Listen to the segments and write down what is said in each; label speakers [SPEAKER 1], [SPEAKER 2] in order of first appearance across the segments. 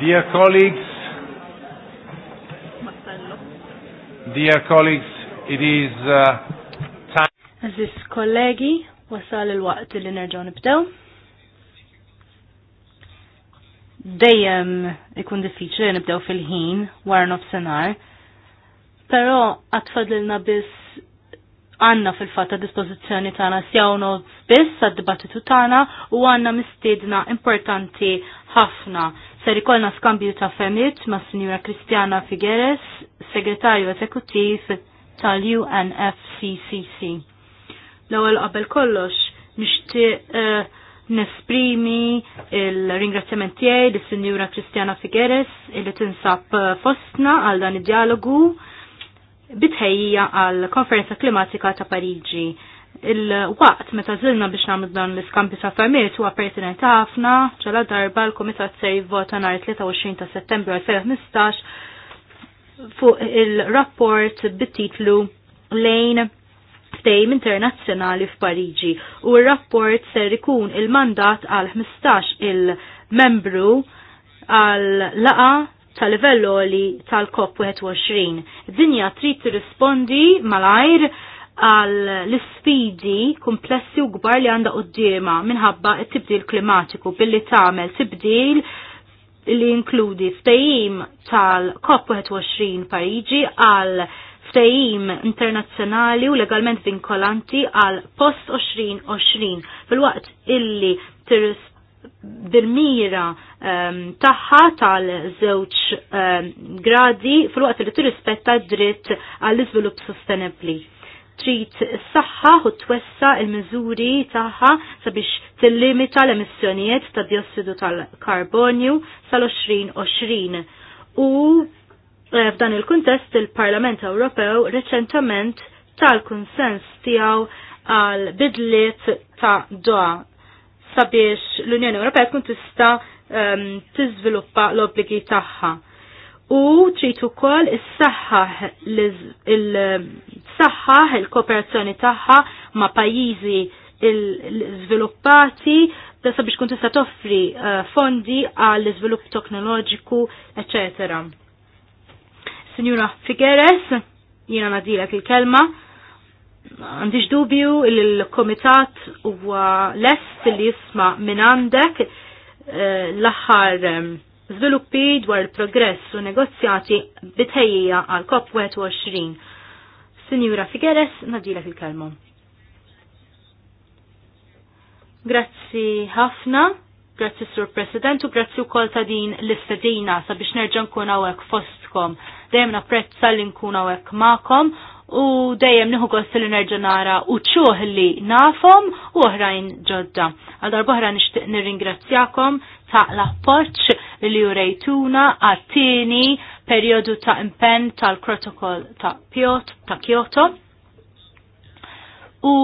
[SPEAKER 1] Dear colleagues, dear colleagues, it is uh, time.
[SPEAKER 2] Aziz kollegi, wasal il-waqt li nerġaw nibdew. Dejjem ikun diffiċli nibdew fil-ħin wara nofsinhar, pero għatfadilna biss għanna fil-fat ta' dispozizjoni tagħna sjawno biss għad-dibattitu tagħna u għanna mistiedna importanti ħafna Ser ikolna skambju ta' femit ma' Sinjura Kristjana Figueres, segretarju eżekuttiv tal-UNFCCC. L-ewwel qabel kollox nixtieq eh, nesprimi il-ringrazzjament tiegħi lis sinjura Kristjana Figueres illi tinsab eh, fostna għal dan id-dialogu bitħejja għal konferenza klimatika ta' Pariġi il-waqt meta zilna biex namlu dan l-iskampi ta' fermiet huwa pertinent ħafna ċala darba l-Kumitat se jivvota nhar 23 ta' Settembru 2015 fuq il-rapport bit-titlu lejn ftejm internazzjonali f'Pariġi u r-rapport ser ikun il-mandat għal 15 il-membru għal laqa tal livelloli tal-COP21. Dinja trid tirrispondi malajr għal l-sfidi komplessi u gbar li għanda qoddima minħabba t-tibdil klimatiku billi tagħmel tibdil li inkludi ftajim tal-COP21 Pariġi għal ftajim internazzjonali u legalment vinkolanti għal post 2020 fil-waqt illi bil-mira um, ehm, taħħa tal-żewġ um, gradi fil-waqt li tirrispetta dritt għall-iżvilupp sostenibli trid saħħa u twessa il-miżuri tagħha sabiex tillimita l-emissjonijiet ta' diossidu tal-karbonju sal-2020. U eh, f'dan il-kuntest il-Parlament Ewropew reċentament tal-kunsens tiegħu għal bidliet ta' doa sabiex l-Unjoni Ewropea tkun tista' um, tiżviluppa l-obbligi tagħha. U trid ukoll issaħħaħ il Saħħa, il-kooperazzjoni tagħha ma' pajjiżi il żviluppati da sabiex kun tista' toffri eh, fondi għall iżvilupp teknoloġiku, eċetera. Signora Figueres, jiena nadilek il-kelma, għandix dubju il-komitat huwa lest li jisma' minn għandek eh, l-aħħar żviluppi eh, dwar il-progress u negozjati bitħejja għal COP21 Sinjura Figueres, nadilek fil kelma Grazzi ħafna, grazzi Sur President u grazzi wkoll ta' din l-istedina sabiex nerġan nkun għawek fostkom. Dejjem napprezza li nkun għawek ma'kom u dejjem nieħu gost li nerġa' nara u ċuħ li nafhom u oħrajn ġodda. Għal darb'oħra nixtieq nirringrazzjakom ta' l-appoġġ li jurejtuna għat-tieni periodu ta' impenn tal-protokoll ta' Piot, ta' Kyoto. U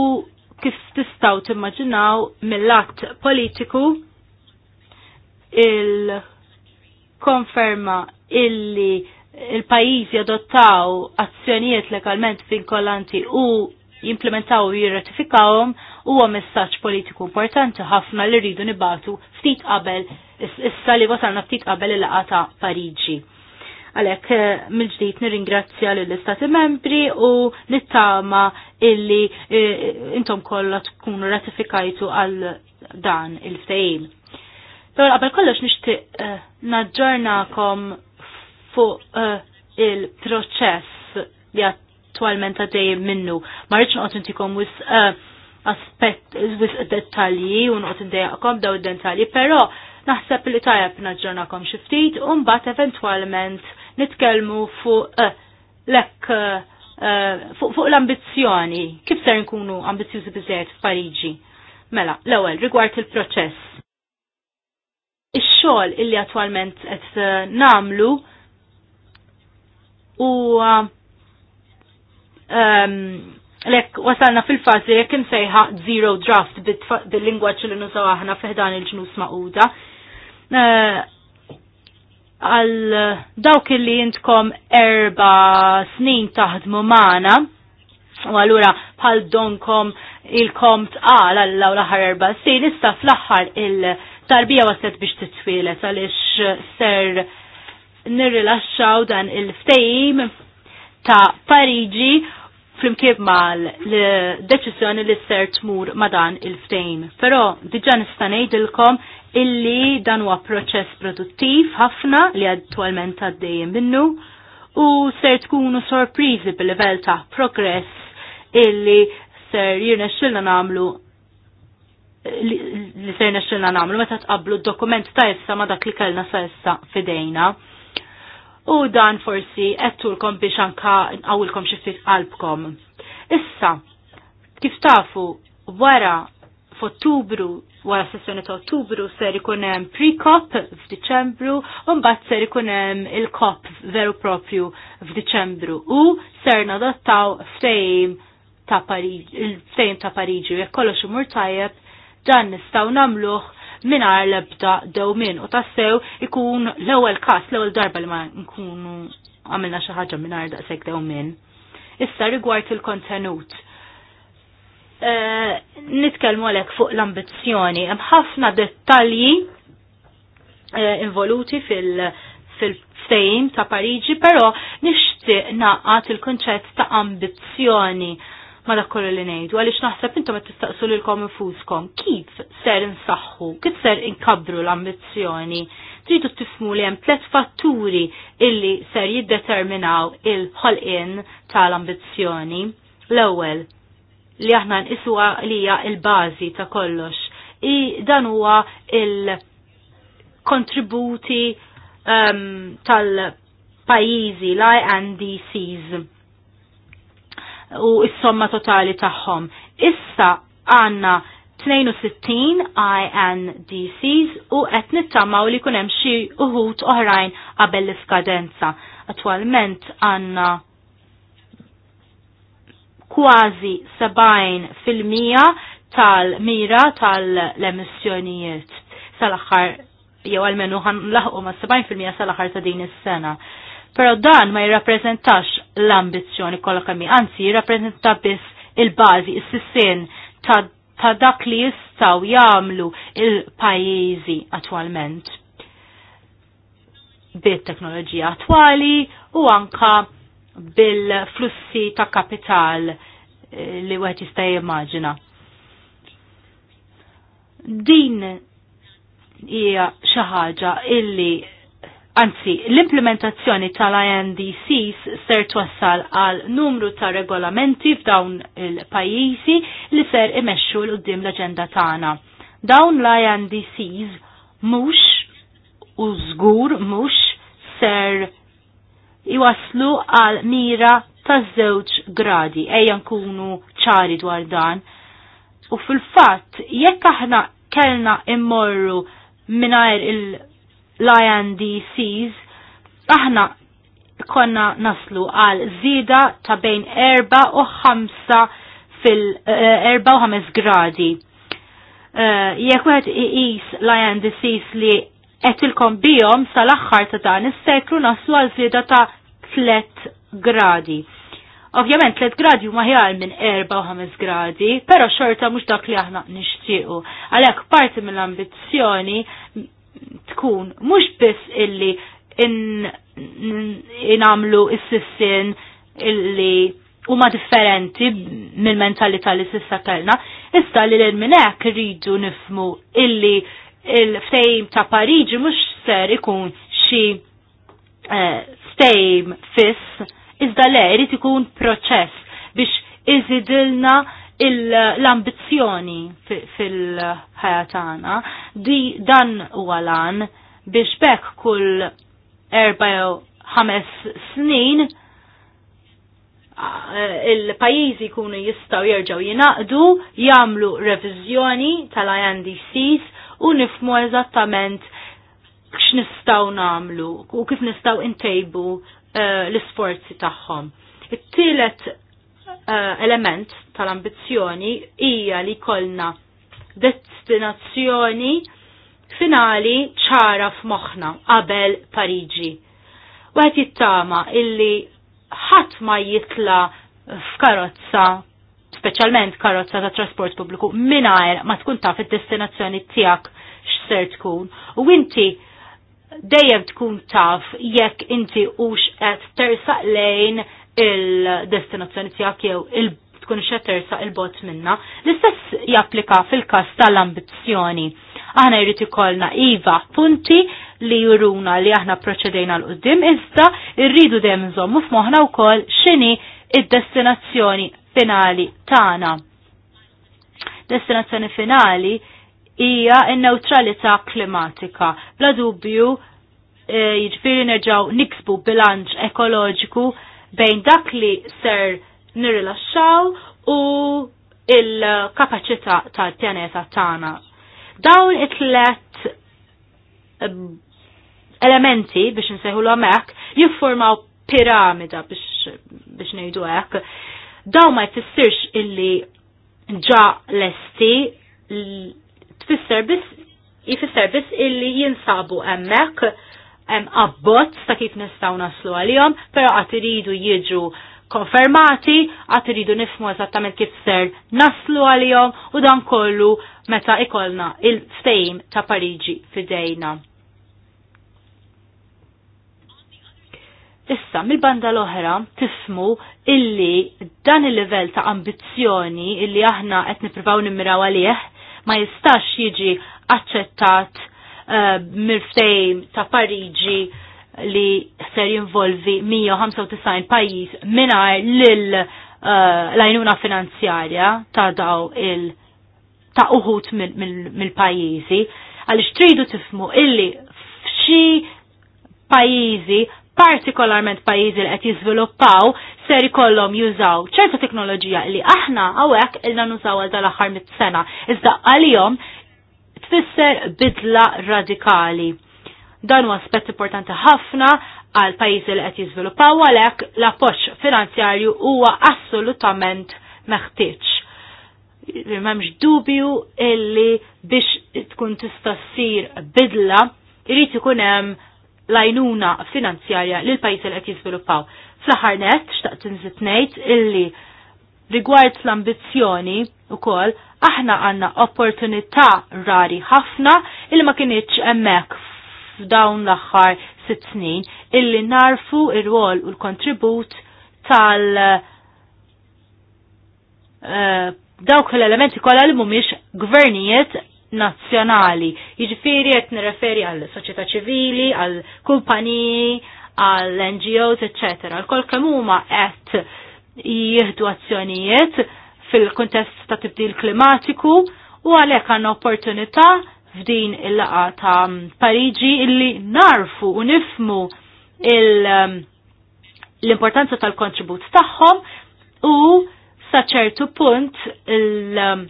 [SPEAKER 2] kif tistaw timmaġinaw mill-att politiku il-konferma illi il-pajizi adottaw azzjonijiet legalment vinkolanti u jimplementaw u jirratifikawhom huwa messaġġ politiku importanti ħafna li rridu nibatu ftit qabel issa li wasalna ftit qabel il laqata ta' Pariġi. Għalek eh, mill-ġdijt nir-ingrazzja l-istati membri u nittama illi eh, intom kollha tkun ratifikajtu għal dan il-ftejim. Pero qabel kollox nixtieq eh, naġġornakom fuq il-proċess li attualment għaddej minnu. Ma rridx noqgħod intikom wis aspett wis dettalji u noqgħod indejjaqkom daw id-dettalji, però naħseb li tajab naġġornakom xi ftit u mbagħad eventwalment nitkellmu fuq eh, lek eh, fuq l-ambizzjoni, kif ser nkunu ambizzjużi biżejjed f'Pariġi? Mela, l-ewwel rigward il-proċess. Ix-xogħol illi attwalment qed eh, namlu u um, ehm, lek wasalna fil-fazi jekk insejħa zero draft bil-lingwaġġ li nużaw aħna fiħdan il-ġnus maquda għal dawk li jintkom erba snin taħdmu maħna u għallura bħal donkom il-kom tqal għal l erba snin issa fl-aħħar il-tarbija waslet biex t-twilet għaliex ser nirrilaxxaw dan il-ftejim ta' Pariġi flimkien mal deċiżjoni li ser tmur ma' dan il ftejm Però diġà nista' ngħidilkom illi dan huwa proċess produttiv ħafna li attualment għaddejjem minnu u ser tkunu sorpriżi bil-livell ta' progress illi ser jirnexxilna nagħmlu li ser nexxilna nagħmlu meta tqablu d-dokument ta' jessa ma dak li kellna sa' issa fidejna. U dan forsi għettulkom biex anka għawilkom xifit qalbkom. Issa, kif tafu, wara f'Ottubru wara sessjoni ta' Ottubru ser ikun hemm pre-COP f'Diċembru u mbagħad ser ikun hemm il-COP veru propju f'Diċembru u ser nadottaw ftehim ta' Pariġi, il-ftehim ta' Pariġi jekk kollox imur tajjeb dan nistgħu nagħmluh mingħajr l-ebda dewmien u tassew ikun l-ewwel każ l-ewwel darba li ma nkunu għamilna xi ħaġa mingħajr daqshekk dewmien. Issa rigward il-kontenut Eh, nitkellmu għalhekk fuq l-ambizzjoni. Hemm ħafna dettalji eh, involuti fil- fil-fejm ta' Pariġi, però nixtieq naqat il-konċett ta' ambizzjoni ma dak kollu li ngħidu għaliex naħseb intom qed tistaqsu lilkom infuskom kif ser insaħħu, kif ser inkabru l-ambizzjoni. Tridu tifmu li hemm tliet fatturi illi ser jiddeterminaw il-ħolqien tal-ambizzjoni. L-ewwel, li aħna nqisuha li hija l-bażi ta' kollox. I dan huwa il-kontributi um, tal-pajjiżi l-INDCs u s-somma totali tagħhom. Issa għanna 62 INDCs u qed nittamaw li kunem xi uħut oħrajn qabel l-iskadenza. Attualment għanna kważi 70% tal-mira tal-emissjonijiet sal axar jew għalmenu laħu ma' 70% sal axar ta' din is-sena. Però dan ma jirrappreżentax l-ambizzjoni kollha kemm anzi jirrappreżenta biss il-bażi, is-sissien ta' ta' dak li jistaw jamlu il-pajizi attualment bit teknoloġija attwali u anka bil-flussi ta' kapital eh, li wieħed jista' jimmaġina. Din hija xi ħaġa illi Anzi, l-implementazzjoni tal-INDCs ser twassal għal numru ta' regolamenti f'dawn il-pajjiżi li ser imexxu l qudiem l-aġenda tagħna. Dawn l-INDCs mhux u żgur mhux ser jwaslu għal mira ta' żewġ gradi, ejja nkunu ċari dwar dan. U fil-fatt, jekk aħna kellna immorru minnajr il-INDCs, aħna konna naslu għal zida ta' bejn 4 u 5 fil-4 eh, u 5 gradi. Eh, jekk wieħed iqis l-INDCs li etilkom bijom sal-axħar ta' dan is-seklu naslu għal zieda ta' 3 gradi. Ovvjament 3 gradi huma ħjar minn 4 u 5 gradi, però xorta mhux dak li aħna nixtiequ. Għalhekk parti mill-ambizzjoni tkun mhux biss illi inamlu in, in is-sissin illi huma differenti mill-mentalità li sissa kellna, issa li l-minnek rridu nifmu illi il-ftejm ta' Pariġi mhux ser ikun xi eh, ftejm fiss, iżda le jrid ikun proċess biex iżidilna l-ambizzjoni fil ħajatana Di dan huwa lan biex bekk kull erba' jew ħames snin eh, il-pajizi kunu jistaw jirġaw jinaqdu, jamlu revizjoni tal-INDCs u nifmu eżattament x'nistgħu nagħmlu u kif nistgħu intejbu uh, eh, l-isforzi tagħhom. It-tielet uh, element tal-ambizzjoni hija li kollna destinazzjoni finali ċara f'moħħna qabel Pariġi. Wet jittama illi ħadd ma jitla f'karozza speċjalment karozza ta' trasport pubbliku mingħajr ma tkun taf id-destinazzjoni tiegħek x'ser tkun. U inti dejjem tkun taf jekk inti hux qed tersaq lejn il-destinazzjoni tiegħek jew il tkun xa' tersaq il-bot minna. L-istess japplika fil-każ tal-ambizzjoni. Aħna jrid ikollna iva punti li juruna li aħna proċedejna l-qoddim, iżda irridu dejjem nżommu f'moħħna wkoll x'inhi id-destinazzjoni finali tagħna. Destinazzjoni finali hija n-neutralità klimatika. Bla dubju e, jiġifieri nerġgħu niksbu bilanċ ekoloġiku bejn dak li ser nirilaxxaw u il-kapaċità tal-pjaneta tagħna. Dawn it-tlet e, elementi biex nsejħu l-omek jiffurmaw piramida biex, biex hekk Daw ma jfissirx illi ġa lesti tfisser biss illi jinsabu emmek hemm abbozz ta' kif nistgħu naslu għalihom, però qatt iridu jiġu konfermati, għat iridu nifmu eżattament kif ser naslu għal-jom u dan kollu meta ikolna il-fejm ta' Pariġi fidejna. Issa, mill-banda l-oħra tifmu illi dan il-level ta' ambizzjoni illi aħna qed nippruvaw nimmiraw għalih ma jistax jiġi aċċettat uh, mill-ftejm ta' Pariġi li ser jinvolvi 195 pajjiż mingħajr lil uh, l-għajnuna finanzjarja ta' daw il- ta' uħut mill-pajjiżi mil, mil għaliex tridu tifmu illi f'xi pajjiżi partikolarment pajjiżi li qed jiżviluppaw ser ikollhom jużaw ċerta teknoloġija li aħna hawnhekk ilna nużaw għal dal-aħħar mit-sena iżda għalihom tfisser bidla radikali. Dan huwa aspett importanti ħafna għal pajjiżi li qed jiżviluppaw għalhekk l-appoġġ finanzjarju huwa assolutament meħtieġ. M'hemmx dubju illi biex tkun tista' ssir bidla irid ikun hemm lajnuna finanzjarja li l-pajis li qed jiżviluppaw. Fl-aħħar net, xtaqt nżid ngħid illi rigward l-ambizzjoni ukoll aħna għandna opportunità rari ħafna illi ma kinitx hemmhekk f'dawn l-aħħar sitt snin illi narfu ir wol u l-kontribut tal uh, dawk l-elementi kollha li mhumiex gvernijiet nazzjonali. Jiġifieri qed nirreferi għal soċjetà ċivili, għal kumpaniji, għal NGOs, eċetera. Għal kol kemm huma qed jieħdu azzjonijiet fil-kuntest ta' tibdil klimatiku u għalhekk għandna opportunità f'din il-laqa ta' Pariġi illi narfu u nifmu um, l-importanza tal-kontribut tagħhom u saċertu punt il- um,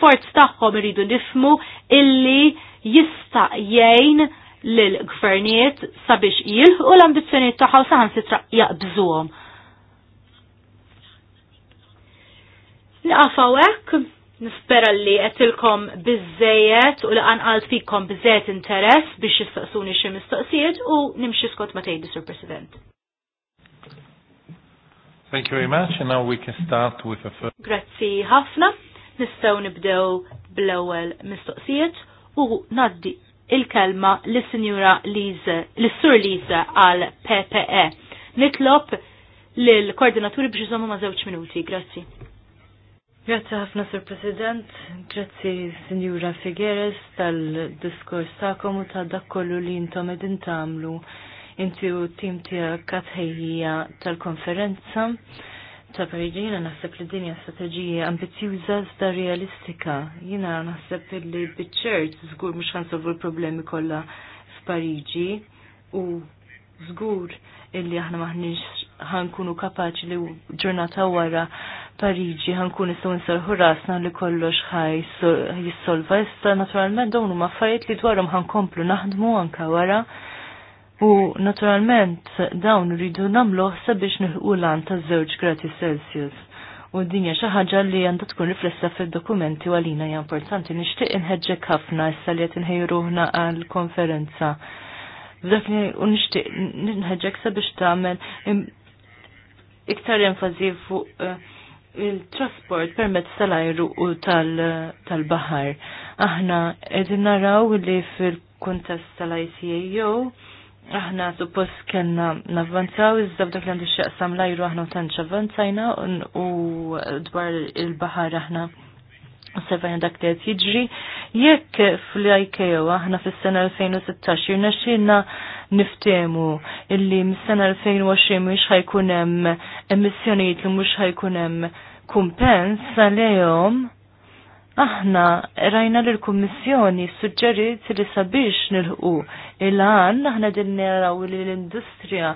[SPEAKER 2] l-isforz tagħhom iridu nifmu illi jista' jgħin lill-gvernijiet sabiex il u l-ambizzjonijiet tagħhom saħansitra jaqbżuhom. Naqafaw hekk, nispera li għetilkom bizzejet u li għalt fikom bizzejet interess biex jistaqsuni xie mistaqsijiet u nimxie skot ma tejdi, Sir President.
[SPEAKER 1] Thank you very much, and now we can start with a first.
[SPEAKER 2] Grazzi ħafna. Nistgħu nibdew bl-ewwel mistoqsijiet u naddi il-kelma lis-Sinjura Liza, lis-Sur Liza għal PPE. Nitlob lill-koordinaturi biex jżommu ma' żewġ minuti. Grazzi. Grazzi ħafna Sur President, grazzi Sinjura Figueres tal-diskors tagħkom u ta' dak kollu li intom qegħdin tagħmlu inti u tim tiegħek katħejja tal-konferenza ta' Pariġi jiena naħseb li dinja strateġija ambizjuża zda realistika. Jiena naħseb li biċ zgur żgur mhux ħansolvu l-problemi kollha f'Pariġi u żgur illi aħna maħniex ħankunu kapaċi li ġurnata wara Pariġi ħankun nistgħu nserħu rasna li kollox ħaj jissolva. Issa naturalment dawn huma affarijiet li dwarhom ħankomplu naħdmu anke wara U naturalment dawn rridu namluħ sabiex nilħu lan ta' żewġ gradi Celsius. U dinja xi ħaġa li għandha tkun riflessa fil dokumenti għalina hija importanti. Nixtieq inħeġġek ħafna issa li qed għal konferenza. Dak u nixtieq nħedġek sabiex tagħmel iktar enfasi fuq eh, il-trasport permezz tal-ajru u tal-baħar. Aħna edin naraw li fil-kuntest tal-ICAO aħna suppost kena navvanzaw, iżda dak li għandu xieqsam lajru aħna u tanċ avvanzajna u dwar il-bahar aħna sevajna dak li qed jiġri. Jekk fl-IKO aħna fis-sena 2016 jirnexxilna niftemu illi mis-sena 2020 mhux ħajkun hemm emissjonijiet li mhux ħajkun hemm kumpens għalihom. Aħna rajna l kummissjoni suġġeriet li sabiex nilħu il-għan, aħna din naraw li l-industrija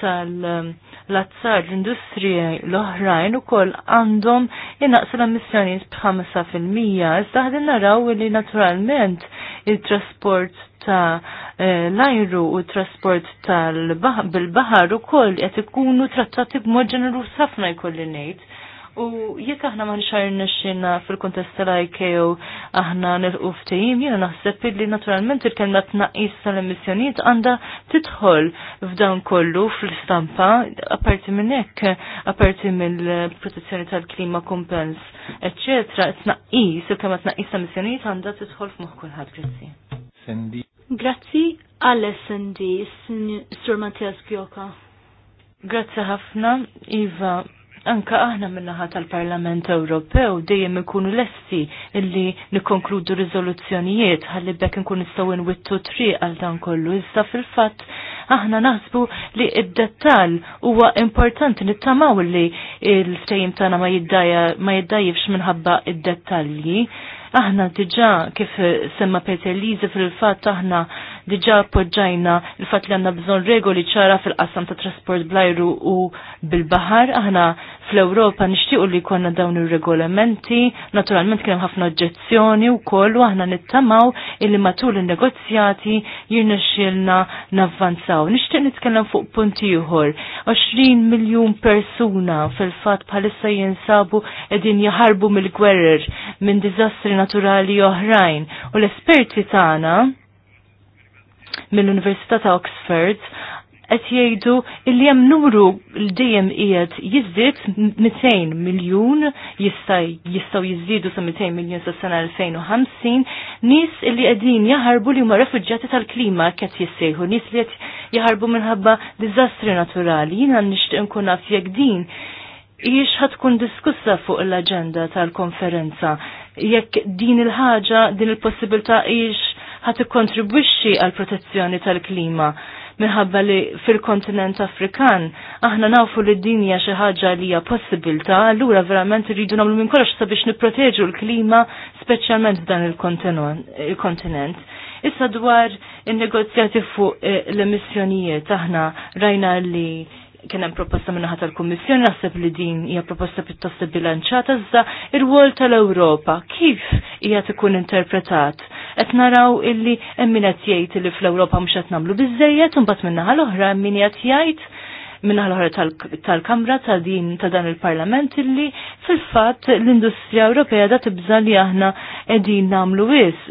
[SPEAKER 2] tal-azzar l-industrija l-oħrajn u koll għandhom jinaqsu l fil-mija, Iżda ħadin naraw li naturalment il-trasport ta' l-ajru u trasport tal-bil-bahar u koll jgħat ikunu trattati b'mod ġenerus ħafna jkolli ngħid. U jekk aħna ma nxarna xina fil-kontest tal-IKO aħna nilqu ftejim, jiena naħseb li naturalment il-kelma tnaqqis tal-emissjonijiet għandha tidħol f'dan kollu fl-istampa, apparti minn hekk, apparti mill-protezzjoni tal-klima kumpens, t tnaqqis, il-kelma tnaqqis tal-emissjonijiet għandha tidħol f'moħħ kulħadd, grazzi. Grazzi għall-SND, Sur Mattias Bjoka. Grazzi ħafna, Iva, Anka aħna minnaħat tal-Parlament Ewropew dejjem ikunu lesti illi nikkonkludu riżoluzzjonijiet ħalli bekk nkun nistgħu nwittu triq għal dan kollu. Issa fil-fatt aħna naħsbu li id-dettal huwa importanti nittamaw li l-ftejim tagħna ma jiddajjifx minħabba id-dettalji aħna diġa kif semma Peter Lise fil-fat aħna diġa appoġġajna il-fat li għanna bżon regoli ċara fil-qassam ta' trasport blajru u bil-bahar. Aħna fl-Europa nixtiequ li konna dawn ir-regolamenti, naturalment kien hemm ħafna oġġezzjoni wkoll u aħna nittamaw illi matul in-negozjati xilna navvanzaw. Nixtieq nitkellem fuq punti ieħor. 20 miljun persuna fil-fatt bħalissa jinsabu qegħdin jaħarbu mill-gwerer minn diżastri naturali oħrajn u l-esperti tagħna mill-Università ta' Oxford qed jgħidu li hemm numru l dejjem qiegħed jiżdied 200 miljun jista' jistgħu jiżdiedu sa 200 miljun sa sena 2050 nies li qegħdin jaħarbu li huma refuġġjati tal-klima qed jissejħu nies li qed jaħarbu minħabba diżastri naturali. Jiena nixtieq nkun naf jekk din jiex tkun diskussa fuq l-agenda tal-konferenza. Jekk din il-ħaġa, din il-possibilità jiex ħat ikkontribwixxi għal protezzjoni tal-klima minħabba li fil-kontinent Afrikan aħna nafu li d-dinja xi ħaġa li hija possibilità, allura verament irridu nagħmlu minn kollox sabiex nipproteġu l-klima speċjalment dan il-kontinent. Issa dwar in-negozjati fuq eh, l-emissjonijiet aħna rajna li kien hemm proposta minnaħa tal-Kummissjoni naħseb li din hija proposta pjuttost bilanċata iżda ir-wol tal-Ewropa kif hija tkun interpretat. Qed naraw illi hemm min qed jgħid li fl-Ewropa mhux qed nagħmlu biżejjed u mbagħad minnaħa l-oħra min qed jgħid minna l oħra tal-Kamra ta' din ta' dan il-Parlament illi fil-fat l-industrija Ewropea da tibża li aħna edin namlu wis.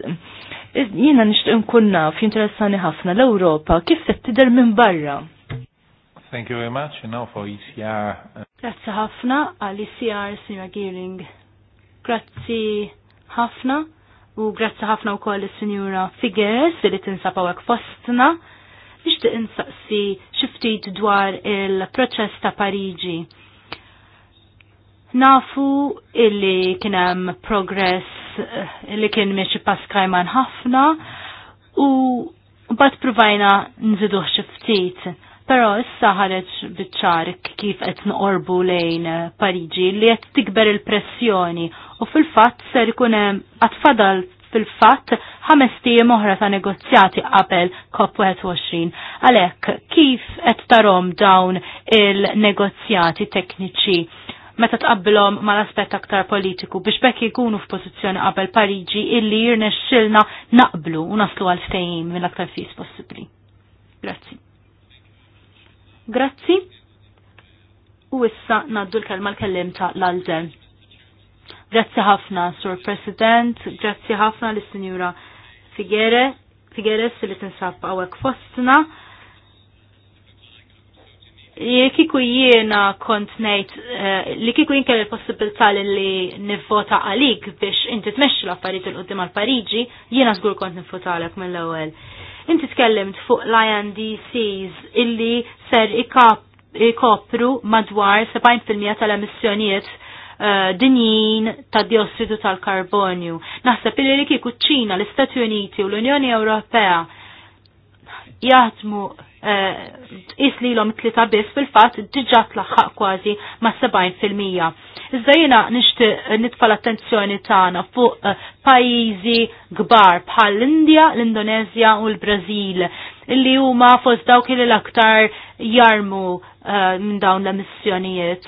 [SPEAKER 2] Jiena nixtieq nkun naf interessani ħafna l-Ewropa kif qed tidher minn barra.
[SPEAKER 1] Thank you very much. And now for ECR.
[SPEAKER 2] Uh, grazzi ħafna għal ECR, Signora Gearing. Grazzi ħafna u grazzi ħafna u koll sinjura Figueres li tinsabaw għak fostna. Nishtiq insaqsi xiftit dwar il-proċess ta' Pariġi. Nafu illi kienem progress eh, illi kien meċi paskajman ħafna u bat provajna nżiduħ xiftit. Però issa ħareġ biċ kif qed noqorbu lejn eh, Pariġi li qed tikber il-pressjoni u fil-fatt ser ikun hemm għatfadal fil-fatt ħames tiem oħra ta' negozjati qabel COP21. Għalhekk kif qed tarom dawn il-negozjati tekniċi meta tqabbilhom mal-aspett aktar politiku biex bekk ikunu f'pożizzjoni qabel Pariġi illi jirnexxilna naqblu u naslu għal fejn mill-aktar fis possibbli. Grazzi. Grazzi. U issa naddu l-kelma l-kellim ta' l-Alden. Grazzi ħafna, Sur President, grazzi ħafna l-Sinjura Figueres li tinsab għawek fostna kiku jiena kont nejt, eh, li kiku jien kelli possibilità li nifota għalik biex inti tmexxi l-affarijiet il qudiem għal Pariġi, jiena żgur kont għalek mill-ewwel. Inti tkellimt fuq l-INDCs illi ser ikopru madwar 70% tal-emissjonijiet eh, dinjin ta' diossidu tal-karbonju. Naħseb illi li kiku ċina, l-Istati Uniti u l-Unjoni Ewropea jaħdmu l-om tlita biss fil-fatt diġà tlaħħaq kważi ma' 70%. Iżda jiena nixtieq nitfa' l-attenzjoni tagħna fuq eh, pajjiżi kbar bħal l-Indja, l-Indonezja u l-Brażil illi huma fost dawk li l-aktar jarmu eh, minn dawn l-emissjonijiet.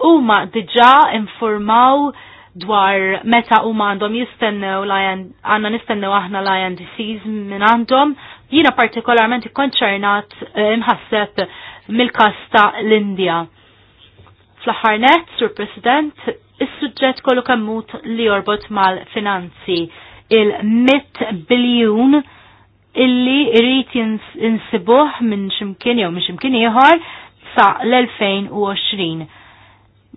[SPEAKER 2] Huma diġa' informaw dwar meta u għandhom jistennew għanna nistennew aħna l-INDCs minn għandhom. Jina partikolarment konċernat eh, imħasseb mill kasta ta' l-Indja. Fl-aħħar net, Sur President, is-suġġett kollu kemmut li jorbot mal-finanzi il-100 biljun illi irrit insibuh minn ximkien jew minn ximkien ieħor sa l-2020.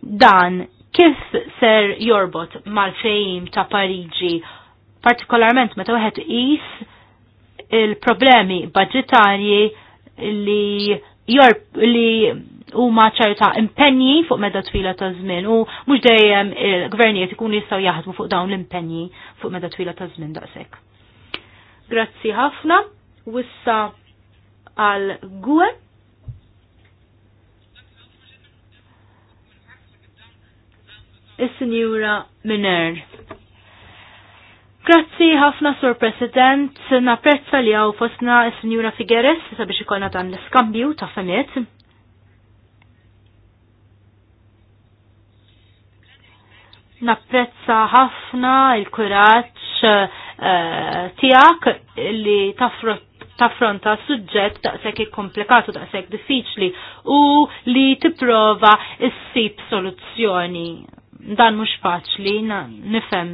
[SPEAKER 2] Dan kif ser jorbot mal-fejim ta' Pariġi, partikolarment meta wieħed is il-problemi budgetarji li jor li huma ċerta impenji fuq meta twila ta' żmien u mhux dejjem il-gvernijiet ikunu jistgħu jaħdmu fuq dawn l-impenji fuq meta twila ta' żmien daqshekk. Grazzi ħafna, wissa għal Gwe is-Sinjura Miner. Grazzi ħafna Sur President, Naprezza li għaw fosna is-Sinjura Figueres sabiex ikonna dan l-skambju ta' femiet. Naprezza ħafna il-kuraċ uh, eh, tijak li tafrot taffronta suġġett daqshekk ikkomplikato daqshekk diffiċli u li tipprova issib soluzzjoni dan mhux faċli, nifhem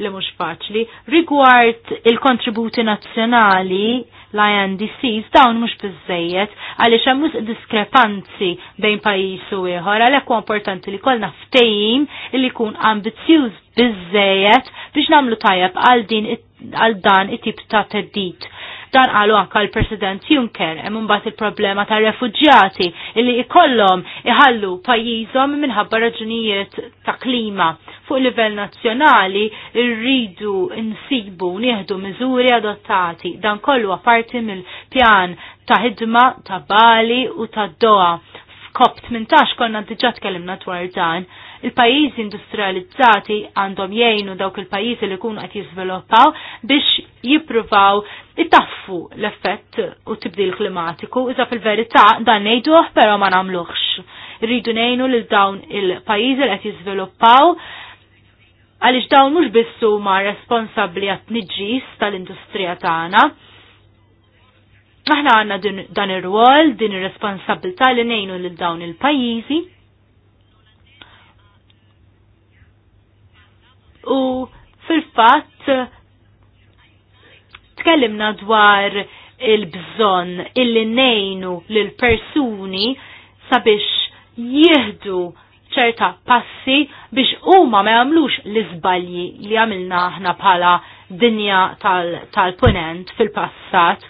[SPEAKER 2] li mhux faċli. Rigward il-kontributi nazzjonali l-INDCs dawn mhux biżejjed għaliex hemm diskrepanzi bejn pajjiż u ieħor għalhekk huwa importanti li kollna ftehim li jkun ambizjuż biżejjed biex nagħmlu tajjeb għal għal dan it-tip ta' teddit Dan qalu għakka l-President Juncker, hemm imbagħad il-problema ta' refuġjati li ikollom iħallu pajjiżhom minħabba raġunijiet ta' klima. Fuq livell nazzjonali rridu insibu nieħdu miżuri adottati. Dan kollu għaparti mill-pjan ta' ħidma ta' Bali u ta' doa cop 18 konna diġat tkellimna dwar dan. Il-pajjiżi industrializzati għandhom jgħinu dawk il-pajjiżi li kunu qed jiżviluppaw biex jippruvaw itaffu l-effett u tibdil klimatiku, iżda fil-verità dan nejduħ però ma nagħmluhx. Rridu ngħinu lil dawn il-pajjiżi li qed jiżviluppaw għaliex dawn mhux biss huma responsabbli għat-tniġġis tal-industrija tagħna, Aħna għanna dan ir-rwol, din ir responsabilta li nejnu lil dawn il-pajjiżi. U fil-fatt tkellimna dwar il-bżonn illi nejnu l persuni sabiex jieħdu ċerta passi biex huma ma jagħmlux l-iżbalji li għamilna aħna bħala dinja tal-punent tal fil-passat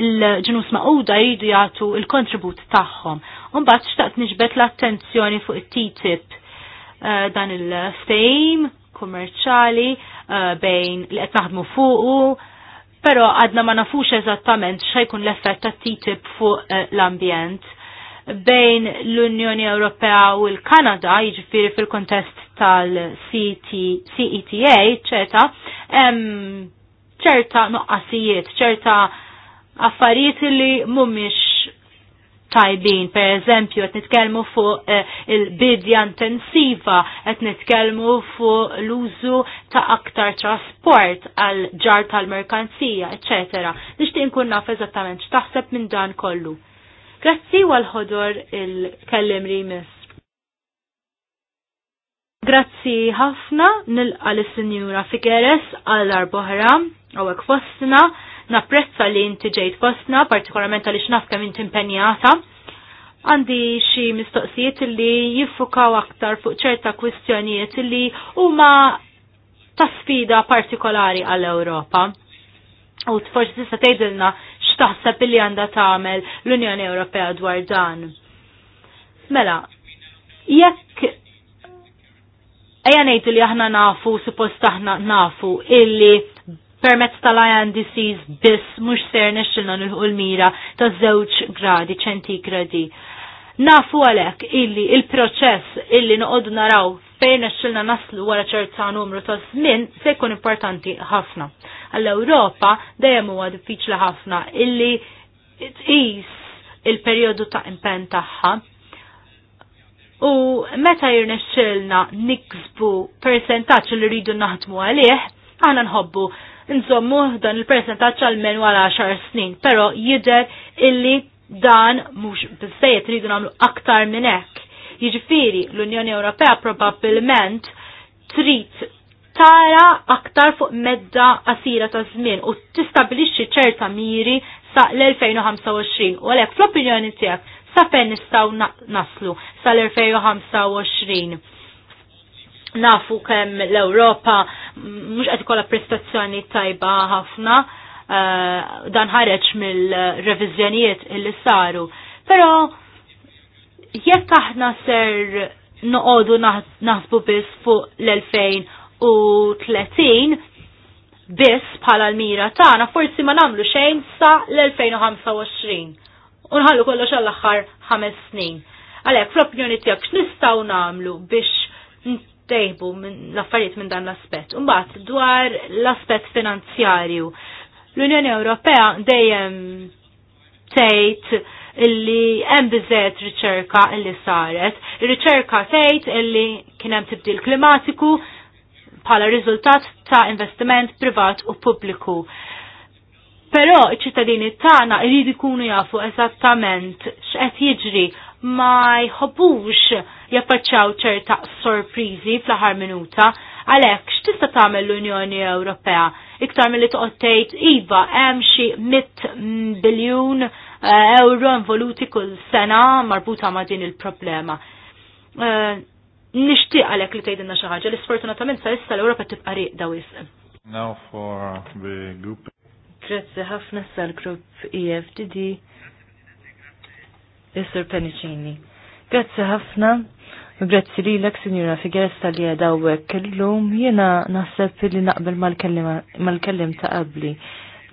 [SPEAKER 2] il-ġnus maqoda jridu jagħtu il-kontribut tagħhom. Mbagħad xtaqt niġbed l-attenzjoni fuq it-TTIP eh, dan il fame kummerċali eh, bejn li qed naħdmu fuqu, però għadna ma nafux eżattament x'ejkun l-effett ta' TTIP fuq eh, l-ambjent bejn l-Unjoni Ewropea u l-Kanada, jiġifieri fil-kontest tal-CETA, e ċerta, ċerta noqqasijiet, ċerta affarijiet li mhumiex tajbin, per eżempju, qed nitkellmu fuq eh, il-bidja intensiva, qed nitkellmu fuq l-użu ta' aktar trasport għal ġar tal-merkanzija, ecc. Nixtieq nkun naf eżattament x'taħseb minn dan kollu. Grazzi għal ħodor il-kellim rimis. Grazzi ħafna nil għal sinjura Figueres għal darbohra għawek fostna napprezza li inti ġejt fostna, partikolarment għaliex naf kemm inti impenjata. Għandi xi mistoqsijiet li jiffukaw aktar fuq ċerta kwistjonijiet li huma ta' sfida partikolari għall-Ewropa. U forsi tista' tgħidilna x'taħseb li għandha tagħmel l-Unjoni Ewropea dwar dan. Mela, jekk ejja ngħidu li aħna nafu suppost aħna nafu illi permezz tal-INDCs biss mhux ser nexxilna nilħu l-mira ta' żewġ gradi ċentigradi. Nafu għalhekk illi il-proċess illi noqogħdu naraw fejn nexxilna naslu wara ċerta numru ta' żmien se jkun importanti ħafna. Għall-Ewropa dejjem huwa diffiċli ħafna illi tqis il-perjodu ta' impenn tagħha U meta jirnexxilna niksbu percentaċ li rridu naħdmu għalih, għana nħobbu nżommu dan il-percentaċ għal-men għal 10 snin, pero jidher illi dan mux bizzejet rridu namlu aktar minn hekk. Jiġifieri l-Unjoni Ewropea probabbilment trid tara aktar fuq medda qasira ta' żmien u tistabilixxi ċerta miri sa' l-2025 u għalhekk fl-opinjoni tiegħek sa' fejn nistgħu naslu sa' l-2025 nafu kemm l-Ewropa mhux qed kolla prestazzjoni tajba ħafna uh, dan ħareġ mill-reviżjonijiet illi saru. Però jekk aħna ser noqogħdu naħsbu biss fuq l-2030 biss bħala l-mira tagħna forsi ma nagħmlu xejn sa l-2025 u nħallu kollox għall-aħħar ħames snin. Għalhekk fl-opinjoni tijak, x'nistgħu nagħmlu biex tejbu l-affarijiet minn dan l aspet Umbat, dwar l-aspett finanzjarju. L-Unjoni Ewropea dejjem tgħid illi hemm biżejjed riċerka illi saret. Ir-riċerka tgħid illi kien hemm tibdil klimatiku bħala riżultat ta' investiment privat u pubbliku. Però iċ-ċittadini tagħna jridu jkunu jafu eżattament x'qed jiġri ma jħobbux jaffaċċaw ċerta sorprizi fl ħar minuta, għalhekk x'tista' tagħmel l-Unjoni Ewropea? Iktar milli toqgħod tgħid iva hemm xi 100 biljun eh, euro involuti kull sena marbuta ma' din il-problema. Eh, nixtieq għalhekk li tgħidilna xi ħaġa li sfortunatament sa issa l-Ewropa tibqa' riqda wisq.
[SPEAKER 1] Now for the
[SPEAKER 2] group. Grazzi ħafna sal-grupp EFTD. Mr. Penicini. Grazzi ħafna. Grazzi li l-ek sinjura Figueres tal-li għedawek kellum. jena naħseb li naqbel mal-kellim ta' qabli.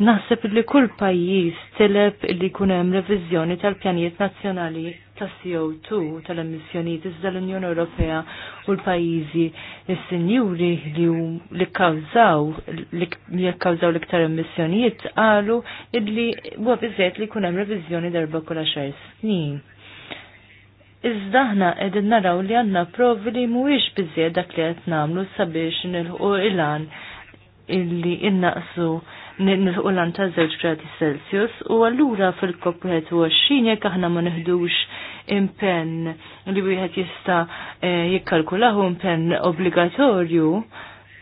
[SPEAKER 2] Naħseb li kull pajjiż tileb li jkun hemm reviżjoni tal-pjanijiet nazzjonali tas CO2 tal-emissjonijiet iżda l-Unjoni Ewropea u l-pajjiżi s sinjuri li kawżaw li kawżaw l-iktar emissjonijiet qalu li huwa biżejjed li jkun hemm reviżjoni darba kull għaxar snin. Iżdaħna ħna qegħdin naraw li għandna provi li mhuwiex biżjed dak li qed nagħmlu sabiex nilħu ilan illi innaqsu nilħu l-għan ta' 0 gradi Celsius u allura fil u 21 jekk aħna ma neħdux impenn li wieħed jista' eh, jikkalkulaħu impenn obbligatorju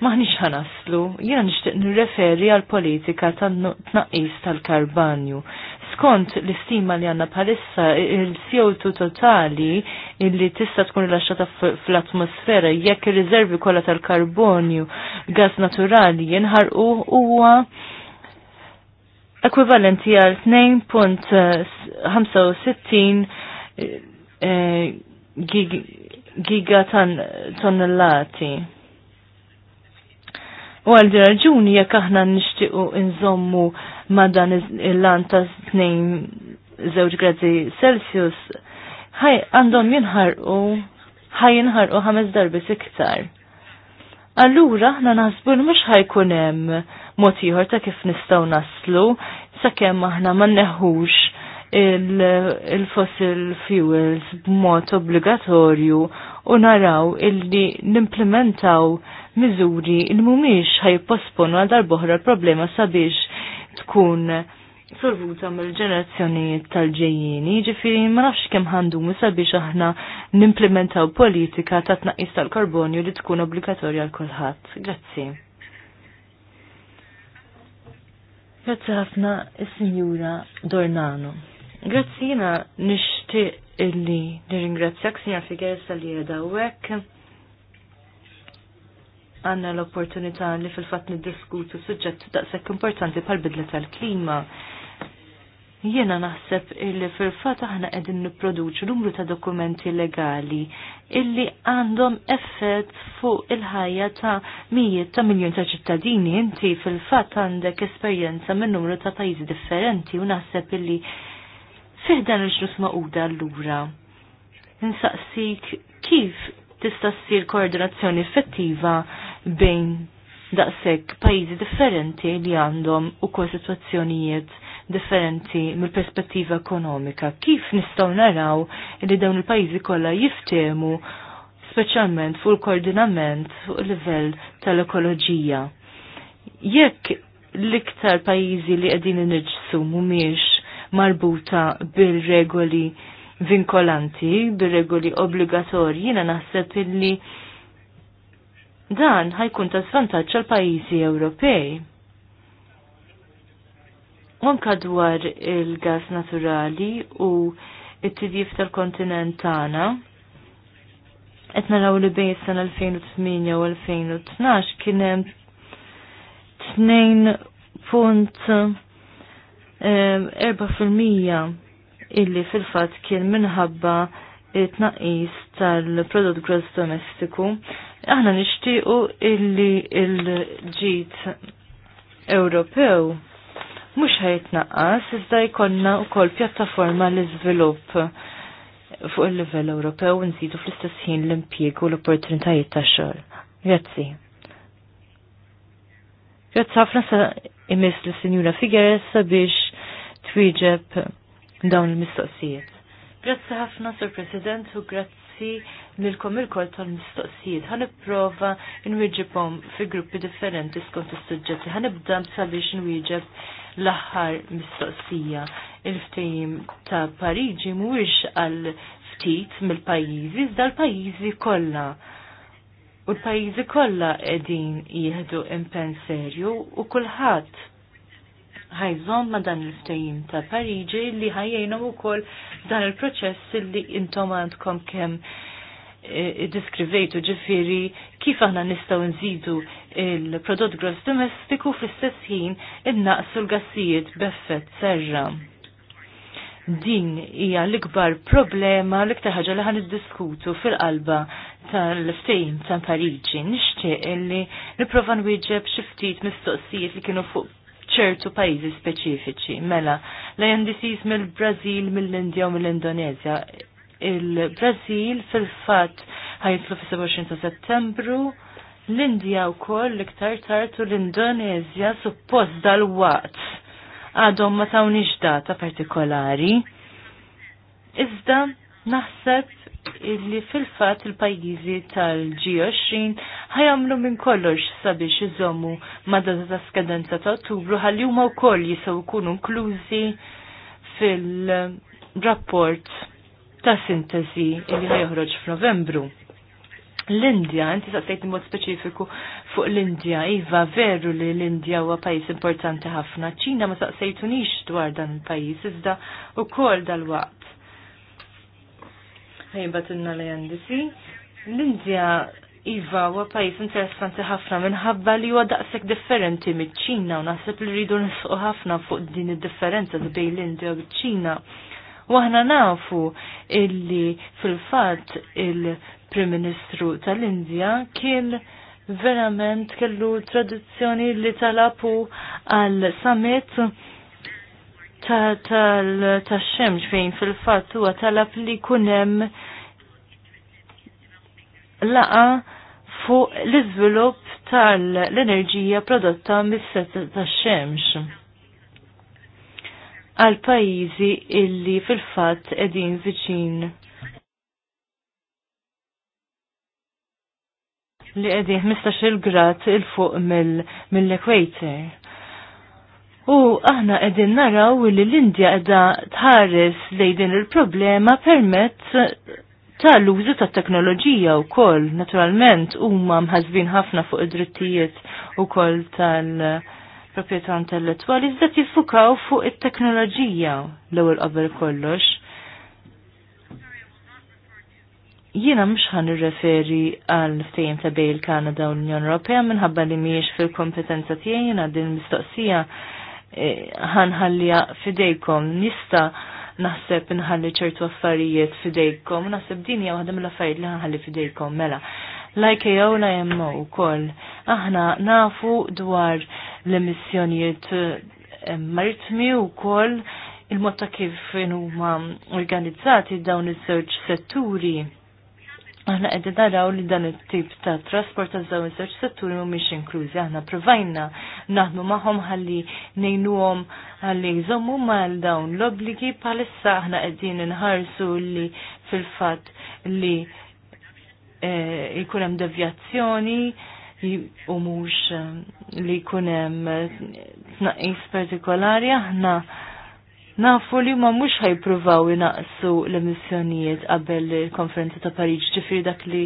[SPEAKER 2] maħniċ ħanaslu, jgħan nishtiq nirreferi għal politika tan tnaqqis tal-karbanju skont l-istima li għanna bħalissa il-CO2 totali illi tista' tkun rilaxxata fl-atmosfera jekk ir rizervi kollha tal-karbonju gas naturali jinħarqu huwa ekwivalenti għal 2.65 giga tonnellati. U għal raġuni jekk aħna nixtiequ inżommu ma' dan il-lan ta' 2 żewġ gradi Celsius għandhom jinħarqu ħaj u ħames darbi siktar. Allura ħna naħsbu li mhux ħajkun hemm mod ieħor ta' kif nistgħu naslu sakemm aħna ma nneħħux il-fossil fuels b'mod obbligatorju u naraw illi nimplementaw miżuri il mumiex posponu għal darboħra l-problema sabiex tkun sorvuta mill-ġenerazzjoni tal-ġejjini, ġifiri ma nafx kemm għandu sabiex aħna nimplementaw politika ta' tnaqqis tal-karbonju li tkun obbligatorja għal kulħadd. Grazzi. Grazzi ħafna is-Sinjura Dornano. Grazzi jiena nixtieq illi nirringrazzjak Sinjor Figueres tal-li għedawek għanna l-opportunità li fil-fat niddiskutu suġġett daqshekk importanti pal bidla tal-klima. Jiena naħseb illi fil-fat aħna qegħdin nipproduċu numru ta' dokumenti legali illi għandhom effett fuq il-ħajja ta' mijiet ta' miljon ta' ċittadini. Inti fil-fat għandek esperjenza minn numru ta' pajjiżi differenti u naħseb illi fih dan il-ġnus l allura. Nsaqsik kif tista' ssir koordinazzjoni effettiva bejn daqseg pajizi differenti li għandhom u kol situazzjonijiet differenti mill-perspettiva ekonomika. Kif nistaw naraw li dawn il-pajizi kollha jiftemu speċjalment fuq il-koordinament fuq il-livell tal-ekoloġija. Jekk l-iktar pajizi li qegħdin inirġsu mhumiex marbuta bil-regoli vinkolanti, bil-regoli obbligatorji, jina naħseb illi Dan ħajkun ta' svantaċ għal pajjiżi Ewropej. Anka dwar il-gas naturali u it-tidjif tal-kontinent tagħna, qed naraw li bejn is-sena 2008 u 2012 kien hemm 2.4% eh, illi fil-fatt kien minħabba it-tnaqqis tal-prodott gross domestiku aħna nixtiequ illi il-ġid Ewropew mhux ħajtnaqqas iżda jkollna wkoll pjattaforma l iżvilupp fuq il-livell Ewropew nżidu fl-istess ħin l-impjieg u l-opportunitajiet tax-xogħol. Grazzi. Grazzi ħafna sa imis l Sinjura Figueres sabiex twieġeb dawn il-mistoqsijiet. Grazzi ħafna, Sur President, u grazzi grazzi lilkom il-kol tal-mistoqsijiet. Għan iprofa nwieġibhom fi gruppi differenti skont is-suġġetti. Għan ibda sabiex nwieġeb l-aħħar mistoqsija. il ftejim ta' Pariġi mhuwiex għal ftit mill-pajjiżi, iżda l-pajjiżi kollha. U l-pajjiżi kollha qegħdin jieħdu impenserju u kulħadd ħajżom ma dan il-ftejim ta' Pariġi li ħajjajna u koll dan il-proċess li intom għandkom kem eh, diskrivejtu ġifiri kif aħna nistaw nżidu il-prodott gross domestiku fl-istess ħin in-naqsu l-gassijiet beffet serra din hija l-ikbar problema l-iktar ħaġa li ħan ħaniddiskutu fil-qalba tal-ftejn ta' Parigi Nixtieq li nipprova nwieġeb xi ftit mistoqsijiet li kienu fuq ċertu pajjiżi speċifiċi. Mela, l jandisis mill-Brażil, mill-Indja u mill-Indonezja. Il-Brażil fil-fatt ħajtlu fi 27 ta' Settembru, l-Indja wkoll l-iktar tard u l-Indonezja suppost dal-waqt għadhom ma tawniex data partikolari. Iżda naħseb illi fil-fat il-pajjiżi tal-G20 ħajamlu minn kollox sabiex iżommu madata ta' skadenza ta' Ottubru ħalli huma wkoll jistgħu jkunu inklużi fil-rapport ta' sintesi illi ħajoħroġ f'Novembru. L-Indja, inti saqsejt mod speċifiku fuq l-Indja, iva veru li l-Indja huwa pajjiż importanti ħafna. ċina ma saqsejtunix dwar dan il-pajjiż iżda wkoll dal-waqt fejn batunna li għandisi. L-Indja Iva huwa pajjiż interessanti ħafna minħabba li huwa daqshekk differenti miċ-Ċina u naħseb li rridu nisqu ħafna fuq din id-differenza bejn l-Indja u ċina U aħna nafu illi fil-fatt il-Prim Ministru tal-Indja kien verament kellu tradizzjoni li talapu għal summit tal-xemx fejn fil-fatt huwa talab li kunem laqa fuq l-iżvilupp tal-enerġija prodotta mis-set tax-xemx għal pajjiżi illi fil-fatt qegħdin viċin li qegħdin 15-il grad il fuq mill-ekwator. U aħna qegħdin naraw li l-Indja qiegħda tħares lejn din il-problema permezz tal-użu tat-teknoloġija wkoll naturalment huma mħazbin ħafna fuq id-drittijiet ukoll tal-proprjetà intellettwali iżda jiffukaw fuq it-teknoloġija l-ewwel qabel kollox. Jiena mhux ħan irreferi għal ftejjem ta' bej il-Kanada u l-Unjoni Ewropea minħabba li mhijiex fil-kompetenza tiegħi jiena din mistoqsija eh, ħanħallija fidejkom nista' naħseb nħalli ċertu affarijiet fidejkom, naħseb dini għu għadam l affarijiet li nħalli fidejkom mela. Like jew la u wkoll. Aħna nafu dwar l-emissjonijiet eh, maritmi wkoll il-mod ta' kif huma organizzati dawn iż-żewġ setturi Aħna qegħdin naraw li dan it-tip ta' trasport ta' żewġ żewġ setturi mhumiex inklużi. Aħna provajna naħdmu magħhom ħalli ngħinuhom ħalli jżommu mal dawn l-obbligi bħalissa aħna qegħdin inħarsu li fil-fatt li e, jkun hemm devjazzjoni u mhux e, li jkun hemm tnaqqis partikolari aħna Nafu li ma mux ħajpruvaw inaqsu l-emissjonijiet qabel il-konferenza ta' Parigi, ġifiri dak li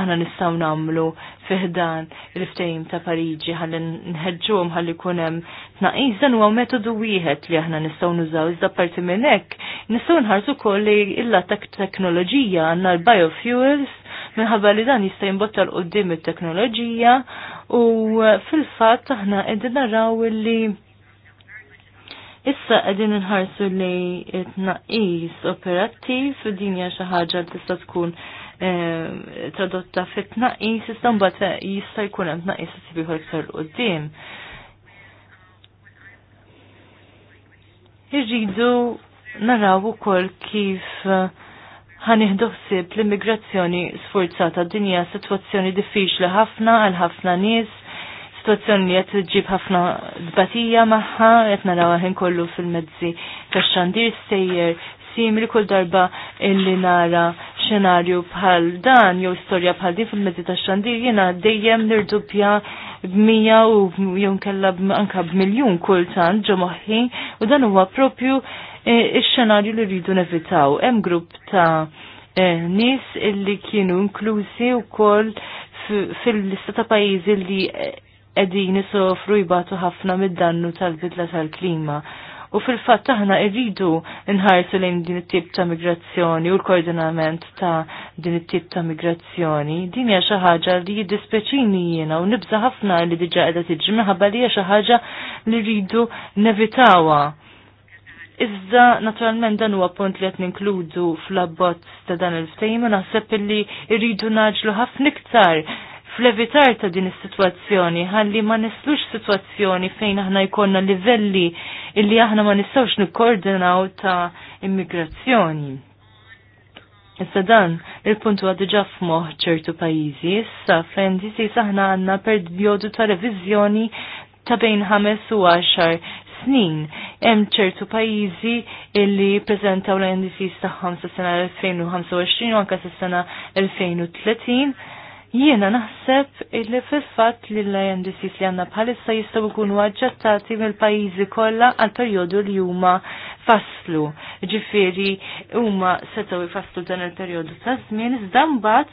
[SPEAKER 2] aħna nistaw namlu fiħdan il-ftejim ta' Parigi ħalli nħedġuhom ħalli kunem tnaqis dan huwa metodu wieħed li aħna nistaw nużaw iżda parti minn hekk nistgħu nħarsu koll li illa teknoloġija għandna l-biofuels minħabba li dan jista' jinbotta l qudiem it-teknoloġija u fil-fatt aħna qegħdin naraw li Issa qegħdin inħarsu li tnaqqis operattiv din hija xi ħaġa li tista' tkun eh, tradotta fit tnaqqis issa mbagħad jista' jkun hemm tnaqqis isib ieħor iktar quddiem. Irridu naraw ukoll kif eh, ħaniħdossib l-immigrazzjoni sforzata dinja situazzjoni diffiċli ħafna għal ħafna nies situazzjoni jett ġib ħafna dbatija maħħa, jett naraw għahin kollu fil-mezzi tax-xandir sejjer simili kull darba illi nara xenarju bħal dan jew storja bħal din fil-mezzi tax-xandir jiena dejjem nirdubja b'mija u jom kella anka b'miljun kultant ġo moħħi u dan huwa propju e, ix-xenarju li rridu nevitaw. Hemm grupp ta' e, nis illi kienu inklusi u koll fil-lista ta' pajizi li e, edin nisofru jibatu ħafna mid-dannu tal-bidla tal-klima. U fil-fatt aħna irridu nħarsu lejn din it-tip ta' migrazzjoni u l-koordinament ta' din it-tip ta' migrazzjoni. Din hija xi ħaġa li jiddispeċini jiena u nibża ħafna li diġà qiegħda tiġi minħabba li hija xi ħaġa li rridu nevitawha. Iżda, naturalment, dan huwa punt li qed ninkludu fl-abbozz ta' dan il-ftehim u naħseb illi rridu naġlu ħafna iktar fl-evitar ta' din is-sitwazzjoni, ħalli ma nislux sitwazzjoni fejn aħna jkollna livelli illi aħna ma nistgħux nikkoordinaw ta' immigrazzjoni. Issa dan, il-punt huwa diġà f'moħħ ċertu pajjiżi, issa fejn disis aħna għandna perjodu ta' reviżjoni ta' bejn ħames u għaxar snin. Hemm ċertu pajjiżi illi preżentaw l-NDCs tagħhom sa' sena 2025 u anke sa' sena 2030 Jiena naħseb illi fil-fat li l-INDCs li għanna bħalissa jistaw ikunu għadġattati mill-pajizi kollha għal perjodu li huma faslu. Ġifieri huma setgħu faslu dan il-perjodu ta' żmien, iżda mbagħad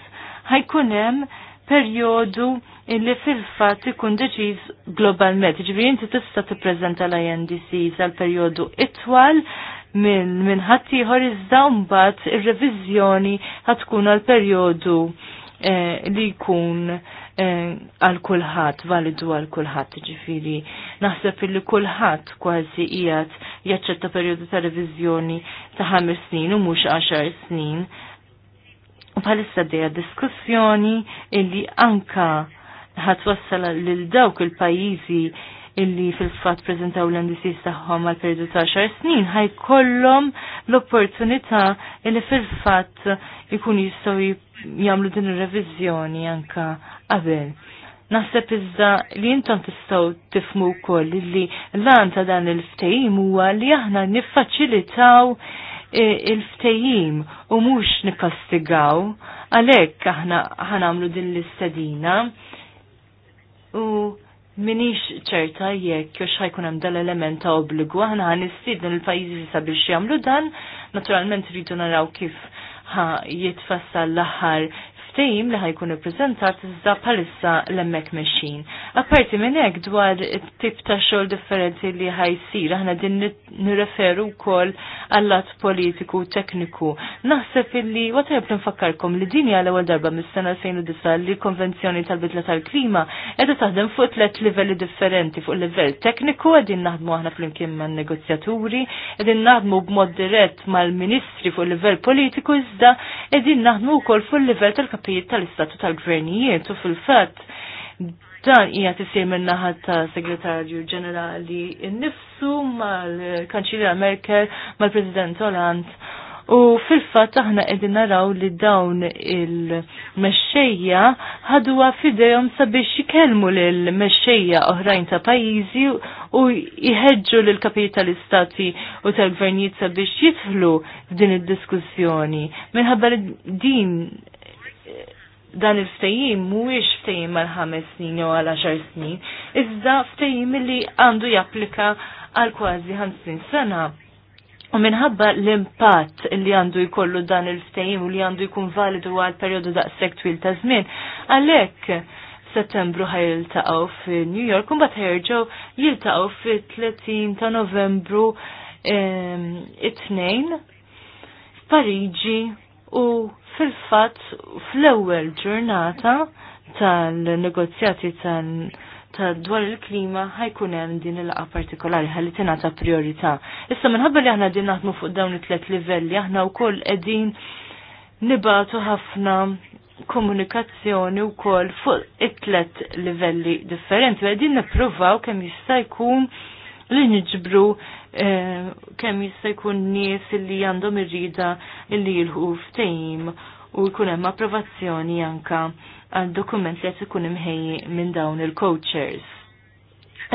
[SPEAKER 2] ħajkun hemm perjodu illi fil-fat ikun deċiż globalment. Ġifiri, inti tista' tippreżenta l-INDCs għal perjodu itwal minn ħattijħor iżda mbagħad ir-reviżjoni ħatkun għal perjodu Eh, li jkun eh, għal kulħadd validu għal kulħadd ġifiri. Naħseb li kulħadd kważi qiegħed jaċċetta perjodu ta' reviżjoni ta' ħames snin u mhux għaxar snin. U bħalissa dija diskussjoni illi anka wassala lil dawk il-pajjiżi illi fil-fat prezentaw l-NDCs tagħhom għal periodu ta' xar snin kollom l-opportunità illi fil-fat ikun jistgħu jagħmlu din ir revizjoni anka qabel. Naħseb iżda li intom tistgħu tifmu wkoll li l-lan ta' dan il ftejim huwa li aħna niffaċilitaw e, il-ftejim u mux nikastigaw, għalek aħna ħanamlu din l-istadina u minix ċerta jekk jux ħajkun hemm dal-element ta' obbligu aħna ħan din il pajjiżi sabiex jagħmlu dan, naturalment rridu naraw kif ħa jitfassal l-aħħar ftehim li ħajkun ippreżentat iżda bħalissa l-hemmhekk mexxin. Apparti minn hekk dwar tip ta' xogħol differenti li ħajsir aħna din nirreferu wkoll għall-att politiku u tekniku. Naħseb illi watajb nfakkarkom li din hija l-ewwel darba mis-sena 2009 li konvenzjoni tal-bidla tal-klima qiegħda taħdem fuq tliet livelli differenti fuq livell tekniku qegħdin naħdmu aħna flimkien man-negozjaturi, qegħdin naħdmu b'mod dirett mal-ministri fuq livell politiku iżda qegħdin naħdmu wkoll fuq livell tal kapijiet tal-istatu tal-gvernijiet u fil-fatt dan hija tisir min-naħa ta' Segretarju Ġenerali nnifsu, mal kanċilja Merkel mal-President Oland. U fil-fatt aħna qegħdin naraw li dawn il-mexxejja ħadwa fidejhom sabiex jikellmu lil mexxejja oħrajn ta' pajjiżi u jħeġġu lil kapijiet tal-istati u tal-gvernijiet sabiex jidħlu f'din id-diskussjoni. Minħabba din dan il-ftejim mhuwiex ftejim għal ħames snin jew għal għaxar snin, iżda ftajim li għandu japplika għal kważi ħamsin sena. U minħabba l-impatt li għandu jkollu dan il-ftejim u li għandu jkun validu għal periodu daqshekk twil ta' żmien, għalhekk settembru ħajiltaqgħu f'New York u mbagħad ħerġgħu jiltaqgħu fit-30 ta' Novembru it-tnejn f'Pariġi u fil-fatt fl-ewwel ġurnata tal-negozjati tal-, ta' dwar il-klima ħajkun hemm din il-laqa partikolari ħalli tingħata priorità. Issa minħabba li aħna din naħdmu fuq dawn it-tlet livelli, aħna wkoll qegħdin nibatu ħafna komunikazzjoni wkoll fuq it-tlet livelli differenti u qegħdin nippruvaw kemm jista' jkun li niġbru Eh, kemm jista' jkun nies illi għandhom irrida illi jilħu f'tejm u jkun hemm approvazzjoni anka għal dokument li qed ikun imħejji minn dawn il-coachers.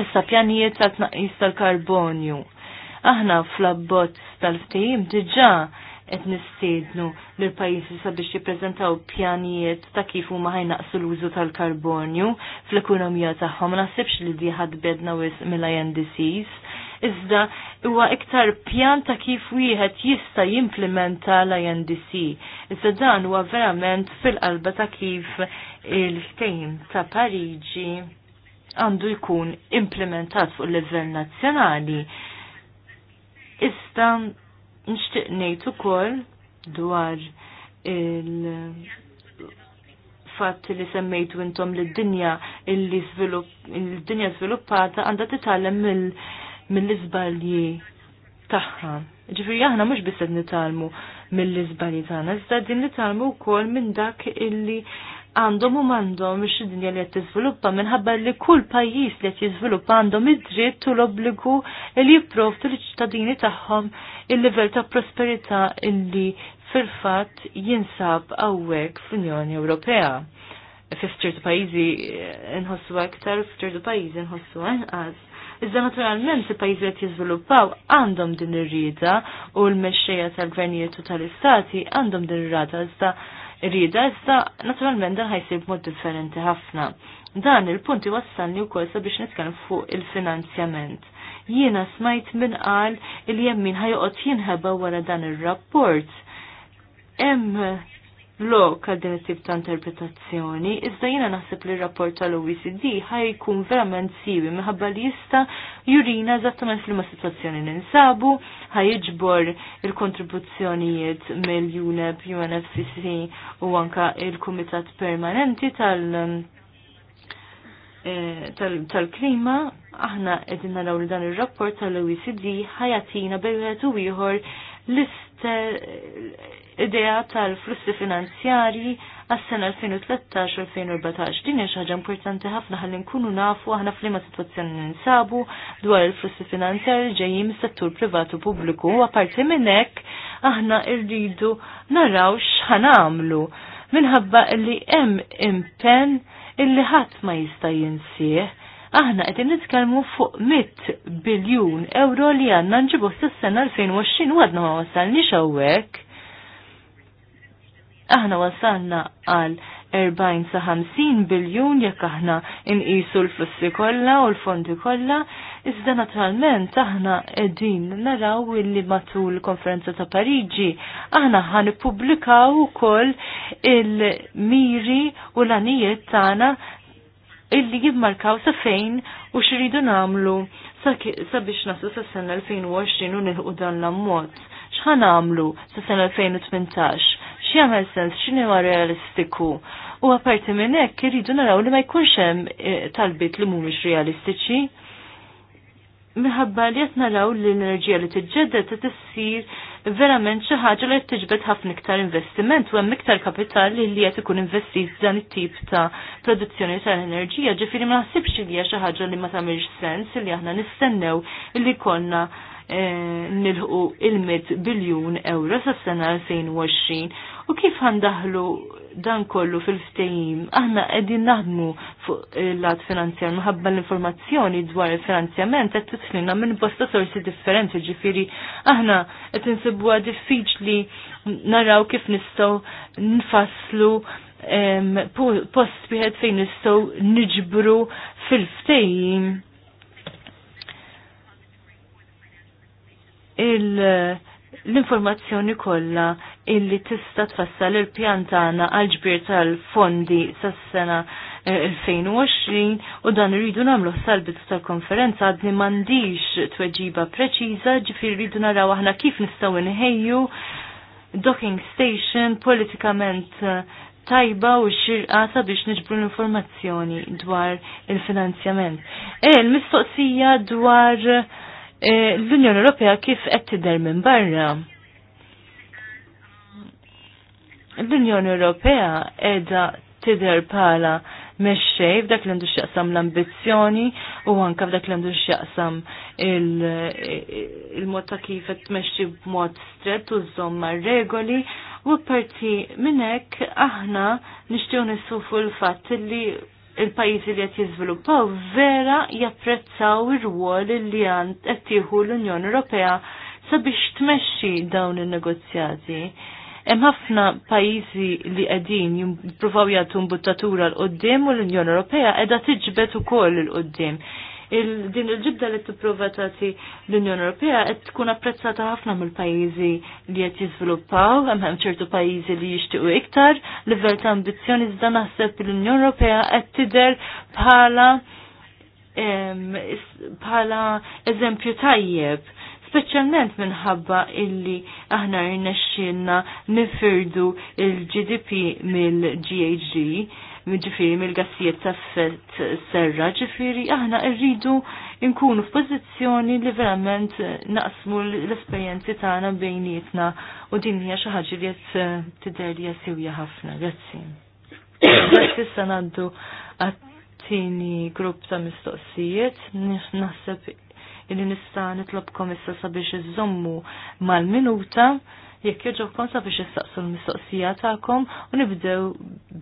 [SPEAKER 2] Issa pjanijiet ta' tnaqqis tal-karbonju. Aħna fl-abbozz tal-ftehim diġà qed nistiednu lill pajjiżi sabiex jippreżentaw pjanijiet ta' kif huma ħajnaqsu l-użu tal-karbonju fl-ekonomija tagħhom. Ma naħsibx li di bedna wis mill-INDCs iżda huwa iktar pjan ta' kif wieħed jista' jimplementa l-INDC. Iżda dan huwa verament fil-qalba ta' kif il ftehim ta' Pariġi għandu jkun implementat fuq livell nazzjonali. Iżda nixtieq ngħid ukoll dwar il- fatt li semmejtu intom l dinja l dinja sviluppata għanda titgħallem mill mill-izbalji tagħha. Ġifieri aħna mhux biss qed nitalmu mill-izbalji tagħna, iżda din nitalmu wkoll minn dak illi għandhom u m'għandhom ix-dinja li qed tiżviluppa minħabba li kull pajjiż li qed jiżviluppa għandhom id-dritt u l-obbligu li jiprovtu li ċittadini tagħhom il-livell ta' prosperità illi fil fat jinsab hawnhekk fl-Unjoni Ewropea fi fċertu pajizi nħossu għaktar, fċertu pajizi nħossu għanqas. Iżda naturalment il-pajjiżi qed jiżviluppaw għandhom din ir rieda u l-mexxejja tal-gvernijiet u tal-istati għandhom din ir-rada iżda rida iżda naturalment dan ħajsib mod differenti ħafna. Dan il-punti wassalni wkoll sabiex nitkellem fuq il-finanzjament jiena smajt minn qal il-jemmin ħajoqgħod jinħeba wara dan ir-rapport. Hemm lok għal din it-tip ta' interpretazzjoni, iżda jiena naħseb li r-rapport tal-OECD ħajkun verament siwi minħabba li jista' jurina eżattament fil-ma situazzjoni ninsabu, ħajġbor il-kontribuzzjonijiet mill-UNEP, UNFCC u anka il-Kumitat Permanenti tal- eh, tal-klima tal aħna qegħdin naraw li dan ir-rapport tal-OECD ħajatina bejn u ieħor l-ist idea tal-flussi finanzjari għas-sena 2013-2014. Din hija ħaġa importanti ħafna ħalli nkunu nafu aħna f'liema sitwazzjoni ninsabu dwar il-flussi finanzjari ġejjin mis-settur privatu pubbliku u apparti minn hekk aħna rridu naraw x'ħanamlu minħabba li hemm impenn illi ħadd ma jista' jinsih aħna qegħdin nitkellmu fuq 100 biljun euro li għandna nġibu s-sena 2020 u għadna ma wasalniex hawnhekk. Aħna wasalna għal 40 sa 50 biljun jekk aħna inqisu l-flussi kollha u l-fondi kollha, iżda naturalment aħna qegħdin naraw illi matul konferenza ta' Pariġi aħna ħan ippubblikaw ukoll il-miri u l-anijiet tagħna illi jimmarkaw sa fejn u xridu namlu sabiex nasu sa sena 2020 u nilħu dan l-ammont. Xħan għamlu sa sena 2018? X'jagħmel sens x'inhu realistiku? U apparti minn hekk irridu naraw li ma jkunx hemm eh, talbiet li mhumiex realistiċi. Minħabba li qed naraw li l-enerġija li tiġġedded qed issir verament xi ħaġa li tiġbed ħafna iktar investiment u hemm iktar kapital li li qed ikun investit f'dan it-tip ta' produzzjoni tal-enerġija, ġifieri ma naħsibx li hija xi ħaġa li ma tagħmilx sens li aħna nistennew li konna Eh, nilħu il-100 biljun euro sa' sena 2020 u kif għandahlu dan kollu fil-ftejim aħna qegħdin naħdmu fuq il-lat finanzjar minħabba l-informazzjoni dwar il-finanzjament qed titlina minn bosta sorsi differenti ġifiri. aħna qed insibuha diffiċli naraw kif nistgħu nfasslu post wieħed fejn nistgħu niġbru fil-ftejim l-informazzjoni kollha illi tista' tfassal il-pjan tagħna għall-ġbir tal-fondi sas-sena 2020 eh, u dan rridu nagħmluh sal-bidu tal-konferenza għadni m'għandix tweġiba preċiża ġifieri rridu naraw aħna kif nistgħu inħejju docking station politikament eh, tajba u xirqa sabiex niġbru l-informazzjoni dwar il-finanzjament. E, l-mistoqsija dwar Eh, l-Unjoni Ewropea kif qed tidher minn barra. L-Unjoni Ewropea qiegħda tidher bħala mexxej f'dak li għandu x'jaqsam l-ambizzjoni u anke f'dak li għandu x'jaqsam il-mod ta' kif qed tmexxi b'mod strett u mar regoli u parti minn hekk aħna nixtiew nisufu l il-fatt li il-pajjiżi li qed jiżviluppaw vera japprezzaw ir-rwol li għand qed tieħu l-Unjoni Ewropea sabiex tmexxi dawn in-negozjati. Hemm ħafna pajjiżi li qegħdin jippruvaw jagħtu mbuttatura l qudiem u l-Unjoni Ewropea qiegħda tiġbed ukoll il qudiem din il-ġibda li t-prova l-Unjoni Europea qed tkun apprezzata ħafna mill-pajjiżi li qed jiżviluppaw, hemm ċertu pajjiżi li jixtiequ iktar, livell ta' ambizzjoni iżda naħseb l-Unjoni Ewropea qed tidher bħala bħala eżempju tajjeb speċjalment minħabba illi aħna rnexxilna nifirdu il-GDP mill-GHG ġifiri mill-gassijiet ta' fett serra, ġifiri aħna rridu nkunu f'pożizzjoni li verament naqsmu l-esperjenzi tagħna bejnietna u din hija xi ħaġa li qed tidherja sewja ħafna. Grazzi. Grazzi issa ngħaddu għat-tieni grupp ta' mistoqsijiet, naħseb illi nista' nitlobkom issa sabiex iżommu mal-minuta jekk joġobkom sabiex issaqsu l-mistoqsija ta'kom u nibdew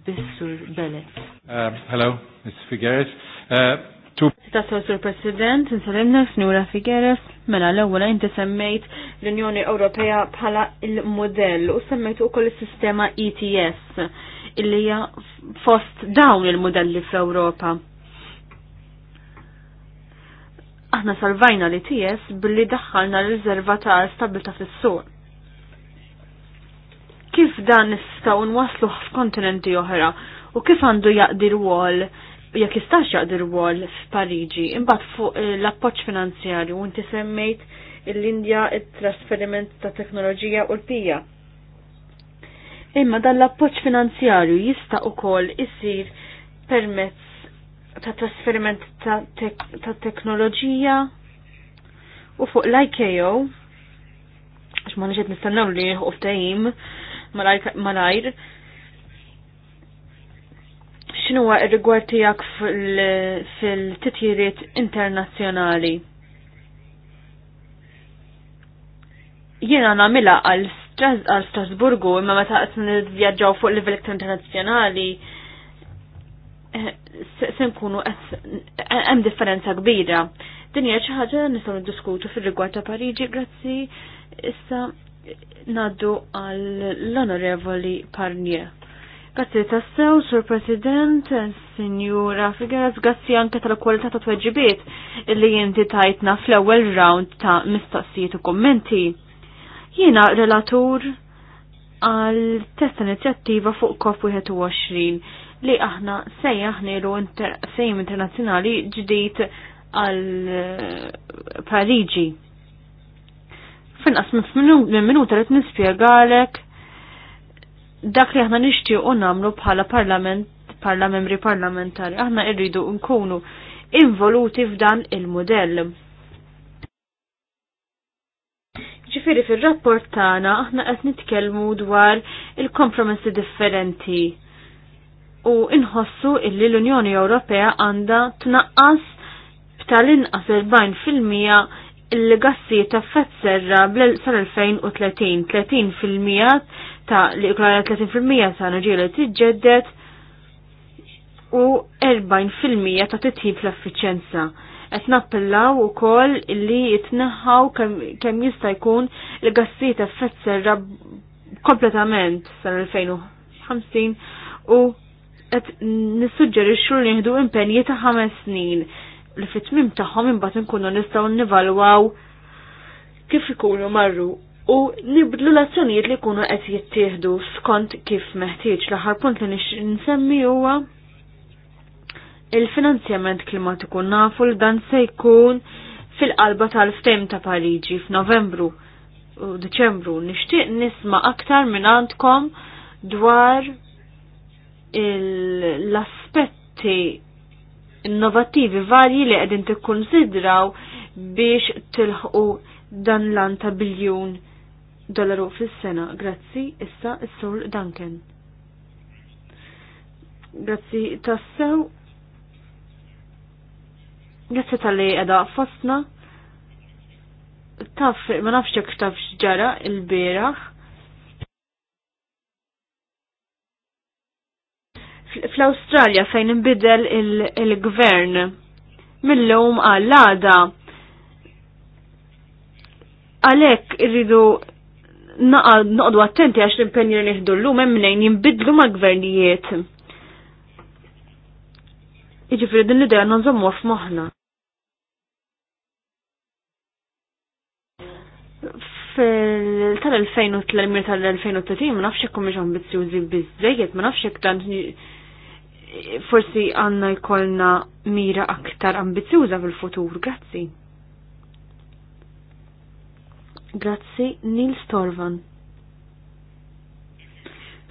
[SPEAKER 2] bis-sur Belet.
[SPEAKER 3] Uh, hello, Mr. Figueres. Uh,
[SPEAKER 2] Tassaw sur President, nsalimna Snura Figueres, mela l-ewwel inti semmejt l-Unjoni Ewropea bħala il-modell u semmejt u is-sistema ETS illi hija fost dawn il-modelli fl-Ewropa aħna salvajna li e Ties billi daħħalna l-rizerva ta' stabilta fis sur kif dan nistgħu nwaslu f'kontinenti oħra u kif għandu jaqdir rwol jekk jistax jaqdi rwol f'Pariġi imbagħad fuq eh, l-appoġġ finanzjarju u inti semmejt l-Indja it-trasferiment ta' teknoloġija u l-pija. Imma dan l-appoġġ finanzjarju jista' ukoll isir permezz ta' trasferiment ta', tek ta teknoloġija u fuq l-IKO għax ma nistennaw li uftejim malajr. X'inhuwa r-rigward tiegħek fil-titjiriet internazzjonali? Jiena nagħmilha għal Strasburgu imma meta qed nivvjaġġaw fuq livell internazzjonali eh, se nkunu eh, hemm differenza kbira. Dinja hija xi ħaġa nistgħu niddiskutu fir Pariġi, grazzi issa naddu għal l-onorevoli Parnier. Grazzi tassew, Sur President, Signora Figueres, grazie anke tal-kwalità ta' tweġibiet li jinti tajtna fl-ewwel round ta' mistoqsijiet u kommenti. Jiena relatur għal testa inizjattiva fuq COP21 li aħna sejjaħnilu inter sejm internazzjonali ġdid għal Pariġi finqas minn minuta li nispjega għalek dak li aħna nixtiequ nagħmlu bħala parlament bħala membri parlamentari. Aħna rridu nkunu involuti f'dan il-modell. Ġifiri fil-rapport tagħna aħna qed nitkellmu dwar il-kompromessi differenti u inħossu illi l-Unjoni Ewropea għandha tnaqqas b'tal-inqas 40 fil-mija il-gassi ta' fett serra sal-2030, 30% ta' li ikolajja 30% ta' enerġija li ġeddet u 40% ta' titħib fl-effiċenza. Qed nappellaw ukoll li jitneħħaw kemm jista' jkun il-gassi ta' fett serra kompletament sal-2050 u et nissuġġerixxu li nieħdu impenji ta' ħames snin li fit-tmim tagħhom imbagħad nkunu nistgħu nivalwaw kif ikunu marru u nibdlu l-azzjonijiet li jkunu qed jittieħdu skont kif meħtieġ l-aħħar punt li nsemmi huwa il-finanzjament klimatiku nafu li dan se jkun fil-qalba tal-ftem ta' Pariġi f'Novembru u Deċembru nixtieq nisma' aktar minn għandkom dwar l-aspetti innovattivi varji li qegħdin tikkunsidraw biex tilħqu dan l-an ta' biljun dollaru fis-sena. Grazzi issa s-sur Duncan. Grazzi tassew. Grazzi tal-li edha fostna. Taf, ma nafx jekk taf ġara il-beraħ fl-Australja fejn imbidel il-gvern mill-lum għall-għada. Għalek irridu noqdu attenti għax l impenjer nieħdu l-lum emmnejn jimbidlu ma' gvernijiet. Iġifiri din l-idea nżommu għaf fil-tal-2003 tal-2030 ma nafx ikkom mhux ambizzjużi ma nafx tant forsi għanna jkollna mira aktar ambizjuża fil-futur. Grazzi. Grazzi, Nils Torvan.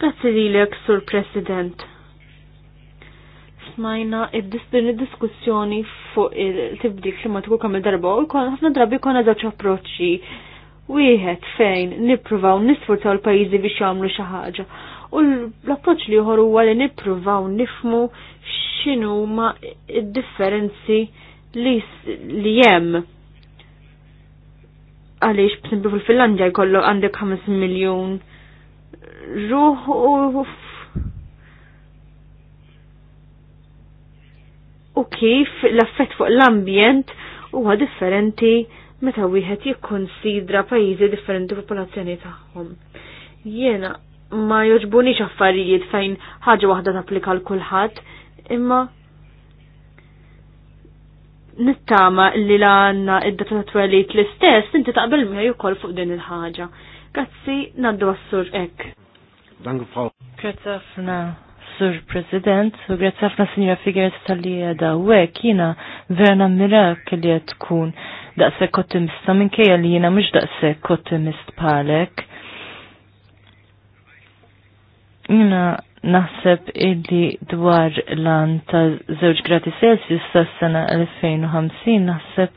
[SPEAKER 2] Grazzi lilek, Sur President. Smajna id-din id-diskussjoni fuq il tibdi klimatiku kamil darba u jkun ħafna drabi jkun żewġ approċċi wieħed fejn nippruvaw nisfurzaw l-pajjiżi biex jagħmlu xi ħaġa U l-approċ li jħor huwa li nippruvaw nifmu x'inhu ma id-differenzi li li hemm. Għaliex b'simplu fil-Finlandja jkollu għandek 5 miljun ruħ u u kif l-affett fuq l-ambjent huwa differenti meta wieħed jikkonsidra pajjiżi differenti popolazzjoni tagħhom. Jiena ma joġbuni affarijiet fejn ħaġa waħda tapplika l kulħadd, imma nittama li l-għanna id-data t twelit l-istess, inti taqbel miħaj jukol fuq din il-ħaġa. Grazzi, naddu għassur ek. Dangu fħal. Grazzi għafna, Sur President, u grazzi għafna Signora Figueres tal-li għada u għek, jina verna mirak li għed tkun daqsek ottimista minn kajja li jina mux daqse ottimist palek jina naħseb illi dwar lan ta' żewġ gradi Celsius sa' sena 2050 naħseb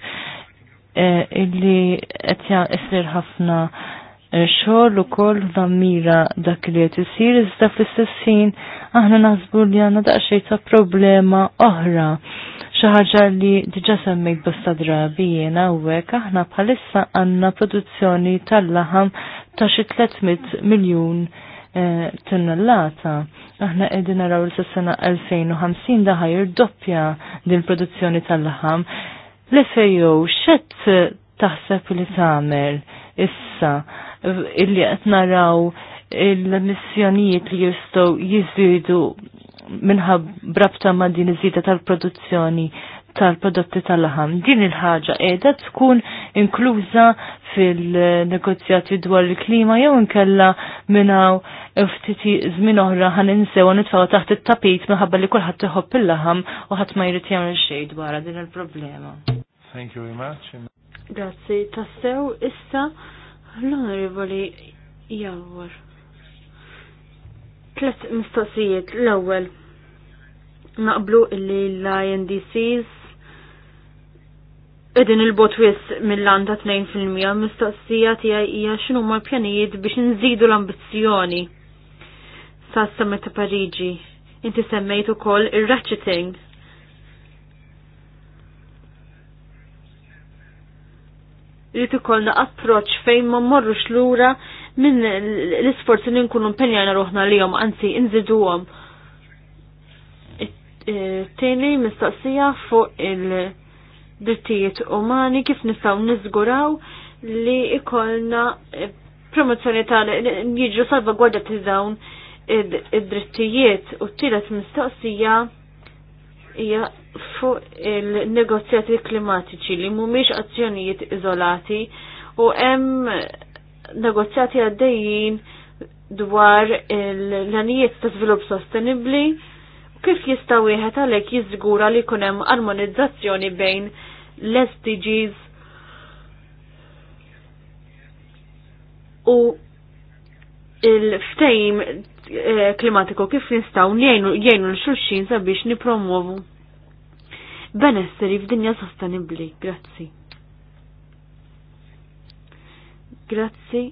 [SPEAKER 2] eh, illi qed isir ħafna eh, xogħol ukoll mira dak li qed jisir, iżda fl-istessin aħna naħsbu li għandna daqsxejn ta' problema oħra xi ħaġa li diġà semmejt bosta drabi u hawnhekk aħna bħalissa għandna produzzjoni tal-laħam ta' xi 300 miljun E, tunnellata, Aħna qegħdin naraw l sena 2050 da ħajr doppja din produzzjoni tal-laħam. L-FAO xed taħseb li tagħmel issa illi qed naraw il-missjonijiet li jistgħu jiżdiedu minħab brabta ma' din iż tal-produzzjoni tal-prodotti tal-laħam. Din il-ħaġa qiegħda tkun inkluża fil-negozjati dwar il-klima jew inkella minnaw ftiti żmien oħra ħan insew nitfgħu taħt it-tapit minħabba li kulħadd iħobb il-laħam u ħadd ma jrid jagħmel xejn dwar din il-problema.
[SPEAKER 1] Thank you very much.
[SPEAKER 2] Grazzi, tassew issa l-onorevoli jawwar. Tlet mistoqsijiet l-ewwel naqblu illi l-INDCs Edin il-botwis mill-landa 2% mistoqsija tija hija x'inhu ma pjanijiet biex nżidu l-ambizzjoni sa summit ta' Pariġi. Inti semmejt ukoll ir-ratcheting. Rrid ikollna approċċ fejn ma mmorrux lura minn l-isforzi li nkunu mpenjana ruħna lihom, anzi inżiduhom. Eh, Tieni mistoqsija fuq il- drittijiet umani, kif nistaw nizguraw li ikolna eh, promozzjoni tal jiġu salvagwardja ta' dawn id-drittijiet u t-tielet mistoqsija hija fuq il-negozjati klimatiċi li mhumiex azzjonijiet iżolati u hemm negozjati għaddejjin dwar l-anijiet ta' żvilupp sostenibbli Kif jista' wieħed għalhekk jiżgura li jkun hemm armonizzazzjoni bejn l-SDGs u il-ftejm eh, klimatiku kif nistgħu jgħinu l-xulxin sabiex nipromovu benesseri f'dinja sostenibbli. Grazzi. Grazzi,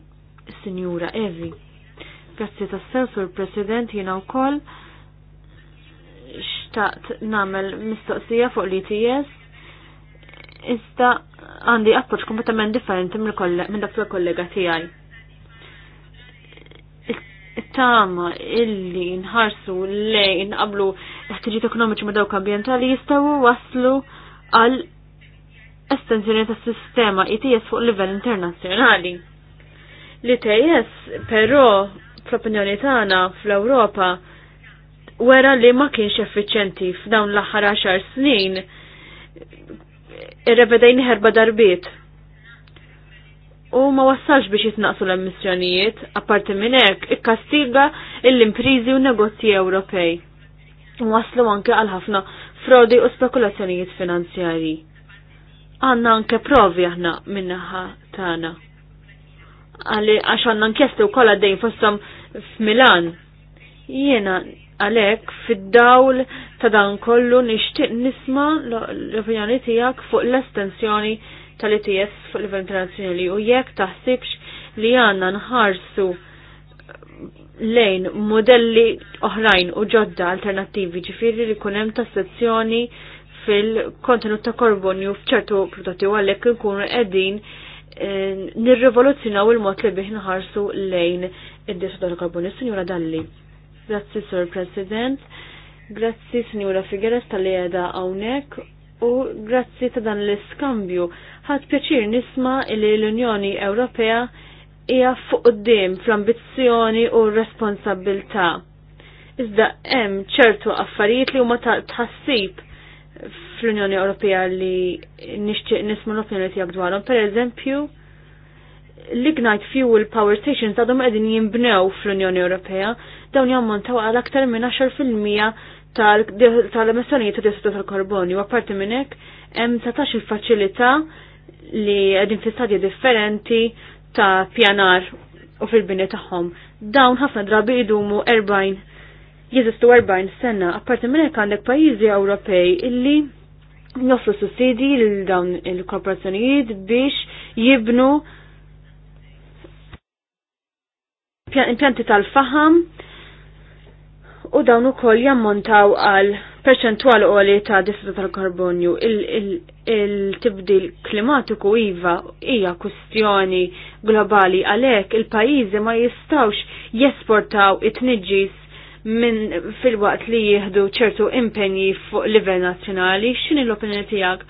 [SPEAKER 2] Sinjura Evi. Grazzi tassew sur President jina u koll xtaqt namel mistoqsija fuq l its iżda għandi approċ kompletament differenti minn dak kollega tiegħi. Tama illi nħarsu lejn qablu ħtiġiet ekonomiċi ma' dawk ambjentali jistgħu waslu għal estensjoni tas sistema ITS e fuq livell internazzjonali. L-ITS e però fl-opinjoni tagħna fl-Ewropa wera li ma kienx effiċenti f'dawn l-aħħar 10 snin irrebedejn herba darbiet. U ma wassalx biex jitnaqsu l-emissjonijiet, apparti minn hekk ikkastiga l-imprizi u negozji Ewropej. U waslu anke għal ħafna frodi u spekulazzjonijiet finanzjarji. Għanna anke provi aħna minnaħa tagħna. Għax għandna nkjesti wkoll dejn fossom f'Milan. Jiena Għalek, fid-dawl ta' dan kollu nixtieq nisma l-opinjoni tiegħek fuq l-estensjoni tal-ITS fuq livell internazzjonali u jekk taħsibx li għandna nħarsu lejn modelli oħrajn u ġodda alternattivi ġifiri li kunem ta' sezzjoni fil-kontenut ta' korbonju fċertu prodotti u għalek nkunu edin eh, nirrevoluzjonaw il-mod li bih nħarsu lejn id-dioxide tal-karbonju. Sinjura Dalli. Grazzi, Sur President. Grazzi, Signora Figueres, tal-li għeda għawnek u grazzi ta' dan l-iskambju. Ħadd pjaċir nisma li l-Unjoni Ewropea hija fuq qudiem fl-ambizzjoni u responsabilità. Iżda hemm ċertu affarijiet li huma tħassib fl-Unjoni Ewropea li nixtieq nisma' l-opinjoni tiegħek dwarhom. Pereżempju, l-Ignite Fuel Power Stations għadhom qegħdin jinbnew fl-Unjoni Ewropea dawn jammontaw għal aktar minn 10% tal emissjoni ta' diossidu tal-karbonju. Apparti minn hekk hemm satax il-faċilità li qegħdin fi stadji differenti ta' pjanar u fil-bini tagħhom. Dawn ħafna drabi idumu 40 jeżistu 40 sena, apparti minn hekk għandek pajjiżi Ewropej illi joffru sussidi lil dawn il-korporazzjonijiet biex jibnu impjanti tal-faham u dawn ukoll jammontaw għal perċentwal għoli ta' diossidu tal-karbonju. Il-tibdil klimatiku iva hija kustjoni globali għalhekk il-pajjiżi ma jistawx jesportaw it nidġis minn fil-waqt li jieħdu ċertu impenji fuq livell nazzjonali, x'inhi l-opinjoni tiegħek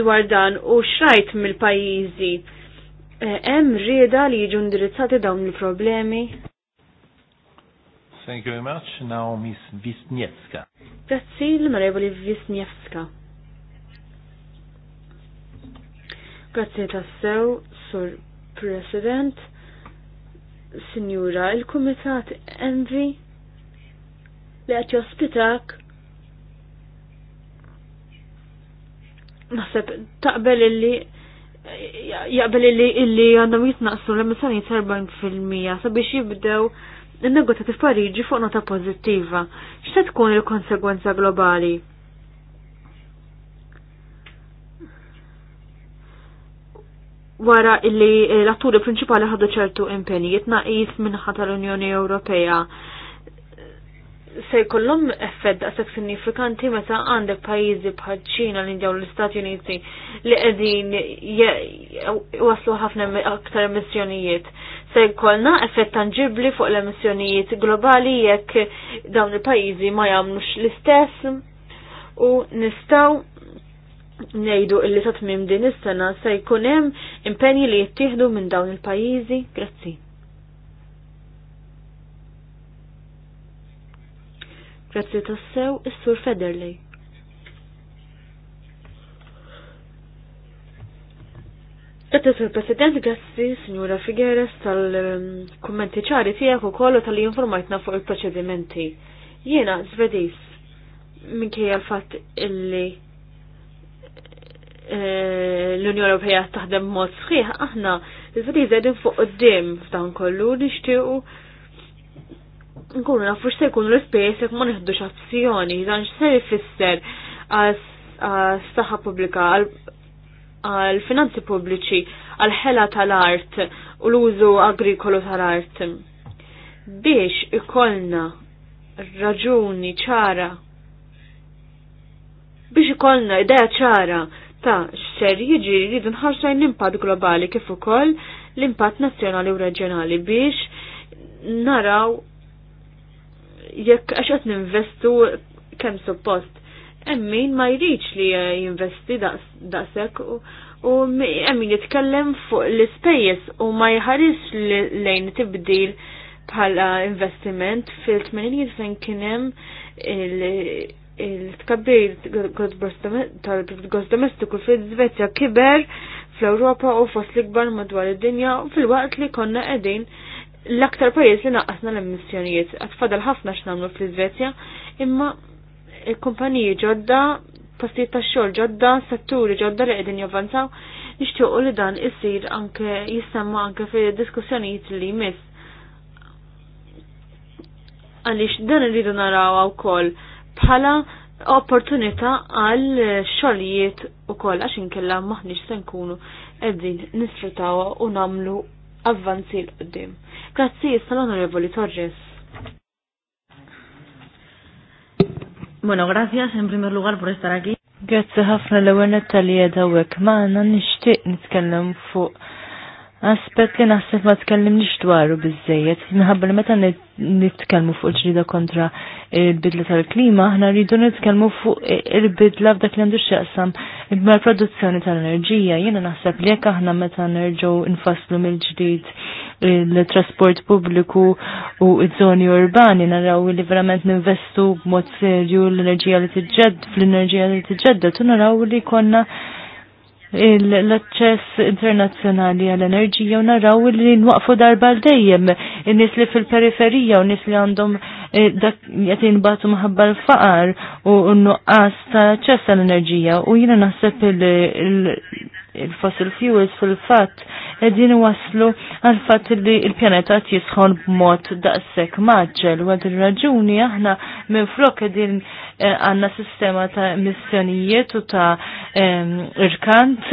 [SPEAKER 2] dwar dan u xrajt mill-pajjiżi Eh, hemm rieda li jiġu indirizzati dawn il-problemi.
[SPEAKER 1] Thank you very much. Now Miss Wisniewska.
[SPEAKER 2] Grazzi l-Onorevoli Wisniewska. Grazzi tassew, Sur President, Signora, il-Kumitat Envi li għat jospitak naħseb taqbel illi jaqbel illi għandhom jitnaqsu l-emissjonijiet 40% sabiex jibdew il-negozjati f'Pariġi fuq nota pożittiva. X'se tkun il-konsegwenza globali? Wara illi l-atturi prinċipali ħadu ċertu impenji jitnaqis minnaħa tal-Unjoni Ewropea se jkollhom effett daqshekk sinifikanti meta għandek pajjiżi bħal ċina l-Indja u l-Istati Uniti li qegħdin waslu ħafna aktar emissjonijiet. Se jkollna effett tangibli fuq l-emissjonijiet globali jekk dawn il-pajjiżi ma jagħmlux l-istess u nistgħu ngħidu li sa din is-sena se jkun hemm impenji li jittieħdu minn dawn il-pajjiżi. Grazzi. Grazzi tassew, Is-Sur Federley. Grazzi Sur President, grazzi Signora Figueres tal-kommenti ċari tijak u kollu tal-li informajtna fuq il-proċedimenti. Jena, zvedis, minkejja fatt illi eh, l-Unjoni Ewropea taħdem mod sħiħ, aħna zvedis għedin fuq id dim f'dan kollu nishtiqu nkunu nafu x'se jkunu l-ispejjeż jekk ma nieħdux azzjoni, dan x'se jfisser għal saħħa pubblika għal-finanzi pubbliċi, għal-ħela tal-art u l-użu agrikolu tal-art. Biex ikollna raġuni ċara biex ikollna idea ċara ta' xser jiġi rridu nħarxajn l-impatt globali kif ukoll l-impatt nazzjonali u reġjonali biex naraw jekk għax qed ninvestu kemm suppost. Emmin ma jridx li jinvesti daqshekk u emmin jitkellem fuq l-ispejjeż u ma jħaris lejn tibdil bħala investiment fil-80 fejn kien hemm il-tkabbir tal-gross domestiku fil-Zvezja kiber fl-Ewropa u fost l-ikbar madwar id-dinja u fil-waqt li konna qegħdin l-aktar pajjiż li naqqasna l-emissjonijiet, għatfadal ħafna x'namlu fl-Iżvezja, imma il-kumpaniji ġodda, postijiet ta' xogħol ġodda, setturi ġodda li qegħdin javvanzaw, nixtiequ li dan isir anke jistemma anke fi diskussjonijiet li jmiss. Għaliex dan irridu naraw wkoll bħala opportunità għal xogħlijiet ukoll għax inkella maħniex se nkunu qegħdin nisfrutaw u nagħmlu avvanzi l qudiem Grazzi, tal onorevoli Torres. Bueno, gracias en primer lugar por estar aquí. Grazzi ħafna l-ewwel Natalija dawek M'aħna nixtieq nitkellem fuq aspet li naħseb ma tkellimniex dwaru biżejjed. Minħabba li meta nitkellmu fuq il-ġrida kontra il-bidla tal-klima, aħna rridu nitkellmu fuq il-bidla f'dak li għandu x'jaqsam mal-produzzjoni tal-enerġija. Jiena naħseb li jekk aħna meta nerġgħu nfasslu mill-ġdid il-trasport pubbliku u iż-żoni urbani naraw li verament ninvestu b'mod serju l-enerġija li tiġġed fl-enerġija li tiġġedda tu naraw li konna l-aċċess internazzjonali għall-enerġija u naraw li nwaqfu darba l-dejjem in-nies li fil-periferija u nies li għandhom eh, qed jinbatu maħabba l-faqar u n-nuqqas ta' aċċess għall-enerġija u jiena naħseb il-fossil fuels fil-fatt edin waslu għal fat li il-pjaneta jisħon b'mod daqsek maġġel. għad il-raġuni aħna minn flok edin eh, għanna sistema ta' missjonijiet u ta' ehm, irkant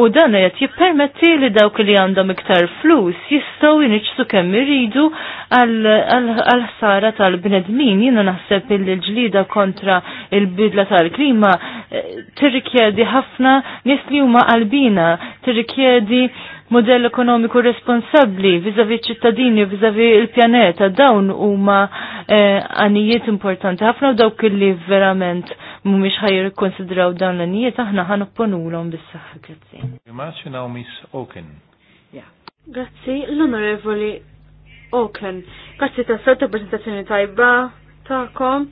[SPEAKER 2] u dan għet jippermetti li dawk li għandhom iktar flus jistaw jinċsu kemm iridu għal-ħsara tal-bnedmin. Jina naħseb il-ġlida kontra il-bidla tal-klima eh, tirrikjedi ħafna nis li huma qalbina, tirrikjedi modell ekonomiku responsabli vizavi ċittadini, vizavi il-pjaneta, dawn huma eh, għanijiet importanti. ħafna dawk li verament mumiex ħajr konsidraw dawn l-għanijiet, aħna ħan opponulom bis-saħħa, grazzi. Grazzi, l-onorevoli Oken. Grazzi ta' s-sorta prezentazzjoni tajba ta'kom.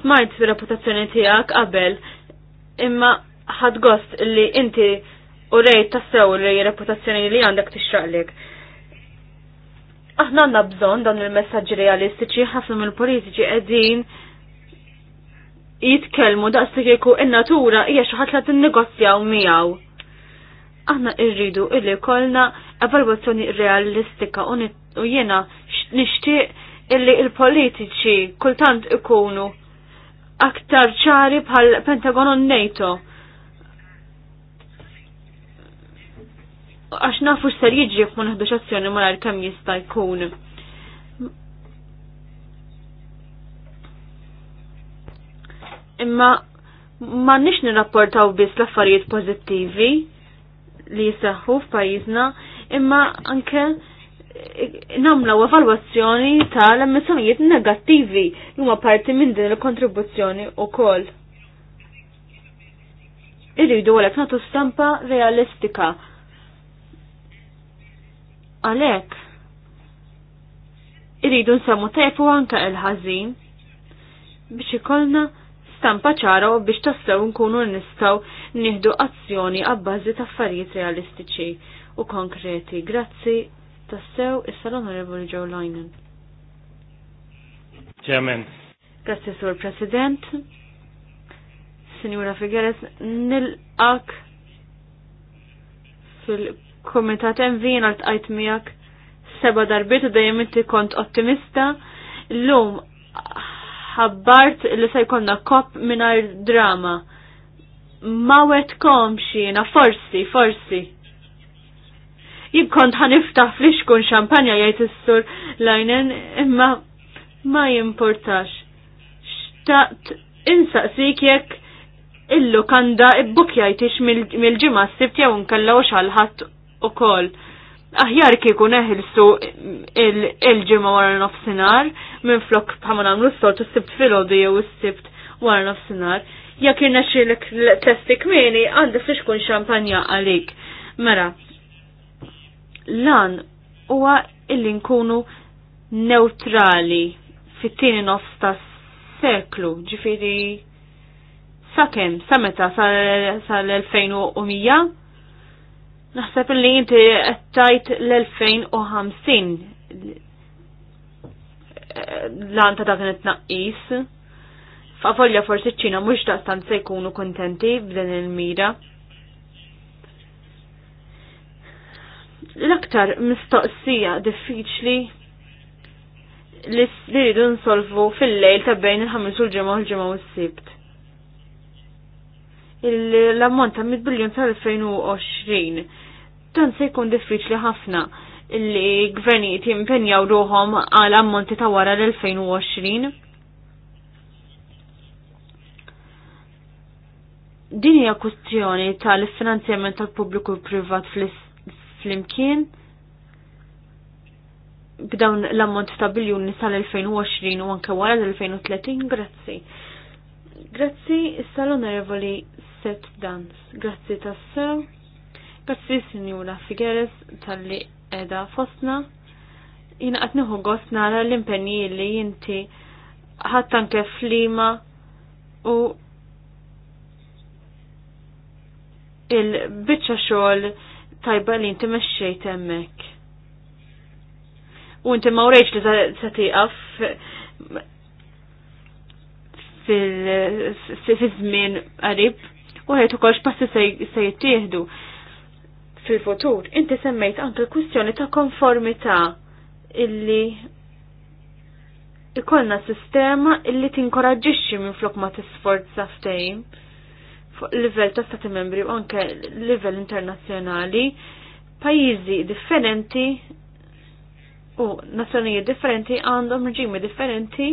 [SPEAKER 2] Smajt fi reputazzjoni tijak qabel, imma ħad gost li inti u rejt tassew li reputazzjoni li għandek tixraqlek. Aħna għanna bżon dan il-messagġi realistiċi ħafna mill-politiċi qegħdin jitkellmu daqslik kieku in-natura hija xi ħadd li tinnegozjaw miegħu. Aħna rridu illi kollna evalwazzjoni realistika u jiena nixtieq illi il-politiċi kultant ikunu aktar ċari bħal Pentagon u NATO għax nafu x'ser jiġri jekk ma naħdux azzjoni malar kemm jista' jkun. Imma ma nix nirrapportaw biss l-affarijiet pożittivi li jisaħħu f'pajjiżna, imma anke namlu evalwazzjoni tal-emissjonijiet negattivi li huma parti minn din il-kontribuzzjoni wkoll irridu għalek natu stampa realistika Għalek, iridu nsemmu tefu anka il-ħazin biex ikollna stampa ċara u biex tassew nkunu nistaw nieħdu azzjoni għabbażi ta' affarijiet realistiċi u konkreti. Grazzi tassew issa l-Onorevoli Joe Lajnen. Ġemen. Grazzi Sur President. Signora Figueres, nilqak fil Komitat Envin għal tqajt miegħek seba darbiet u dejjem inti kont ottimista. Llum ħabbart li se jkollna kop mingħajr drama. Ma wetkom xina, forsi, forsi jibkont ħaniftaħ fliskun xampanja jgħid is-sur lajnen imma ma jimportax. Xtaqt insaqsik jekk illu kanda ibbukjajtix mill-ġimgħa s-sibt jew nkellgħu xi u kol. Aħjar kieku neħilsu il-ġimma wara nofsinar, minn flok bħamma namlu s sol u s-sibt filodi u s-sibt wara nofsinar. Jak jirna xilek testi kmini, għandi li xkun xampanja għalik. Mera, lan huwa illi nkunu neutrali fit-tieni nofs ta' seklu, ġifiri sakemm, sa meta l 2100 Naħseb li inti għattajt l-2050 l-għan ta' dak it-tnaqqis. F'olja forsi ċina mhux stan se jkunu kontenti b'din il-mira. L-aktar mistoqsija diffiċli li rridu nsolvu fil-lejl ta' bejn il-ħamis u l-ġimgħa u l-ġimgħa u s-sibt. L-ammont ta' 100 biljon tal-2020 dan se jkun diffiċli ħafna li gvernijiet jimpenjaw ruħom għal ammonti ta' wara l-2020. Din hija kwestjoni tal-finanzjament tal-pubbliku privat fl-imkien b'dawn l-ammont ta' biljuni sal-2020 u anke wara l-2030, grazzi. Grazzi, issa l-onorevoli Seth Dance. Grazzi tassew. Grazzi Sinjura Figueres tal-li edha fosna. Jina għatniħu gost nara l-impenji li jinti ħattan kif flima u il-bicċa xogħol tajba li jinti mexxejt hemmhekk. U inti ma li se tieqaf fil-żmien qarib u ħejt ukoll x'passi se jittieħdu fil-futur. Inti semmejt anke kwistjoni ta' konformità illi ikollna sistema illi tinkoraġġixxi minn flok ma tisforza ftejn fuq livell ta' stati membri u anke livell internazzjonali pajjiżi differenti u nazzjonijiet differenti għandhom reġimi differenti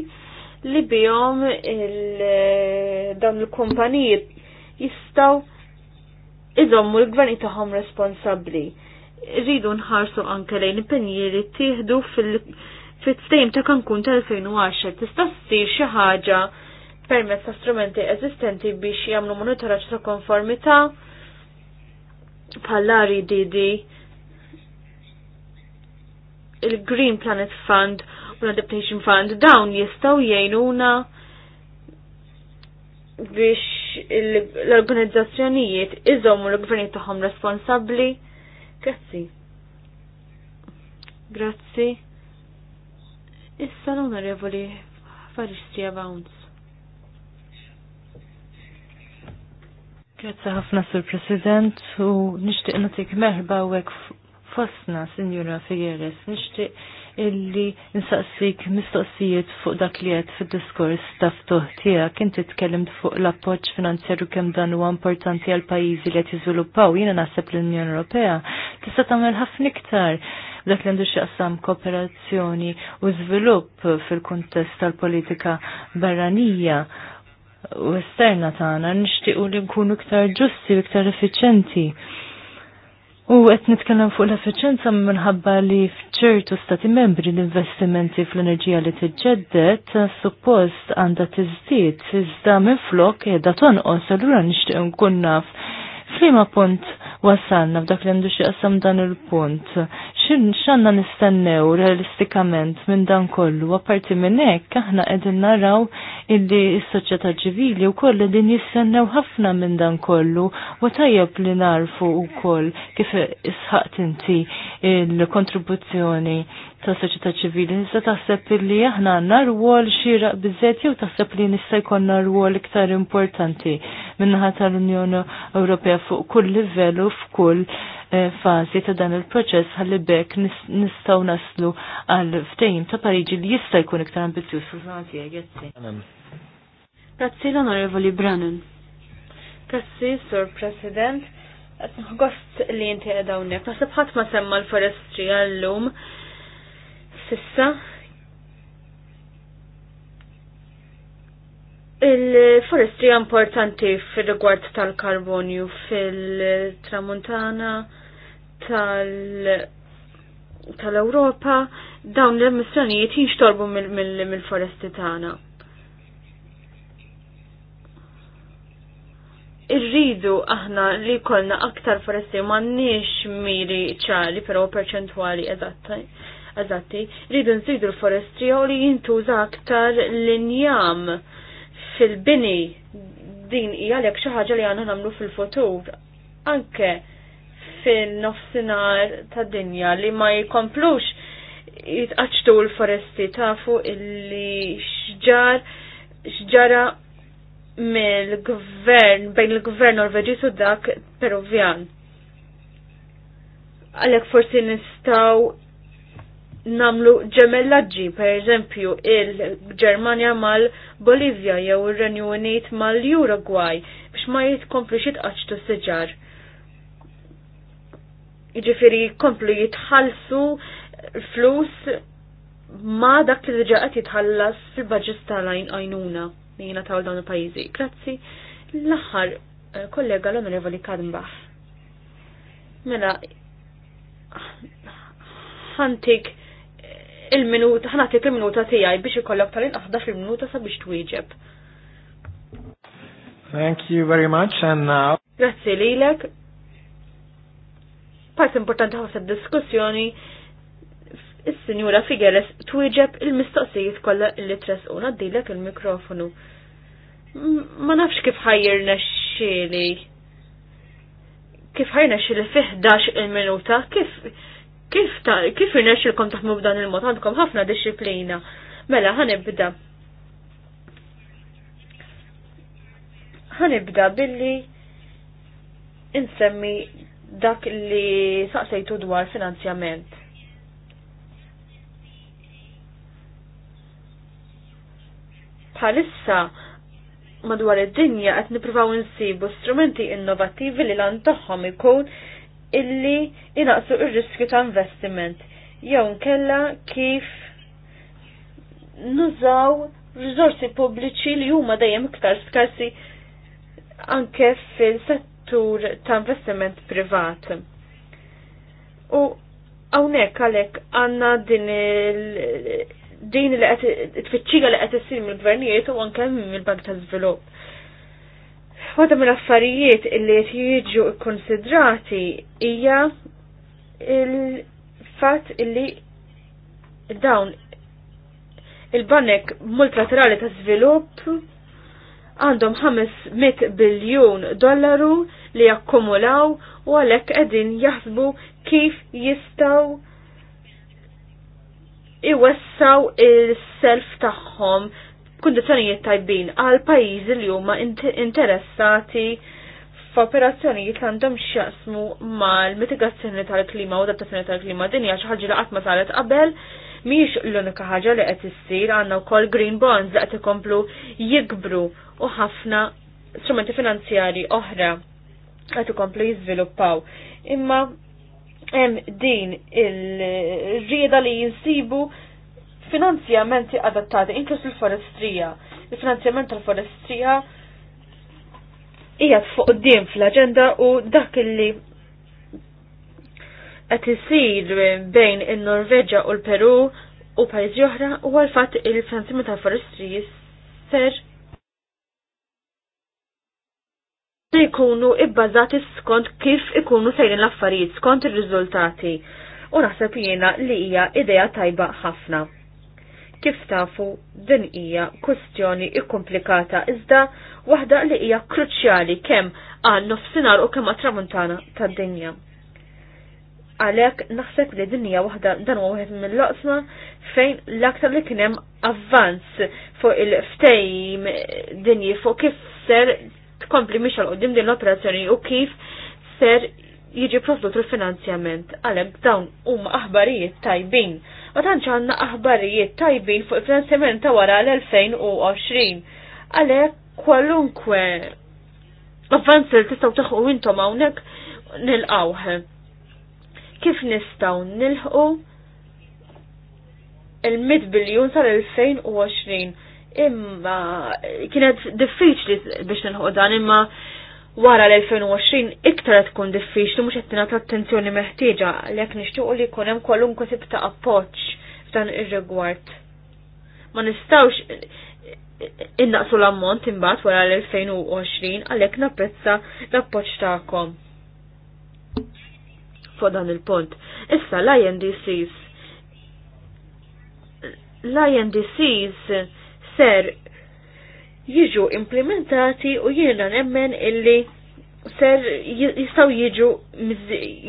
[SPEAKER 2] li bihom il, dawn il-kumpaniji jistaw iżommu l gvern tagħhom responsabbli. Rridu nħarsu anke lejn impenji li tieħdu fil-stejm ta' kankun tal-2010 tista' ssir xi ħaġa permezz ta' strumenti eżistenti biex jagħmlu monitoraġġ ta' konformità bħal RDD e il-Green Planet Fund u l-Adaptation Fund dawn jistgħu jgħinuna biex l-organizzazzjonijiet iżommu l-gvernijiet tagħhom responsabbli. Grazzi. Grazzi. Issa l-onorevoli Faristija Bounds. Grazzi ħafna sur President u nixtieq nagħtik u hekk fosna, Sinjura Figueres, nixtieq illi nsaqsik mistoqsijiet fuq dak li qed fid-diskors ta' ftuħ tiegħek inti tkellimt fuq l-appoġġ finanzjarju kemm dan huwa importanti għal pajjiżi li qed jiżviluppaw. Jiena naħseb l-Unjoni Ewropea tista' tagħmel ħafna iktar dak li għandu x'jaqsam kooperazzjoni u żvilupp fil-kuntest tal-politika barranija u esterna tagħna nixtiequ li nkunu iktar ġusti u iktar effiċenti U qed nitkellem fuq l-effiċenza minħabba li fċertu stati membri l-investimenti fl-enerġija li t-ġeddet, suppost għandha tiżdied iżda minflok qiegħda tonqos allura nixtieq nkun naf f'liema punt wasalna f'dak li għandu xieqsam dan il-punt. X'għandna nistennew realistikament minn dan kollu, apparti minn hekk aħna qegħdin naraw illi s-soċjetà ċivili wkoll din jistennew ħafna minn dan kollu u tajjeb li narfu wkoll kif isħaqt inti il-kontribuzzjoni ta' soċjetà ċivili. Nista' taħseb li aħna għandna rwol xieraq biżżejjed jew taħseb li nista' jkollna rwol iktar importanti minnaħa tal-Unjoni Ewropea fuq kull livell u f'kull eh, fażi ta' dan il-proċess ħalli bekk nistgħu naslu għal ftehim ta' Pariġi li jista' jkun iktar ambizzjuż fil tiegħek. Grazzi l-Onorevoli Brannan. Grazzi, Sur President. Għost li jinti għedawnek, nasib ħat ma semma l-forestri għallum, sissa. il forestri importanti fil-rigward tal-karbonju fil-tramuntana tal-Europa -tal dawn l-emissjonijiet jinxtorbu mill-foresti mil mil tagħna. irridu aħna li kolna aktar foresti mannix miri ċali pero perċentuali eżatta eżatti, rridu nżidu l-forestrija u li jintuża aktar l-injam fil-bini din hija għalhekk xi ħaġa li għandna nagħmlu fil-futur. Anke fin-nofsinhar tad-dinja li ma jkomplux jitqaċtu l-foresti tafu illi xġar xġara mill-gvern bejn il-gvern norveġis u dak peruvjan. Għalek forsi nistaw namlu ġemellaġġi, per eżempju, il-Germania mal-Bolivja jew ir-Renju Unit mal-Uruguay biex ma jitkomplu xitqaċtu s seġar. Iġifiri komplu jitħalsu flus ma dak li diġa qed jitħallas fil-budget tal-għajn għajnuna jina tawl dawn il-pajjiżi. Grazzi. L-aħħar eh, kollega l-Onorevoli Kadenbach. Mela, ħantik il-minuta, tik il-minuta tijaj biex ikollok tal aħdax il-minuta sabiex twieġeb.
[SPEAKER 3] Thank you very much and
[SPEAKER 1] now.
[SPEAKER 2] Grazzi lilek. Part importanti ħafna diskussjoni is-Sinjura Figueres twieġeb il-mistoqsijiet kollha li tresqu ngħaddilek il-mikrofonu. Ma nafx kif ħajjirna xili. Kif ħajna xili fi 11 il-minuta, kif Kif ta' kif irnexxilkom taħmu b'dan il-mod għandkom ħafna disċiplina. Mela ħanibda. Ħanibda billi insemmi dak li saqsejtu dwar finanzjament. Bħalissa madwar id-dinja qed nippruvaw insibu strumenti innovattivi li lan tagħhom ikun illi inaqsu il riskju ta' investiment. Jew nkella kif nużaw rizorsi pubbliċi li huma dejjem iktar skarsi anke fil-settur ta' investiment privat. U hawnhekk għalhekk għandna din il- din li qed tfittxiga li qed issir mill-gvernijiet u anke mill-Bank ta' Żvilupp. Waħda mill-affarijiet illi qed jiġu kkonsidrati hija il-fatt illi dawn il-banek multilaterali ta' svilupp għandhom 500 biljun dollaru li jakkumulaw u għalek edin jaħsbu kif jistaw iwessaw il-self tagħhom Kundizzjonijiet tajbin għal pajjiżi li huma interessati f'operazzjonijiet li għandhom x'jaqsmu mal-mitigazzjoni tal-klima u adattazzjoni tal-klima din hija xi ħaġa li qatt ma saret qabel mhijiex l-unika ħaġa li qed issir għandna wkoll green bonds li qed ikomplu jikbru u ħafna strumenti finanzjari oħra qed ikomplu jiżviluppaw. Imma hemm din il-rieda li jinsibu finanzjamenti adattati, inklus il-forestrija. Il-finanzjament tal-forestrija hija fuq qudiem fl aġenda u dak li qed isir bejn in-Norveġġa u l-Peru u pajjiżi oħra huwa l-fatt il-finanzjament tal-forestrija ser se jkunu ibbażati skont kif ikunu sejrin l-affarijiet skont ir-riżultati u naħseb jiena li hija idea tajba ħafna. Kif tafu din hija kwestjoni ikkomplikata iżda waħda li hija kruċjali kemm għan nofsinhar u kemm għat-tramuntana tad-dinja għalek naħseb li dinja waħda dan huwa wieħed mill-loqsma fejn l-aktar li kien hemm avvanz fuq il-ftejm dinji fuq kif ser tkompli miex għal din l-operazzjoni u kif ser jiġi provdut il-finanzjament għalek dawn huma aħbarijiet tajbin ma tantx għandna aħbarijiet tajbin fuq il-finanzjament ta' wara l-2020. Għalhekk kwalunkwe avvanz li tistgħu taħu intom hawnhekk nilqawh. Kif nistgħu ħu il-100 biljun sal-2020 imma kienet diffiċli biex nilħu dan imma wara l-2020 iktar tkun diffiċli mhux qed tingħata attenzjoni meħtieġa li jekk nixtiequ li jkun hemm kwalunkwe tip ta' appoġġ f'dan ir-rigward. Ma nistgħux innaqsu l-ammont imbagħad wara l-2020 għalhekk napprezza l-appoġġ tagħkom. Fuq dan il-punt. Issa l-INDCs l-INDCs ser jiġu implementati u jiena nemmen illi ser jistaw jiġu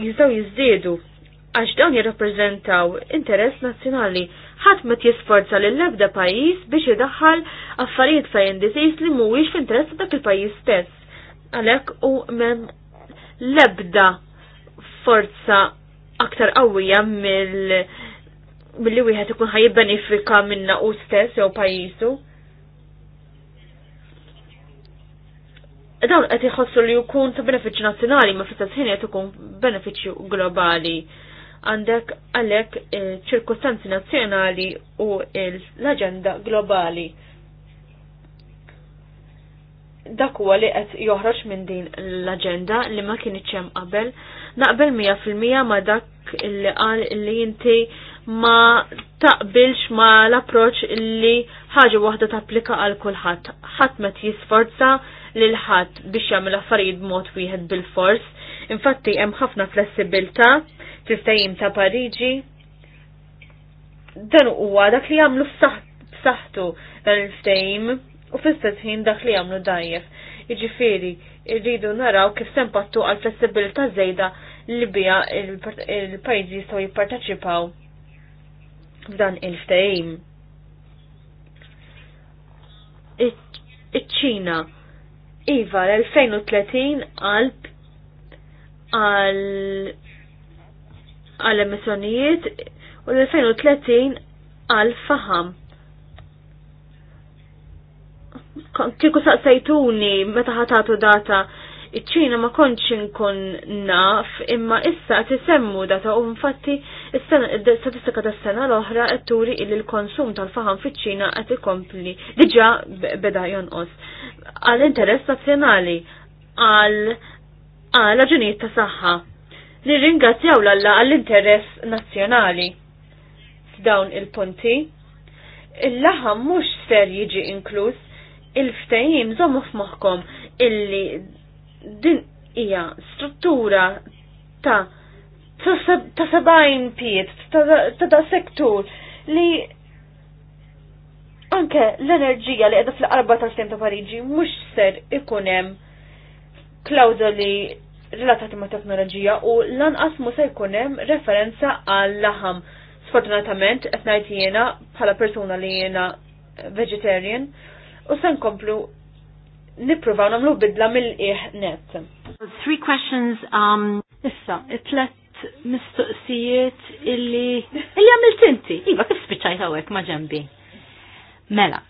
[SPEAKER 2] jistaw jizdedu għax dawn jirrappreżentaw interess nazzjonali ħadd ma jisforza lil ebda pajjiż biex idaħħal affarijiet fejn disease li mhuwiex f'interess dak il-pajjiż stess. Għalhekk u mem lebda forza aktar qawwija mill milli wieħed ikun ħajibbenifika minna u stess jew pajjiżu. dawn qed iħossu li jkun ta' benefiċċju nazzjonali ma fl-istess ħin qed ikun benefiċċju globali. Għandek għalhekk ċirkustanzi nazzjonali u l-aġenda globali. Dak huwa li qed joħroġ minn din l-aġenda li ma kienx hemm qabel, naqbel 100% ma dak li qal li inti ma taqbilx ma l-approċ li ħaġa waħda tapplika għal kulħadd. Ħadd ma jisforza lil ħadd biex jagħmel affarijiet b'mod wieħed bil-fors. Infatti hemm ħafna flessibilità fil-ftajim ta' Pariġi. Dan huwa dak li jagħmlu f'saħħtu dan il-ftajim u fl-istess ħin dak li jagħmlu dajjef. Jiġifieri rridu naraw kif sempattu għal flessibilità żejda li bija il-pajjiżi jistgħu jipparteċipaw f'dan il fejm Iċ-Ċina iva l-2030 għalb għal emissionijiet emissjonijiet u l-2030 għal faham. Kiku saqsajtuni meta ħatatu data iċ-ċina ma konċ inkun naf imma issa tisemmu data u infatti statistika tas sena l-oħra qed turi il l-konsum tal-faħam fiċ-ċina qed ikompli diġà beda jonqos għal interess nazzjonali għal għal raġunijiet ta' saħħa. Li l-alla għall-interess nazzjonali f'dawn il-punti. Il-laħam mhux ser jiġi inkluż il-ftehim żommu f'moħħkom illi din hija struttura ta' ta' sabajn piet, ta' da' sektur li anke l-enerġija li għedha fl-qarba ta' stem ta' Pariġi mhux ser ikunem klawżoli relatati ma' teknoloġija u lanqas mu se jkunem referenza għal laħam. Sfortunatament, qed ngħid jiena bħala persuna li jiena vegetarian u se nkomplu nippruvaw nagħmlu bidla mill iħ net. Three questions um issa, it-tlet mistoqsijiet illi illi għamilt inti. Iva kif spiċċajt hawnhekk ma' ġenbi. Mela.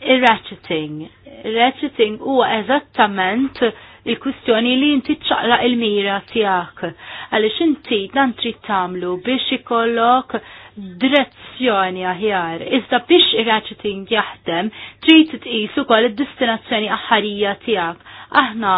[SPEAKER 2] Ir-ratcheting. Ir-ratcheting huwa eżattament il-kwistjoni li inti ċaqla il-mira tijak. Għalix inti dan trid biex ikollok direzzjoni aħjar. Iżda biex ir-ratcheting jaħdem, trid tqis ukoll id-destinazzjoni aħħarija tiegħek. Aħna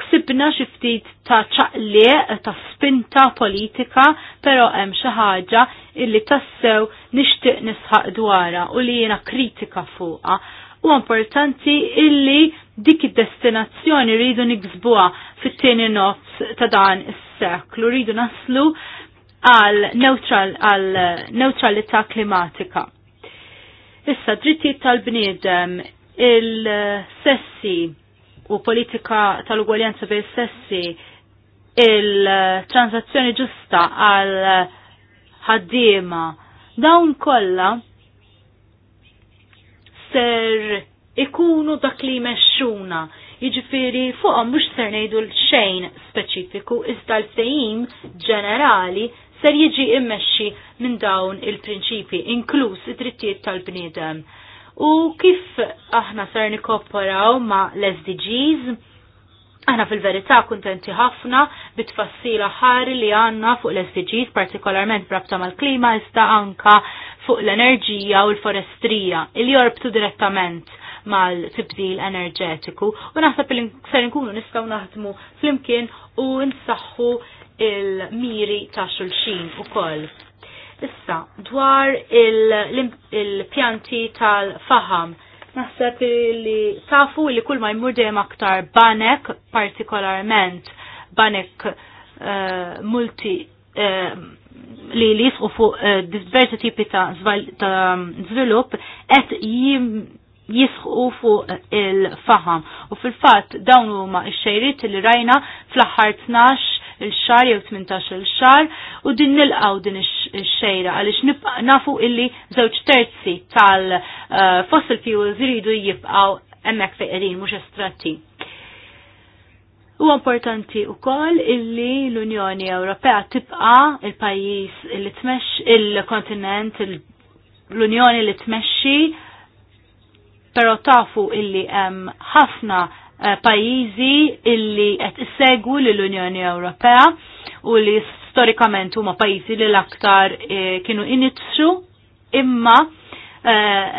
[SPEAKER 2] ksibna xi ftit ta' ċaqliq ta' spinta politika, però hemm xi ħaġa illi tassew nixtieq nisħaq dwarha u li jiena kritika fuqha. U importanti illi dik id-destinazzjoni rridu niksbuha fit-tieni nofs ta' dan is-seklu, rridu naslu għal neutral għal eh, neutralità klimatika. Issa drittijiet tal-bniedem il-sessi u politika tal-ugwaljanza bil sessi il-transazzjoni ġusta għal ħaddiema dawn kollha ser ikunu dak li mexxuna, Iġifiri fuqom mux ser nejdu l-xejn speċifiku, iżda l-fejim ġenerali ser jiġi immexxi minn dawn il-prinċipi, inkluż id-drittijiet tal-bniedem. U kif aħna ser nikopparaw ma' l-SDGs? Aħna fil-verità kuntenti ħafna bit-tfassila ħari li għanna fuq l-SDGs, partikolarment brabta mal-klima, iżda anka fuq l-enerġija u l-forestrija, il jorbtu direttament mal-tibdil enerġetiku u naħseb li ser nkunu nistgħu naħdmu flimkien u nsaħħu il-miri ta' xulxin u koll. Issa, dwar il-pjanti il tal-faham, naħseb li tafu li kull ma jmurdem aktar banek, partikolarment banek uh, multi uh, eh, li li jisqu fuq uh, diversi tipi ta' et qed jisħu fuq il-faham. U fil-fat dawn huma x-xejrit li rajna fl-aħħar 12 il-xar jew 18 il-xar u din nilqaw din ix-xejra għaliex nafu illi żewġ terzi tal-fossil fuels iridu jibqaw hemmhekk fejn qegħdin mhux estratti. U importanti u koll illi l-Unjoni Ewropea tibqa il-pajis li tmex il-kontinent l-Unjoni li tmexxi pero tafu illi hemm ħafna Eh, pajizi illi qed issegwu l-Unjoni Ewropea u li storikament huma pajizi li l-aktar eh, kienu initsu imma eh,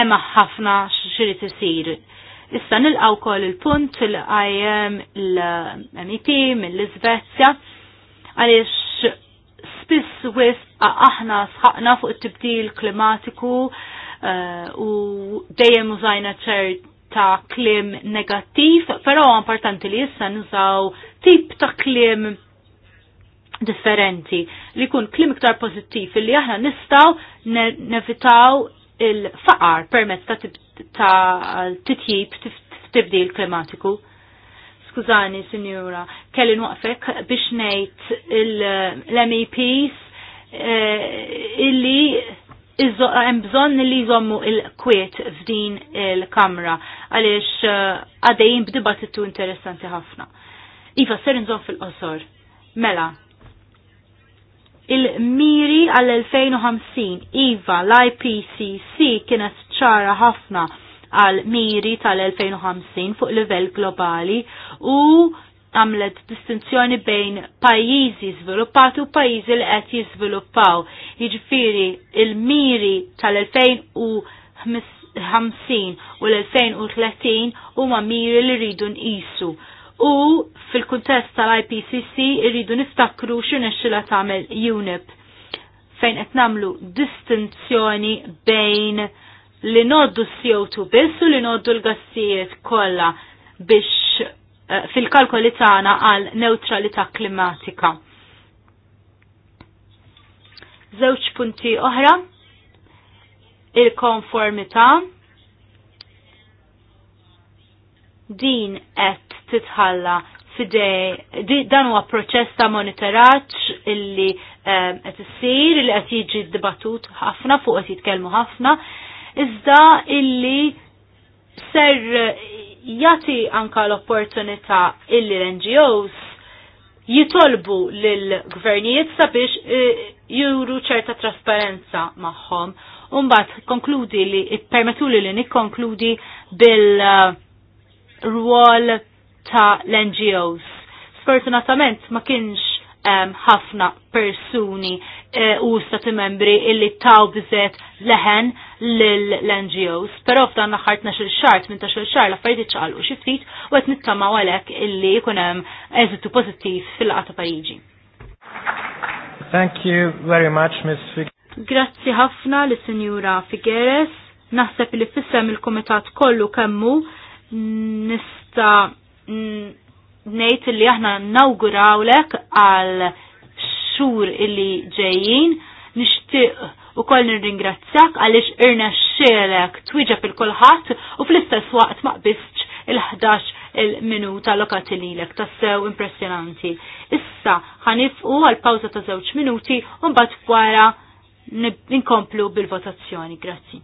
[SPEAKER 2] hemm ħafna xirid isir. Issa nilqaw kol il-punt il-IM l-MEP mill-Izvezja għaliex spiss wis aħna sħaqna fuq it-tibdil klimatiku u dejjem użajna ċert ta' klim negattiv, però importanti li issa nżaw tip ta' klim differenti li kun klim iktar pozittiv li aħna nistaw nevitaw il-faqar permezz ta', titjib tibdil klimatiku. Skużani, sinjura, kelli nwaqfek biex nejt l-MEPs eh, illi Eh, hemm bżonn li jżommu il-kwiet f'din il-kamra għaliex eh, għadejjin b'dibattitu interessanti ħafna. Iva, ser nżomm fil-qosor. Mela, il-miri għall 2050 Iva, l-IPCC kienet ċara ħafna għal miri tal-2050 fuq livell globali u għamlet distinzjoni bejn pajjiżi żviluppati u pajjiżi li qed jiżviluppaw. Jiġifieri il-miri tal-2050 u l-2030 huma miri li rridu nqisu. U fil-kuntest tal-IPCC rridu niftakru x'inexxila tagħmel UNEP fejn qed nagħmlu distinzjoni bejn li noddu CO2 biss u li noddu l-gassijiet kollha biex Eh, fil-kalkoli tagħna għal neutralità klimatika. Żewġ punti oħra il-konformità din qed titħalla fidej dan huwa proċess ta' monitoraġġ illi eh, qed issir illi qed jiġi dibattut ħafna fuq qed jitkellmu ħafna iżda illi ser jati anka l-opportunità illi l-NGOs jitolbu l-gvernijiet sabiex eh, juru ċerta trasparenza maħħom. Umbat, konkludi li, permetu li li nikkonkludi bil-rwol ta' l-NGOs. Sfortunatament ma kienx ħafna um, persuni Eh, u stati membri illi taw bizet leħen l-NGOs. Pero f'dan naħartna xil xart minn ta' xil xart la fajdi ċaqalqu xi ftit u qed nittama' għalhekk illi jkun hemm eżitu pozittiv fil għata Pariġi.
[SPEAKER 3] Thank you very much, Ms. Figueres.
[SPEAKER 2] Grazzi ħafna l sinjura Figueres. Naħseb li fissem il-komitat kollu kemmu nista' ngħid li aħna nawgurawlek għal xhur illi ġejjin. Nixtieq ukoll nirringrazzjak għaliex irna xxelek twiġa il-kulħadd u fl-istess waqt ma il-11 il-minuta lokatililek lilek tassew impressjonanti. Issa u għal pawza ta' żewġ minuti u mbagħad wara ninkomplu bil-votazzjoni. Grazzi.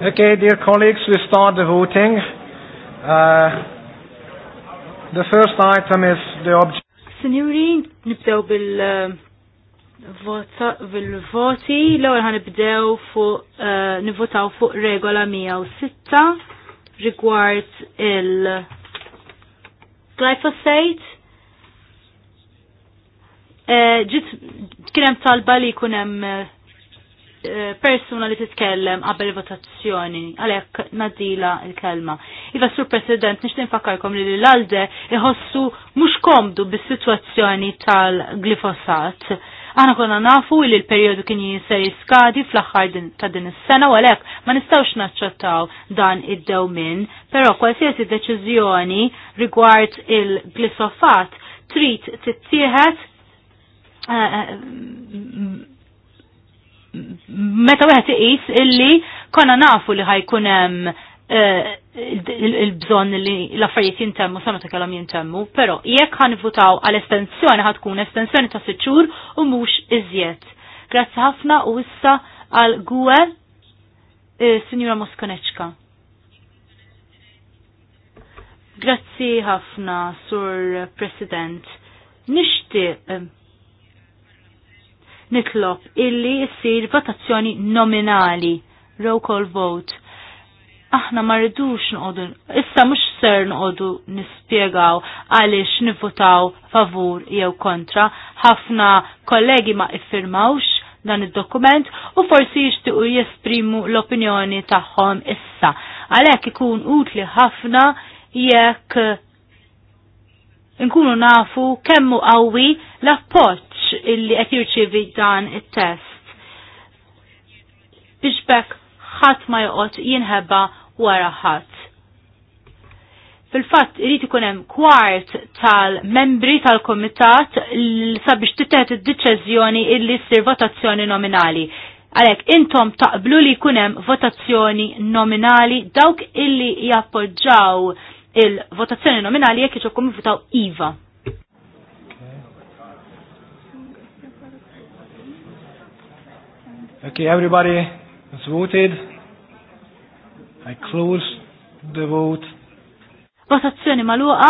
[SPEAKER 1] Okay, dear colleagues, we
[SPEAKER 3] start the voting. Uh, the first item is the object.
[SPEAKER 2] Signori, nibdew uh, bil-voti. L-ewwel ħan nibdew fuq uh, nivvotaw fuq regola 106 rigward il-glyphosate eh, ġit kienem talba li kunem persuna li titkellem qabel votazzjoni, għalhekk nadila il-kelma. Iva sur President, nix tinfakarkom li l-alde iħossu mhux komdu bis-sitwazzjoni tal-glifosat. Aħna konna nafu li l-periodu kien jinser jiskadi fl-aħħar ta' din is-sena u għalhekk ma nistawx naċċettaw dan id-dewmin, però qualsiasi deċiżjoni rigward il-glifosat trid tittieħed eh, eh, meta wieħed iqis illi konna nafu li ħajkun hemm eh, il-bżonn li l-affarijiet jintemmu sa meta kellhom jintemmu, però jekk votaw għal estensjoni ħatkun estensjoni ta' sitt xhur u mhux iżjed. Grazzi ħafna u issa għal Gwe eh, Sinjura Moskoneċka. Grazzi ħafna, Sur President. Nixtieq eh, nitlob illi jissir votazzjoni nominali, roll call vote. Aħna ma rridux noqogħdu, issa mhux ser noqogħdu nispjegaw għaliex nivvotaw favur jew kontra. Ħafna kollegi ma iffirmawx dan id-dokument u forsi jixtiequ jesprimu l-opinjoni tagħhom issa. Għalhekk ikun utli ħafna jekk nkunu nafu kemmu qawwi l-appoġġ illi qed jirċievi dan it-test. Biex bekk ħadd ma joqgħod jinħeba wara ħadd. Fil-fatt irid ikun hemm kwart tal-membri tal-komitat sabiex titeħed id-deċiżjoni illi ssir votazzjoni nominali. Għalhekk intom taqblu li jkun hemm votazzjoni nominali dawk illi jappoġġaw il-votazzjoni nominali jekk iġu votaw IVA.
[SPEAKER 3] Okay, everybody has voted. I close
[SPEAKER 2] the vote. Votazzjoni maluqa.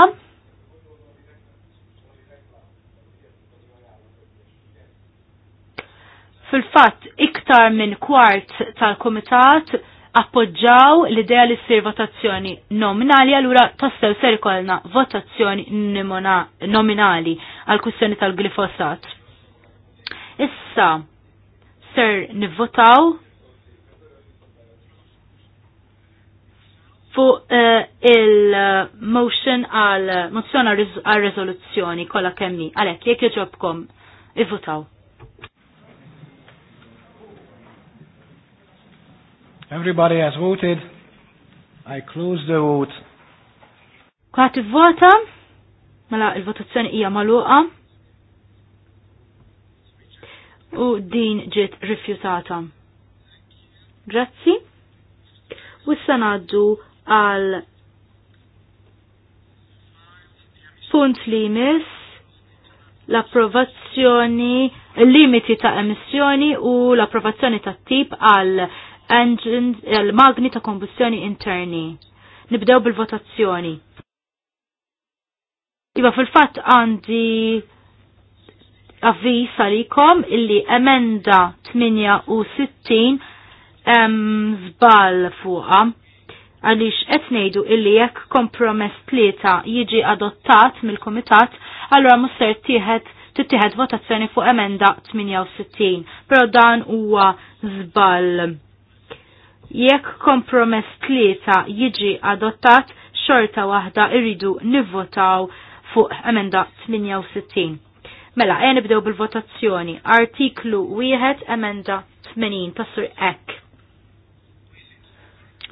[SPEAKER 2] Fil-fatt, iktar minn kwart tal-komitat appoġġaw l-idea li ssir votazzjoni nominali, allura tassew ser kolna votazzjoni nominali għal kussjoni tal-glifosat. Issa, ser nivvotaw Fu uh, eh, il-motion eh, għal mozzjon għal rezoluzzjoni kolla kemmi. Għalek, jek joġobkom, ivvotaw.
[SPEAKER 3] Everybody has voted. I close the vote.
[SPEAKER 2] Kwaħt vota mela il-votazzjoni hija maluqa u din ġiet rifjutata. Grazzi. U s-sanaddu għal punt li mis l-approvazzjoni, limiti ta' emissjoni u l-approvazzjoni ta' tip għal magni ta' kombustjoni interni. Nibdew bil-votazzjoni. Iva fil-fat għandi avvis għalikom illi emenda 68 zbal fuqa għalix etnejdu illi jekk kompromess tlieta jiġi adottat mill-komitat, allora musser tiħed tittieħed votazzjoni fuq emenda 68, pero dan huwa zbal. Jekk kompromess tlieta jiġi adottat, xorta waħda irridu nivvotaw fuq emenda 68. Mela, għen nibdew bil-votazzjoni. Artiklu 1, emenda 80, tasur ek.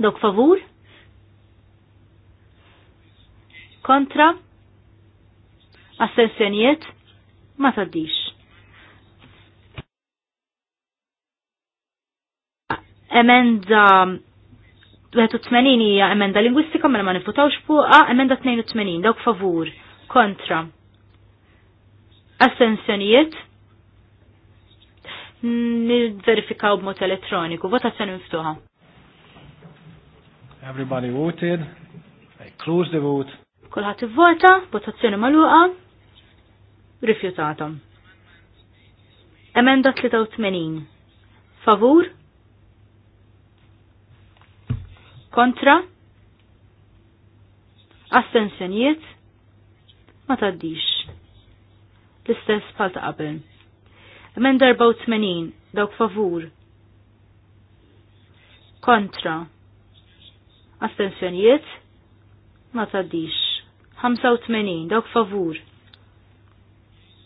[SPEAKER 2] Dok favur? Kontra? Astensjonijiet? Ma taddix. Emenda 81 hija emenda lingwistika mela ma nifutawx fuqa, emenda 82 dawk favur kontra Assenzjonijiet? Nidverifikaw verifikaw b'mod elettroniku. Votazzjoni miftuħa.
[SPEAKER 3] Everybody voted. I close the vote.
[SPEAKER 2] Kulħat vota, votazzjoni maluqa, rifjutata. Emenda 83. Favur? Kontra? Astensjonijiet? Ma taddix l-istess pal ta' qabel. Emenda 84, dawk favur. Kontra. Astenzjonijiet Ma taddix. 85, dawk favur.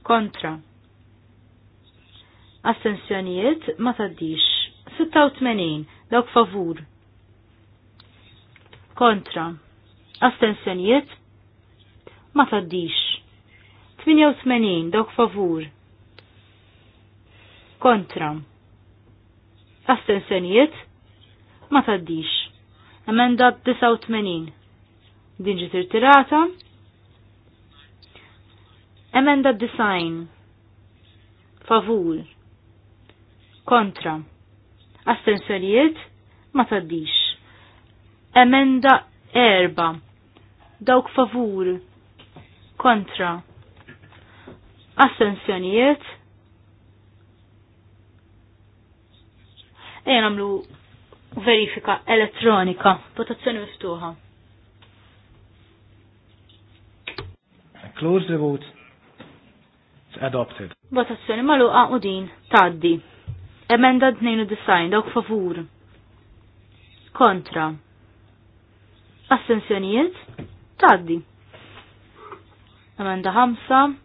[SPEAKER 2] Kontra. Astenzjonijiet Ma taddix. 86, dawk favur. Kontra. Astenzjonijiet? Ma taddix. 88 dok favur. Kontra. Astensjonijiet ma taddix. Emenda 89. Din tirtirata? Emenda design. Favur. Kontra. Astensjonijiet ma taddix. Emenda erba. Dawk favur. Kontra assenzjonijiet. Ejna namlu verifika elettronika, votazzjoni miftuħa.
[SPEAKER 3] Close the vote. It's adopted.
[SPEAKER 2] Votazzjoni maluqa u din taddi. Emenda 92 dawk favur. Kontra. Assenzjonijiet? Taddi. Emenda 5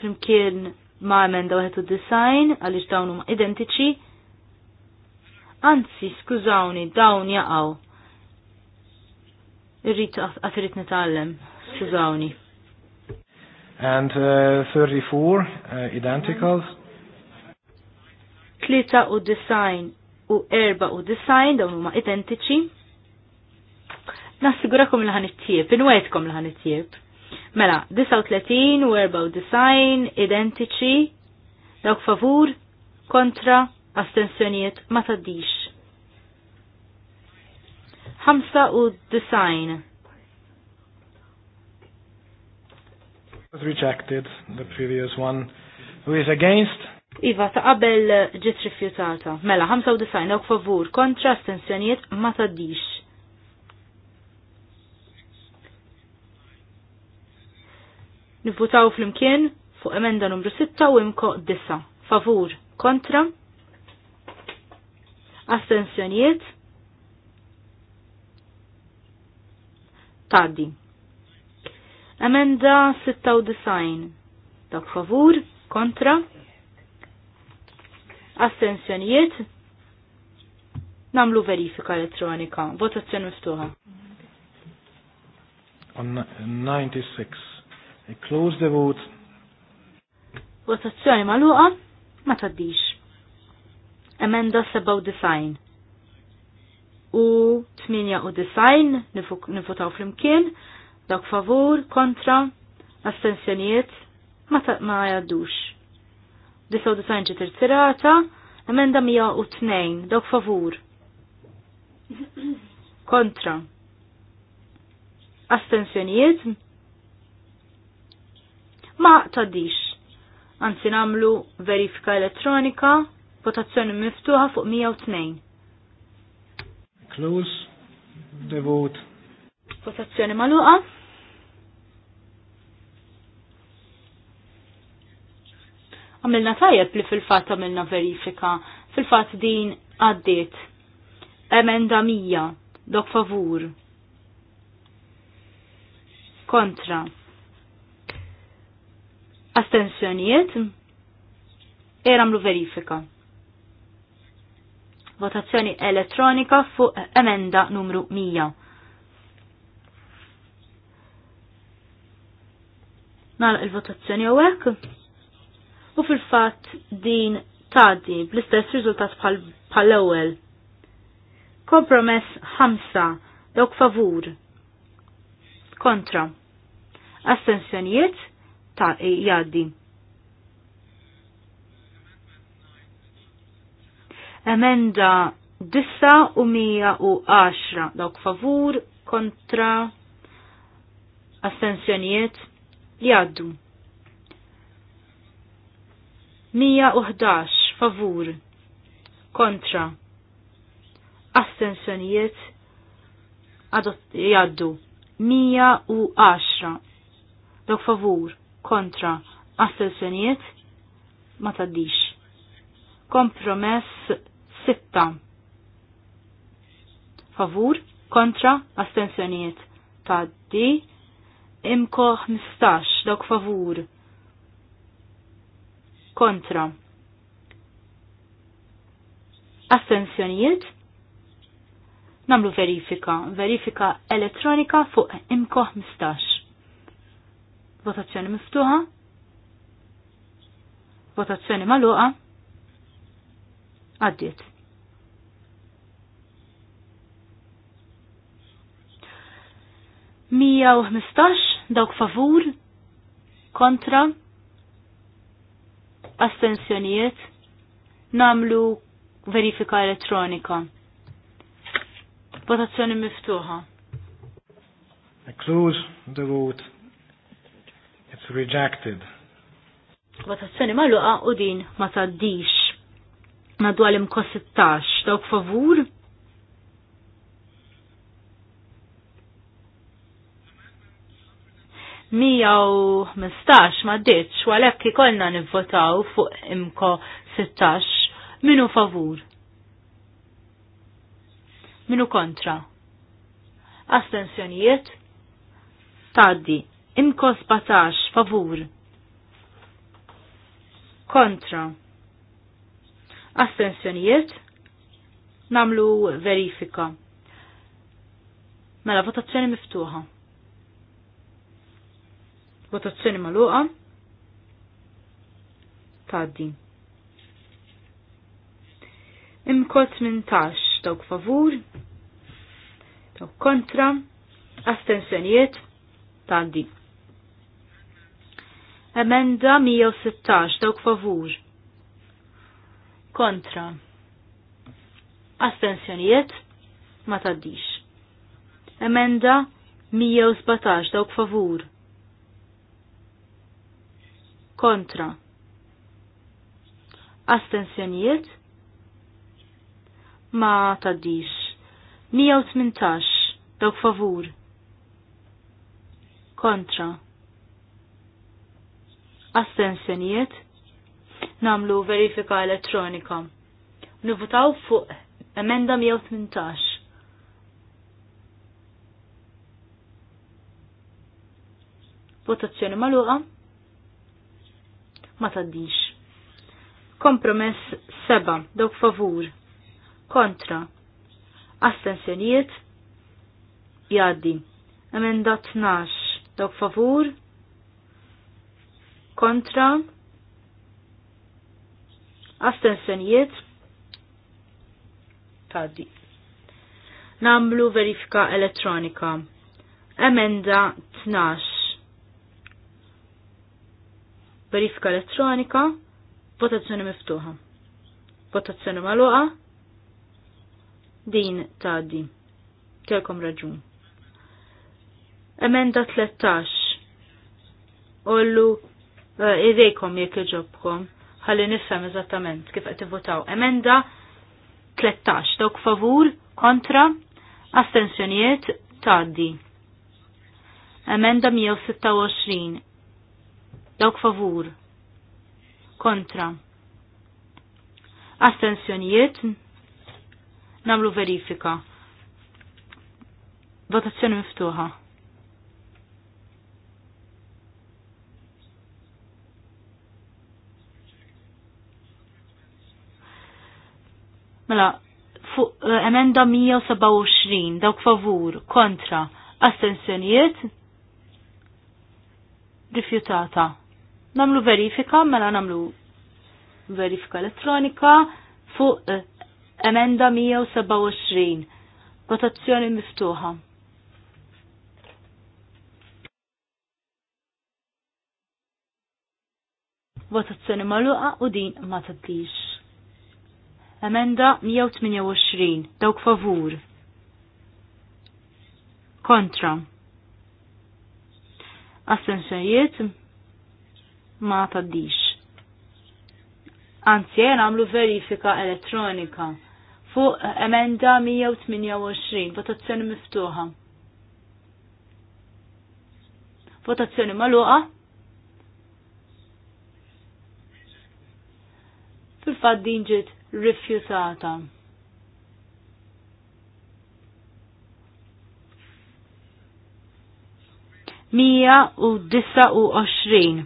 [SPEAKER 2] flimkien ma' emenda u design għaliex dawn huma identiċi. Anzi, skużawni, dawn jaqgħu. Irrid irid nitgħallem, skużawni.
[SPEAKER 1] And
[SPEAKER 3] uh, 34 uh, identicals.
[SPEAKER 2] Tlita u design u erba u design dawn huma identiċi. Nassigurakom li ħanittieb, inwejtkom li ħanittieb. Mela, 39 u design, identiċi, dawk favur, kontra, astensjoniet, ma taddix. 5 u design.
[SPEAKER 3] was rejected, the previous one. Who is against?
[SPEAKER 2] Iva, ta' qabel ġit rifjutata. Mela, u 95 dawk favur, kontra astensjoniet, ma taddix. Nivvutaw fl-imkien fuq emenda numru 6 u imko 9. Favur, kontra, astensjonijiet, taddi. Emenda 96. Dak favur, kontra, astensjonijiet, namlu verifika elettronika, votazzjoni miftuħa.
[SPEAKER 3] 96. I close the vote.
[SPEAKER 2] Votazzjoni maluqa ma taddix. Emenda 97 u 98 nifutaw flimkien. dak favur kontra astensjonijiet ma, ma jaddux. design ġiet irtirata, emenda 102 dak favur kontra Astensjoniet, ma taddix. Anzi namlu verifika elettronika, votazzjoni miftuħa fuq 102.
[SPEAKER 3] Close the vote.
[SPEAKER 2] Votazzjoni maluqa. Għamilna tajjeb li fil-fat għamilna verifika. Fil-fat din għaddit. Emenda mija. Dok favur. Kontra Astensjonijiet? Eramlu verifika. Votazzjoni elettronika fuq emenda numru 100. Nal il-votazzjoni għawek. U fil-fat din tadi bl-istess riżultat pal ewwel Kompromess 5 dawk favur. Kontra. Astensjonijiet? ta' jaddi. Emenda dissa u mija u għaxra dawk favur kontra astensjonijiet jaddu. ħdax favur kontra astensjonijiet jaddu 110 dawk favur kontra astensjonijiet ma taddix. Kompromess 6 favur kontra astensjonijiet taddi imko 15 Dok favur kontra astensjonijiet namlu verifika, verifika elettronika fuq imko 15. Votazzjoni miftuħa. Votazzjoni maluqa. Għaddiet. Mija u ħmistax dawk favur kontra astensjonijiet namlu verifika elettronika. Votazzjoni miftuħa.
[SPEAKER 3] I close the vote. It's rejected.
[SPEAKER 2] Votazzjoni luqa u din ma taddix. Nadu għal imkos 16. Dawk favur? Mija u mistax ma ditx, għalek kikolna nivvotaw fuq imko 16. Minu favur? Minu kontra? Astensjonijiet? Taddi inkos 17 favur. Kontra. Astensjonijiet. Namlu verifika. Mela votazzjoni miftuħa. Votazzjoni maluqa. Taddi. Imkot 18 dawk favur. Dawk kontra. Astensjonijiet. Taddi. Emenda 116, dawk favur. Kontra. Astensjonijiet ma taddix. Emenda 117, dawk favur. Kontra. Astensjonijiet ma taddix. 118, dawk favur. Kontra Astensjonijiet. Namlu verifika elettronika. Nivutaw fuq emenda 118. Votazzjoni maluqa. Ma taddix. Kompromess 7. Dawk favur. Kontra. Astensjonijiet. Jaddi. Emenda 12. Dawk favur kontra astensjonijiet tadi. Namlu verifika elettronika. Emenda 12. Verifika elettronika. Votazzjoni miftuħa. Votazzjoni maluqa. Din tadi. Kelkom raġun. Emenda 13. Ollu Eh, idejkom jekk iġobkom. Ħalli nifem eżattament kif qed tivvotaw. Emenda 13 dawk favur, kontra, astensjonijiet tgħaddi. Emenda 126 dawk favur, kontra. Astensjonijiet namlu verifika. Votazzjoni miftuħa. Mela, fuq eh, emenda 127, dawk favur, kontra, astensjonijiet, rifjutata. Namlu verifika, mela namlu verifika elettronika fuq eh, emenda 127, votazzjoni miftuħa. Votazzjoni maluqa u din ma tadlix. Emenda 128. Dawk favur. Kontra. Assenzjajiet ma taddix. Anzi, jena għamlu verifika elettronika fuq emenda 128, votazzjoni miftuħa. Votazzjoni maluqa. Fil-fat din ġiet rifjutata. Mija u dissa u oxrin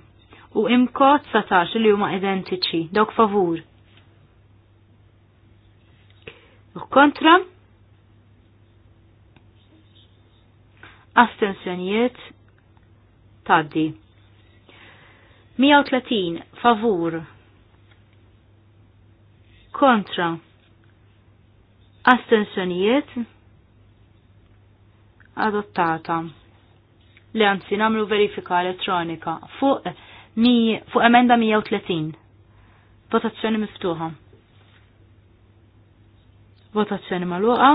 [SPEAKER 2] u imkot satax li huma identiċi, dok favur. U kontra? Astensjonijiet taddi. 130 favur kontra astensjonijiet adottata. Li anzi namlu verifika elettronika fuq, fuq emenda 130. Votazzjoni miftuħa. Votazzjoni maluqa.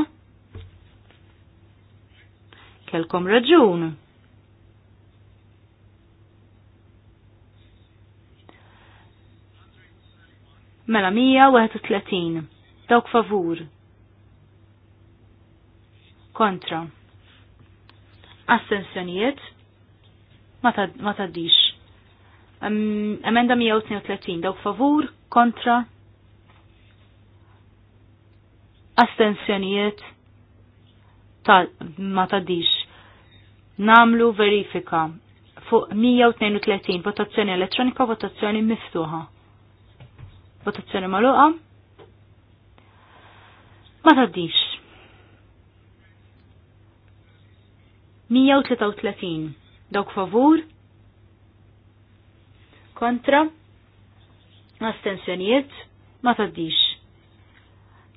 [SPEAKER 2] Kelkom raġun. mela 131. Dawk favur. Kontra. Assenzjonijiet. Ma taddix. Emenda 132. Dawk favur. Kontra. Astenzjonijiet. ma taddix. Namlu verifika fuq 132 votazzjoni elettronika votazzjoni miftuħa. Votazzjoni maluqa. Ma taddix. 133. Dawk favur. Kontra. Astensjonijiet. Ma taddix.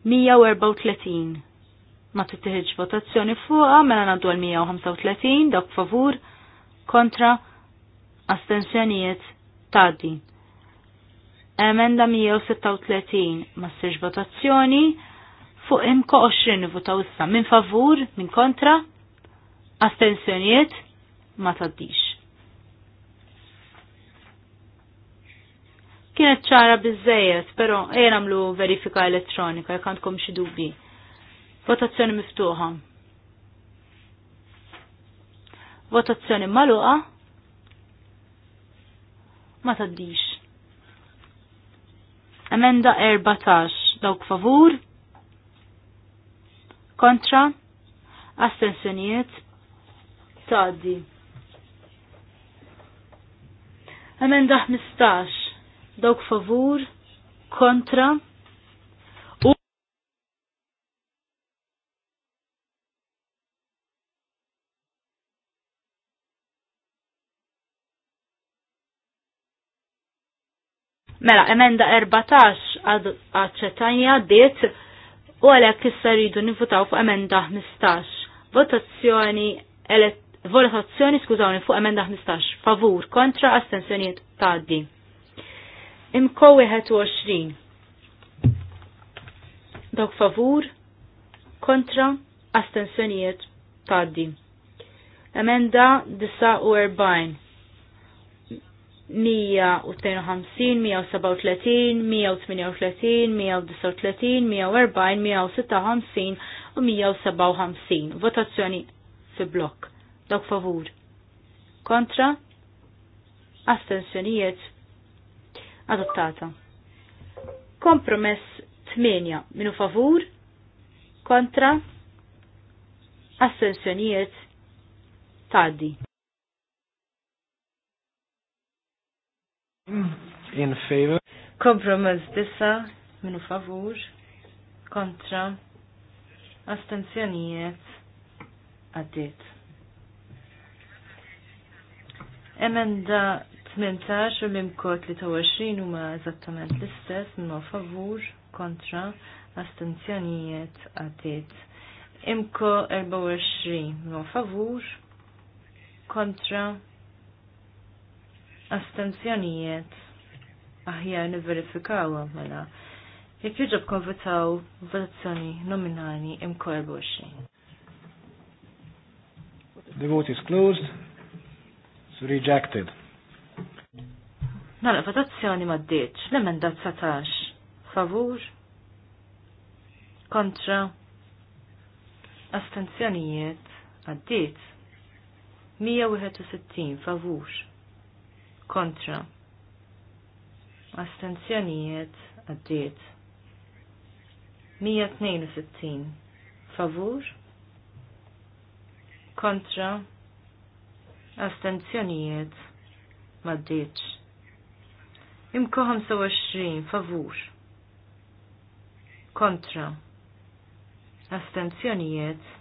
[SPEAKER 2] 134. Ma tittieħiġ votazzjoni fuqa, mela naddu għal 135, dawk favur, kontra, astensjonijiet, tgħaddi. Emenda 136 ma s votazzjoni fuq imko 20 votaw issa minn favur, minn kontra, astensjonijiet ma taddix. Kienet ċara bizzejet, pero ejn għamlu verifika elettronika, jek għandkom xi dubi. Votazzjoni miftuħa. Votazzjoni maluqa ma taddix. Emenda 14 dawk favur kontra astensjonijiet tgħaddi. Emenda 15 dawk favur kontra Mela, emenda 14 għadċetajja għaddiet u għalek issa rridu nifutaw fuq emenda 15. Votazzjoni, votazzjoni skużawni fuq emenda 15. Favur, kontra, astensjoniet taddi. Imko 21. Dok favur, kontra, astensjoniet taddi. Emenda 49 152, 137, 138, 139, 140, 156 u 157. Votazzjoni fi blok. Dawk favur. Kontra? Astensjonijiet? Adottata. Kompromess 8. Minu favur? Kontra? Astensjonijiet? Taddi. In favor. Kompromess disa minu favur kontra astenzjonijiet għaddit. Emenda 18 u l-imkot li 20 huma eżattament l-istess minu favur kontra astenzjonijiet għaddit. Imko 24 minu favur kontra astenzjonijiet aħjar niverifikaw mela. Jek jġob konvotaw votazzjoni nominali imkorbu
[SPEAKER 3] The vote is closed. It's rejected.
[SPEAKER 2] Nala votazzjoni maddeċ. L-emenda 19. Favur. Kontra. Astenzjonijiet. Għaddiet. 161 favur kontra astenzjonijiet għaddiet 162 favur kontra astenzjonijiet maddiċ imko 25 favur kontra astenzjonijiet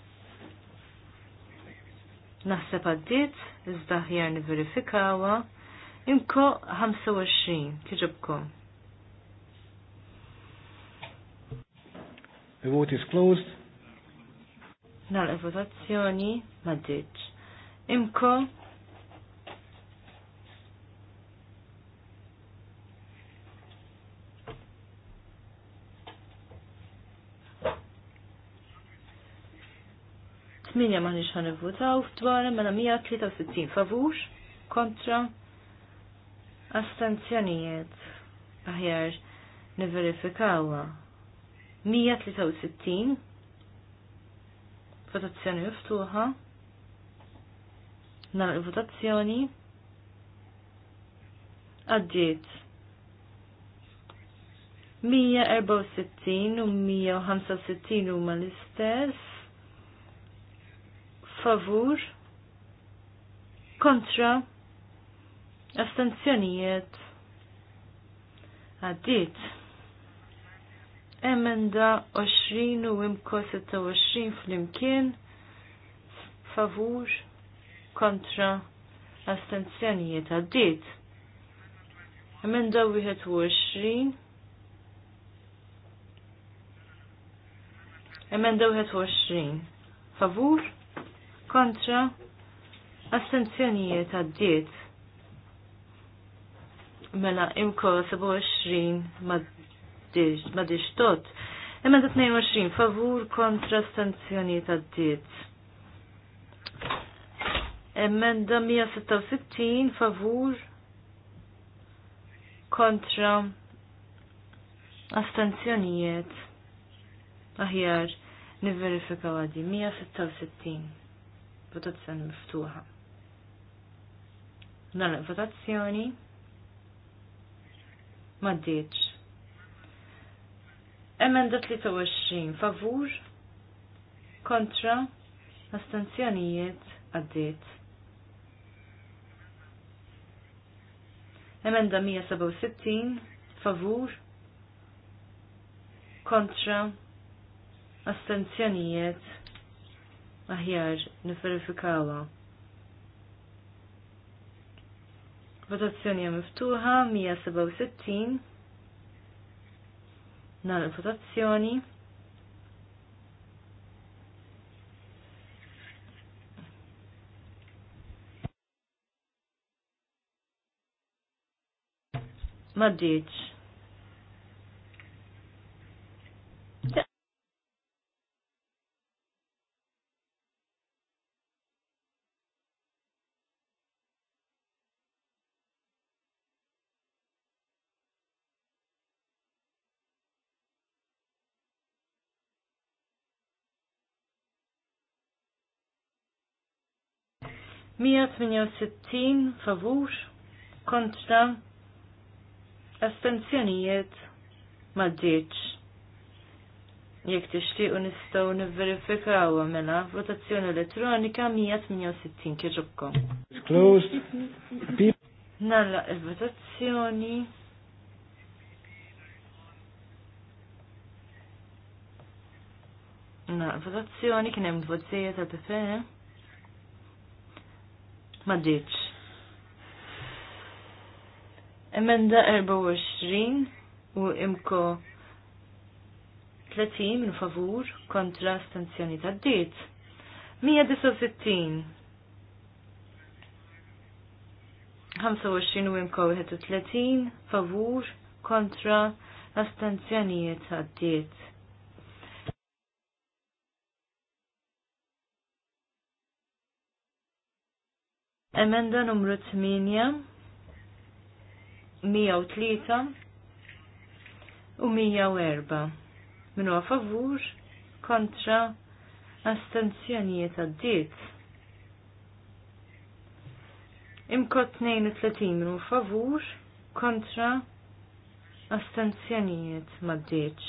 [SPEAKER 2] Naħseb għaddiet, iżda ħjar niverifikawa, Imko 25, kħiġibko. The vote is closed. Nal votazzjoni maddiċ. Imko Tminja maħniċ ħan votaw f'dwar mela 163 favur kontra Astenzjonijiet. Aħjar niverifikawa. 163. Votazzjoni miftuħa. Nar votazzjoni Għaddiet. 164 u 165 huma l-istess. Favur. Kontra astenzjonijiet għaddit. Emenda 20 u imko 26 fl-imkien favur kontra astenzjonijiet għaddit. Emenda 21 Emenda 21 favur kontra astenzjonijiet għaddit mela imko 27 ma dix tot. Imma 22 favur kontra stanzjoniet għaddit. Emenda 166 favur kontra astanzjonijiet Aħjar, niverifika għadi 166. Votazzjoni miftuħa. Nalla votazzjoni maddiċ. Emenda 23 favur kontra astanzjonijiet għaddiet. Emenda 167 favur kontra astenzjonijiet aħjar niferifikawa. Votazzjoni miftuħa 167. Nar votazzjoni. Maddiċ. 168 favur kontra astenzjonijiet maddiċ. Jek tixtiequ nistgħu nivverifikaw mela votazzjoni elettronika 168 kieġobkom. Closed. Nalla il-votazzjoni. Na, votazzjoni kien hemm votazzjoni tal-PPE. Maddiċ. Emenda 24 u imko 30 minn favur kontra stanzjoni ta' d-diet. 169 25 u imko 30 favur kontra astenzjonijiet għaddiet. Emenda numru 8, 103 u 104. Minu a favur kontra astenzjonijiet għaddit. Imkot 32 minu favur kontra astenzjonijiet maddiċ.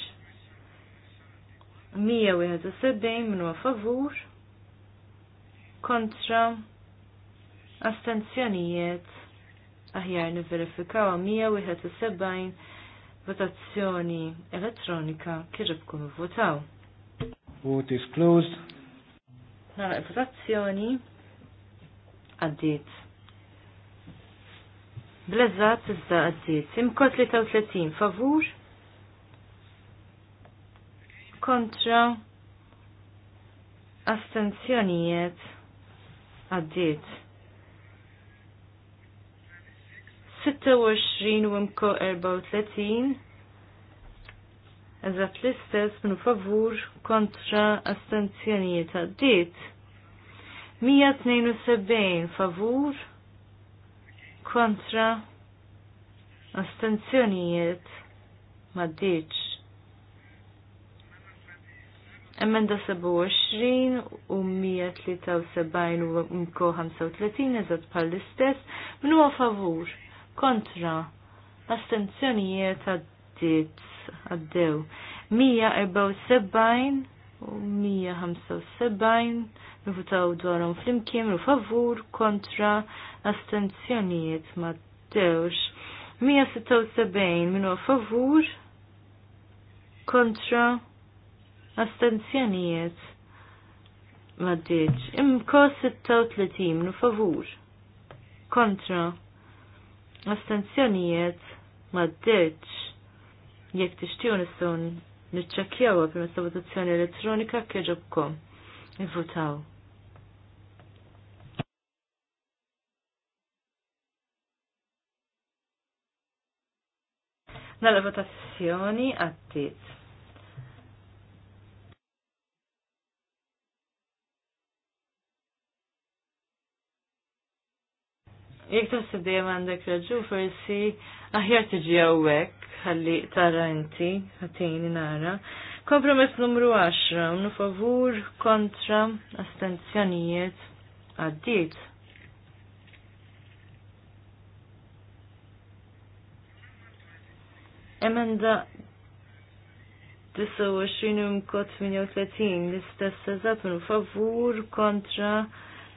[SPEAKER 2] 171 minu a favur kontra astenzjonijiet aħjar niverifikaw 171 votazzjoni elettronika kirribkom votaw.
[SPEAKER 3] Vote is closed.
[SPEAKER 2] Nara votazzjoni għaddit. Blezzat iżda għaddit. Imkot 33 favur kontra astenzjonijiet għaddit. 26 u imko 34 eżat l-istess minn favur kontra astenzjonijiet għaddit. 172 favur kontra astenzjonijiet maddiċ. Emenda 27 u 173 u mko 35 eżat bħal l-istess minn favur kontra l astenzjonijiet għaddit għaddew 174 u 175 nifutaw dwarom flimkien u favur kontra l astenzjonijiet ma dewx 176 minu favur kontra l astenzjonijiet ma dewx imko 36 minu favur kontra l astenzjonijiet ma d deċ jek tishtiju nistun nitċakjawa per mezz votazzjoni elettronika kieġobkom. Ivvotaw. Nalla votazzjoni għattit. jek taħseb dejjem għandek raġu forsi aħjar tiġi għawek ħalli tara inti ħatejni nara. Kompromess numru 10, nu favur kontra astenzjonijiet għaddit. Emenda 29 imkot l-istess eżat minn favur kontra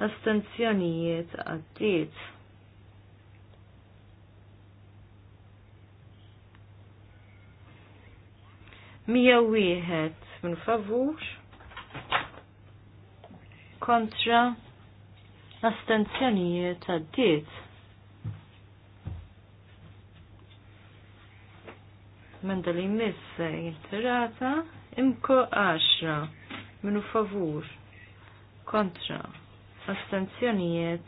[SPEAKER 2] astenzjonijiet għaddit. Mija wieħed minn favur kontra astenzjonijiet għaddiet. Menda li missa jinterata imko għaxra minn favur kontra astenzjonijiet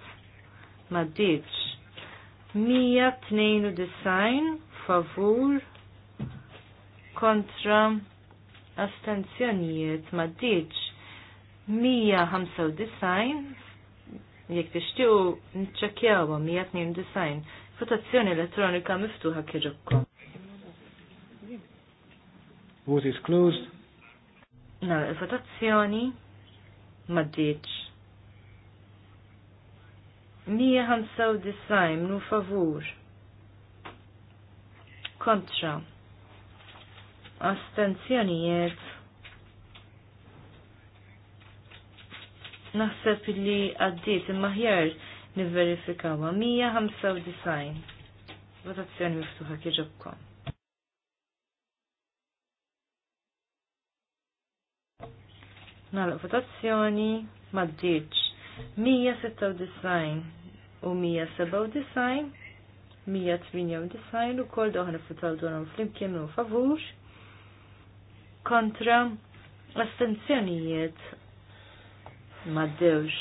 [SPEAKER 2] ma ditx 192 favur kontra astenzjonijiet ma diġ 195 jek tixtiju nċekjawa 192 votazzjoni elettronika miftuħa kieġobkom.
[SPEAKER 3] Vote is closed.
[SPEAKER 2] Na il-votazzjoni ma diġ. 195 nu favur kontra astenzjonijiet. Naħseb li għaddiet imma ħjar niverifikawa 195. Votazzjoni miftuħa kieġobkom. Nagħlaq votazzjoni ma 196 u 197 198 u kol doħna futal dwar flimkien u favur kontra astenzjonijiet maddewx.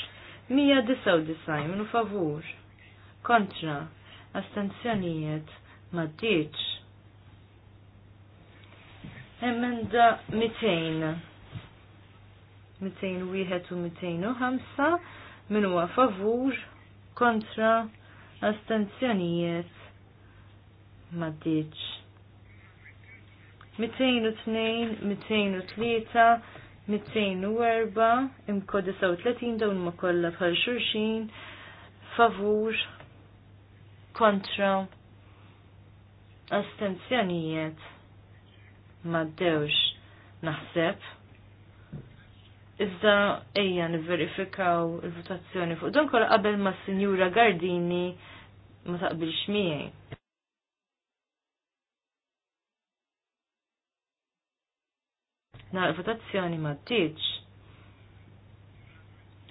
[SPEAKER 2] 199 minu favur kontra astenzjonijiet maddiċ. Emenda 200. 201 u 205 minu favur kontra astenzjonijiet maddiċ. 202, 203, 204, imko 30 dawn ma kollha bħal xurxin, favur, kontra, astenzjonijiet, maddewx, naħseb. Iżda ejja niverifikaw il-votazzjoni fuq don kolla qabel ma' Sinjura Gardini ma taqbilx miej. Nara votazzjoni ma tiġ.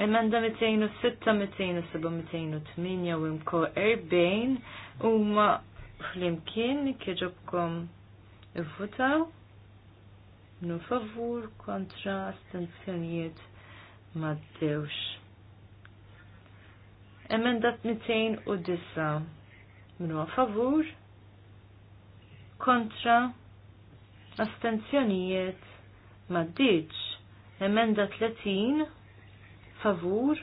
[SPEAKER 2] Emenda 206, 207, 208 u imko 40 u ma flimkien kieġobkom votaw nu favur kontra astenzjonijiet ma dewx. Emenda 209 minu favur kontra astenzjonijiet maddiċ. Emenda 30 favur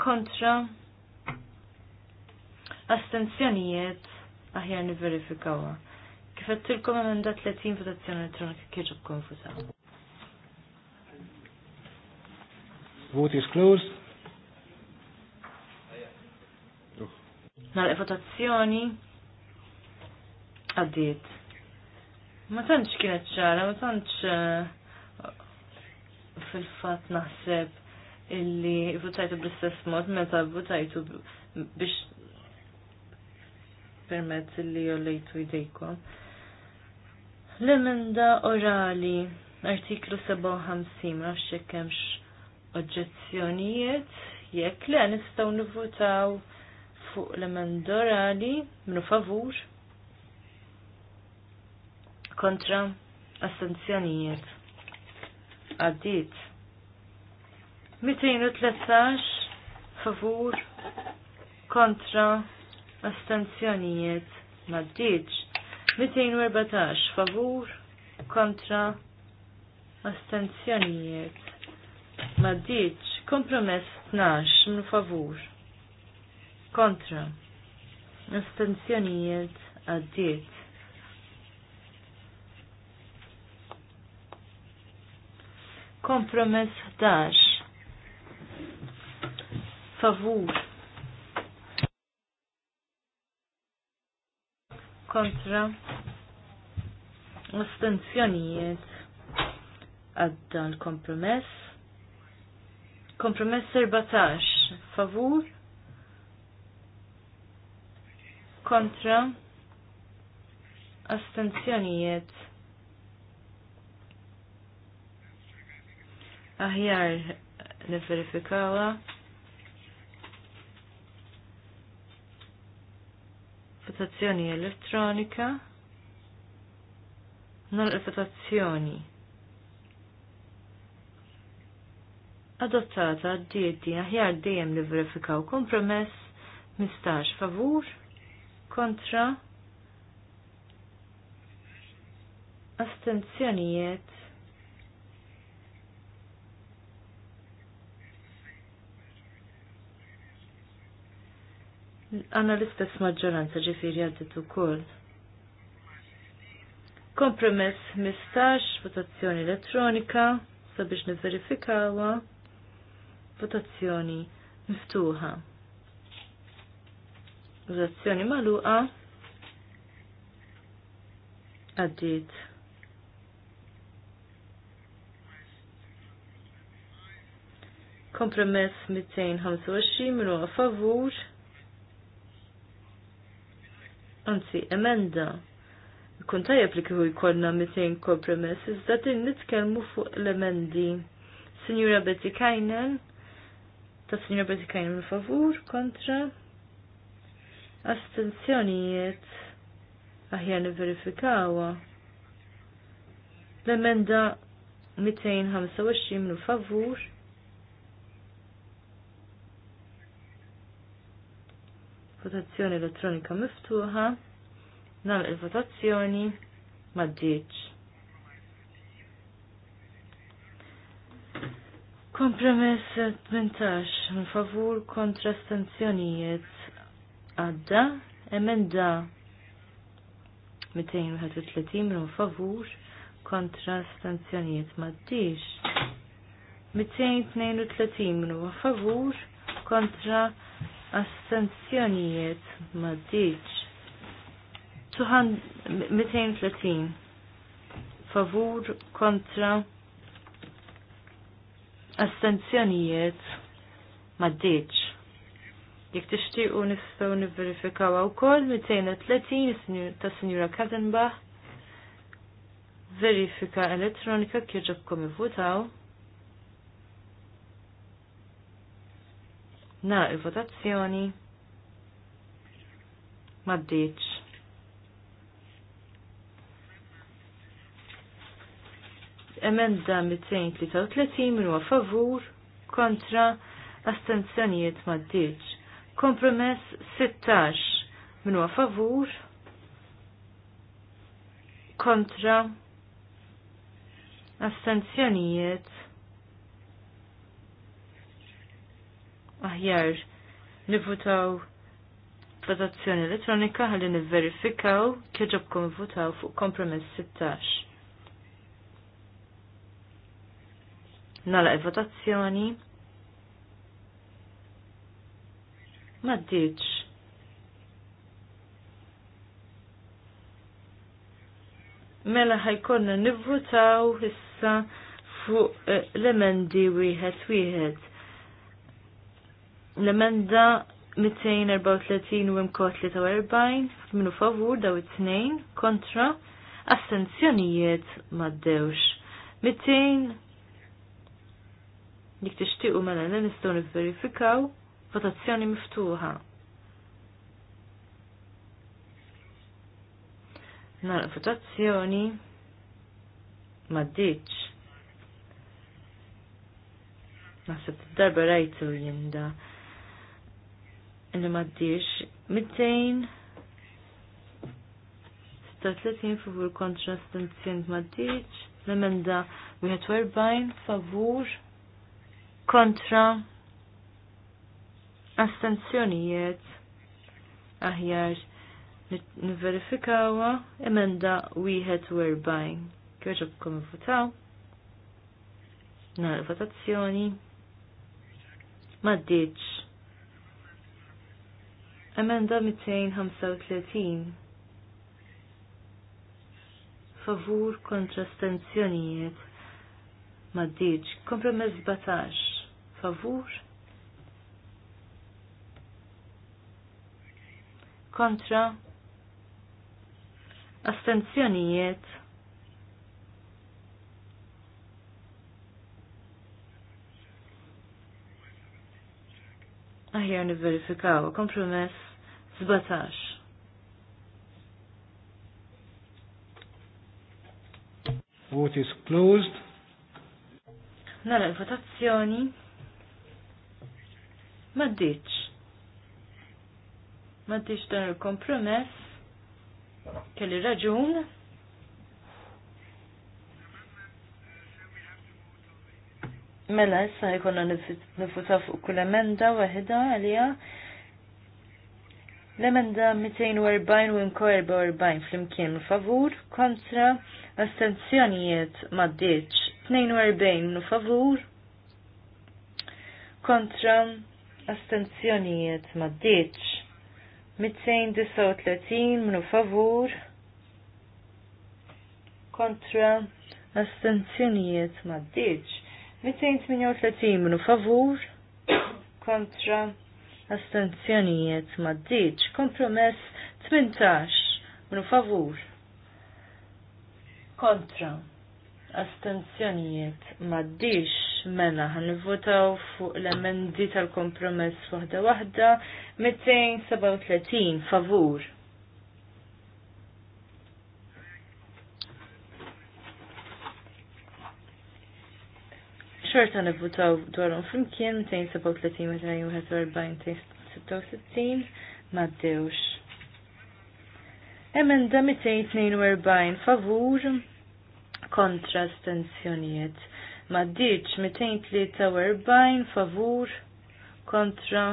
[SPEAKER 2] kontra astenzjonijiet aħjar niverifikawa. Kif tilkom emenda 30 votazzjoni elettronika kieġu konfusa. Vote is closed. Nal votazzjoni għaddiet. Ma tantx kienet ċara, ma tantx eh, fil-fat naħseb illi votajtu bl-istess mod meta votajtu biex permezz illi jollejtu jdejkom. L-emenda orali, artiklu 57, ma xekkemx oġġezzjonijiet, jekk le nistgħu nivvotaw fuq l-emenda orali, minu favur kontra assenzjonijiet. Għaddit. 213 favur kontra astenzjonijiet maddiċ. 214 favur kontra astenzjonijiet maddiċ. Kompromess 12 minn favur kontra astenzjonijiet għaddit. Kompromess 11. Favur. Kontra. Astenzjonijiet. Għadda l-kompromess. Kompromess 14. Favur. Kontra. Astenzjonijiet aħjar niverifikawa. Votazzjoni elettronika. Nal votazzjoni. Adottata d-dieti aħjar dejjem li verifikaw kompromess Mistax favur kontra astenzjonijiet għanna l-istess maġġoranza ġifiri għaddit u koll. Kompromess 15, votazzjoni elettronika, sabiex niverifikawa, votazzjoni miftuħa. Votazzjoni maluqa, għaddit. Kompromess 225 minuqa għafavur, favur, anzi emenda. Kun jep li kieku jkollna 200 kompromess, iżda din nitkellmu fuq l-emendi. Sinjura Betty Kajnen, ta' Sinjura Betty Kajnen favur, kontra, astenzjonijiet, aħjar verifikawa. L-emenda 225 favur, Votazzjoni elettronika miftuħa. nam il-votazzjoni ma ddiċ. Kompromess 18 min favur kontra stanzjonijiet għadda emenda 231 min favur kontra stanzjonijiet maddix. 232 min favur kontra Astenzjonijiet ma diċ. 230 favur kontra astenzjonijiet ma diċ. Jek tixtiqu nistaw niverifikaw għaw kol 230 ta' Signora Kadenbach verifika elettronika kieġobkom i votaw. Nara il-votazzjoni. Maddiċ. Emenda 233 minu favur kontra astenzjonijiet maddiċ. Kompromess 16 minu favur kontra astenzjonijiet aħjar nivutaw votazzjoni elettronika ħalli nivverifikaw kieġobkom votaw fuq kompromess 16. Nala votazzjoni. Maddiċ. Mela ħajkonna nivvutaw issa fuq eh, l-emendi wieħed wieħed L-emenda 234 u imkot 43 minu favur daw it-tnejn kontra assenzjonijiet maddewx. 200 jek tixtiqu mela li nistgħu nifverifikaw votazzjoni miftuħa. Nara votazzjoni maddiċ. Naħseb darba rajtu jinda. da li maddiex 200 36 favur kontra stanzjent maddiċ, l-emenda 41 favur kontra astanzjonijiet aħjar niverifikawa emenda 41. Kjoġobkom votaw. Nar votazzjoni. تديش Emenda 235. Favur kontra stenzjonijiet. Maddiġ. Kompromess bataċ Favur. Kontra. Astenzjonijiet. Aħjar niverifikaw kompromess 17.
[SPEAKER 3] Vote is closed.
[SPEAKER 2] Nara l-votazzjoni. Maddiċ. Maddiċ dan il-kompromess. Kelli raġun. Mela, issa jikonna nifutaf fuq kull emenda wahida għalija L-emenda 240 u imko 40 fl-imkien favur kontra astenzjonijiet maddiċ 42 favur kontra astenzjonijiet maddiċ 239 minu favur kontra astenzjonijiet maddiċ 238 minu favur kontra astenzjonijiet maddiċ, kompromess 18, minu favur, kontra, astenzjonijiet maddiċ, mela ħan votaw fuq l-emendi tal-kompromess wahda wahda, 237 favur, xorta nivvutaw dwarhom flimkien 237-241-266 maddewx. Emenda 242 favur kontra stenzjonijiet. Maddiċ 243 favur kontra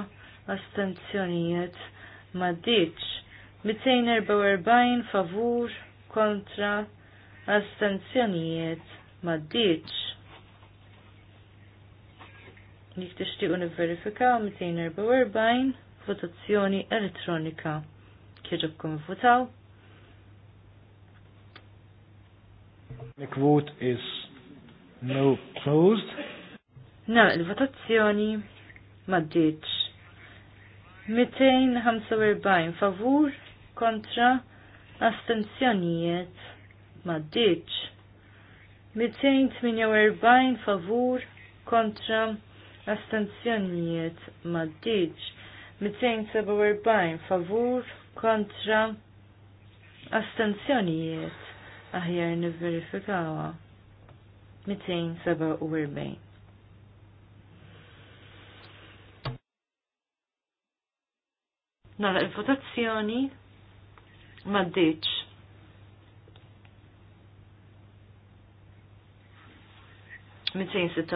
[SPEAKER 2] astenzjonijiet. Maddiċ 244 favur kontra astenzjonijiet. Maddiċ jek tixtiequ nivverifikaw 244 votazzjoni elettronika. Kieġobkom votaw. The vote is no closed. Na, il-votazzjoni maddiċ. 245 favur kontra astenzjonijiet maddiċ. 248 favur kontra astenzjonijiet maddiġ 247 favur kontra astenzjonijiet aħjar nivverifikawa 247 Nara il-votazzjoni maddiċ Mitzejn sitta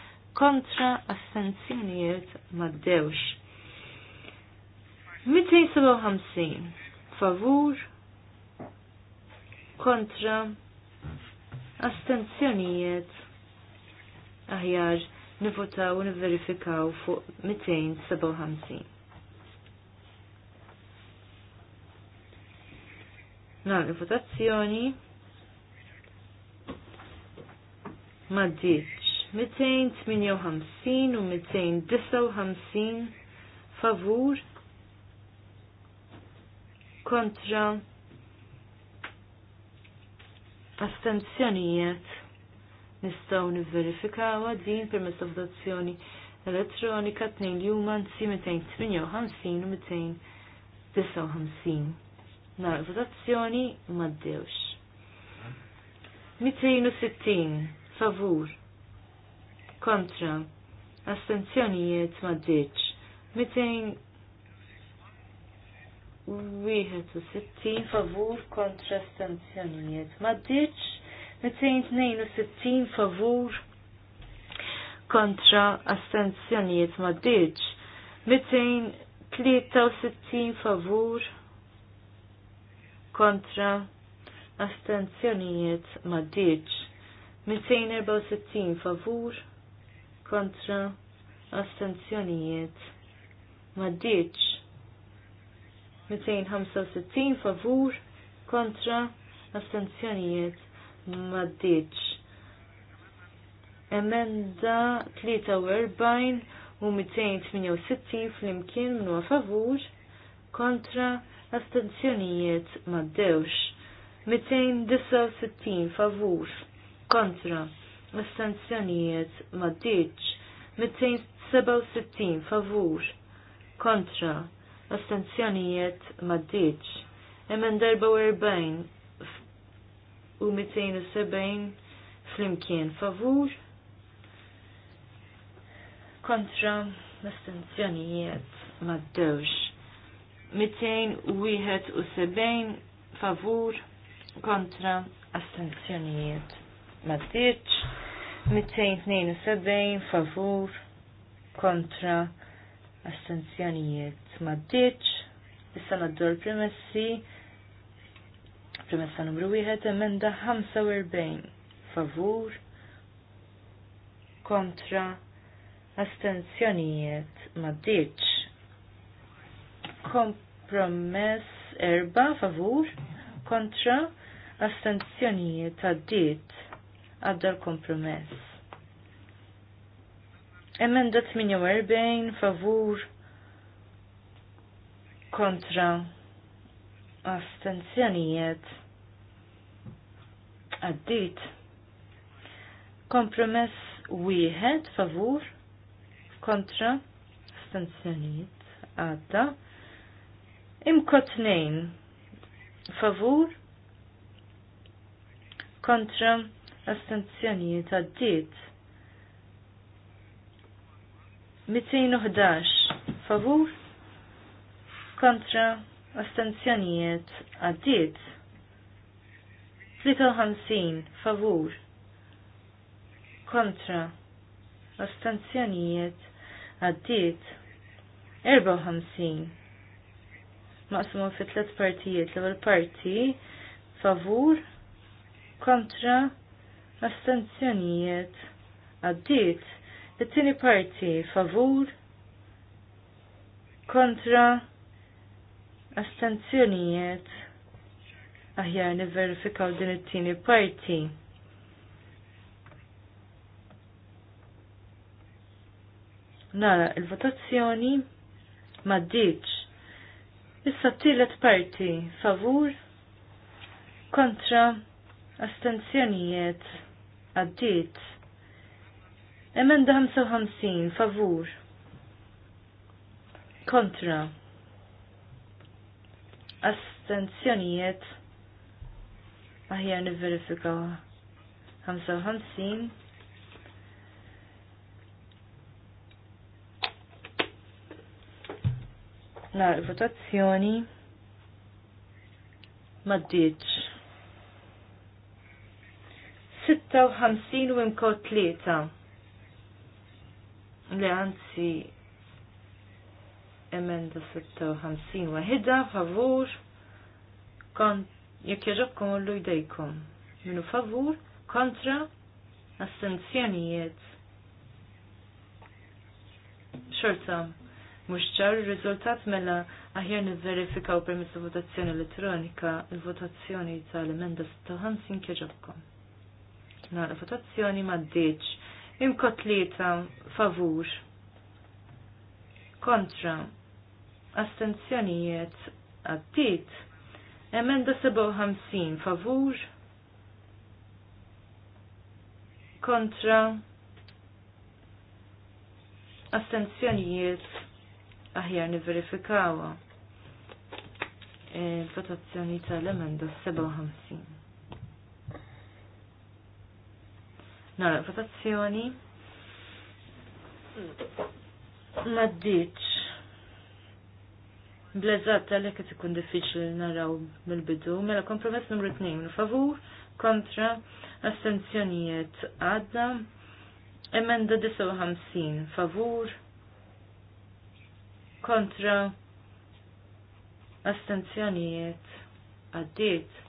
[SPEAKER 2] kontra assenzjonijiet maddewx. 257 favur kontra astenzjonijiet aħjar nivotaw u niverifikaw fuq 257. Nal votazzjoni ma' 258 u 259 favur kontra astenzjonijiet nistaw niverifikaw din per ta' votazzjoni elettronika 2 li huma nsi 258 u 259. Nara votazzjoni maddewx. 260 favur kontra astenzjonijiet ma ddiċ 261 favur kontra astenzjonijiet ma ddiċ 262 favur kontra astenzjonijiet ma ddiċ 263 favur kontra astenzjonijiet ma ddiċ 264 favur kontra kontra astenzjonijiet maddiċ 265 favur kontra astenzjonijiet maddiċ emenda 43 u 268 fl-imkien minu favur kontra astenzjonijiet maddewx 269 favur kontra mis-sanzjonijiet Mistanzjonijiet maddiċ. 267 favur kontra mis-sanzjonijiet astenzjonijiet maddiċ. Emen darba 40 u 270 flimkien favur kontra mis-sanzjonijiet astenzjonijiet maddewx. 271 favur kontra astenzjonijiet Matic 272 favur kontra astenzjonijiet Matic issa naddu l-premessi, premessa numru 1, emenda 45 favur kontra astenzjonijiet Matic Kompromess erba favur kontra astenzjonijiet ta' għadda l-kompromess. Emenda 48 favur kontra astenzjonijiet għaddit. Kompromess wieħed favur kontra astenzjonijiet għadda. Imkot favur kontra astenzjonijiet għaddit. 211 favur kontra astenzjonijiet għaddit. 53 favur kontra astenzjonijiet għaddit. 54 maqsmu fit tliet partijiet l-ewwel parti favur kontra astenzjonijiet għaddit. It-tieni parti favur kontra astenzjonijiet aħjar niverifikaw din it-tieni parti. Nara il-votazzjoni maddiċ Issa t-tielet parti favur kontra astenzjonijiet Għaddit. Emenda 55, favur. Kontra. Astenzjonijiet. Aħjar niverifikaw. 55. Nar votazzjoni. Maddiċ. 56 u imkot 3. Le għanzi emenda 56 wahida, favur, kon, jek u l jdejkom. Minu favur, kontra, assenzjonijiet. Xorta, mux ċar il-rizultat mela aħjar u permess votazzjoni elettronika il-votazzjoni tal-emenda 56 kieġobkom nara votazzjoni maddiċ. Imkot tlieta favur. Kontra. Astenzjonijiet għaddit. Emenda 57 favur. Kontra. Astenzjonijiet aħjar niverifikawa. E, Votazzjoni tal-emenda 57. nara votazzjoni. Maddiċ. Blezzat għalek għet ikun diffiċli naraw mill-bidu, mela kompromess numru 2 favur kontra astenzjonijiet għadda. Emenda 59 favur kontra astenzjonijiet għaddiet.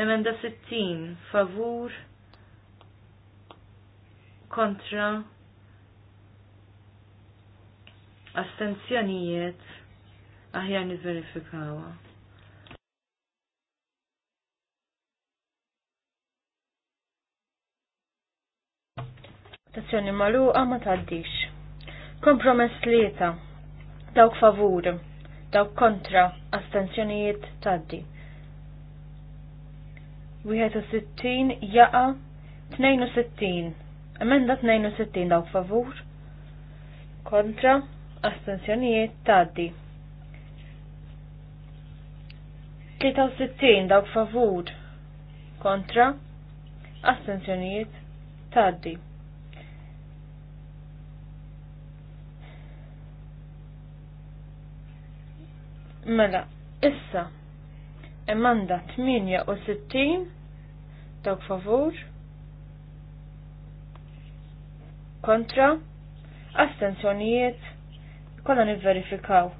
[SPEAKER 2] Emenda 60 favur kontra astenzjonijiet aħjar nivverifikawa. Tazzjoni maluqa ma taddix. Kompromess ta' Dawk favur, dawk kontra, astenzjonijiet taddi. 61 jaqa 62 Emenda 62 dawk favur. Kontra. Astenzjonijiet taddi. 63 dawk favur. Kontra. Astenzjonijiet taddi. Mela, issa, emanda 68 dawk favur kontra, astenzjonijiet, kolla nivverifikaw.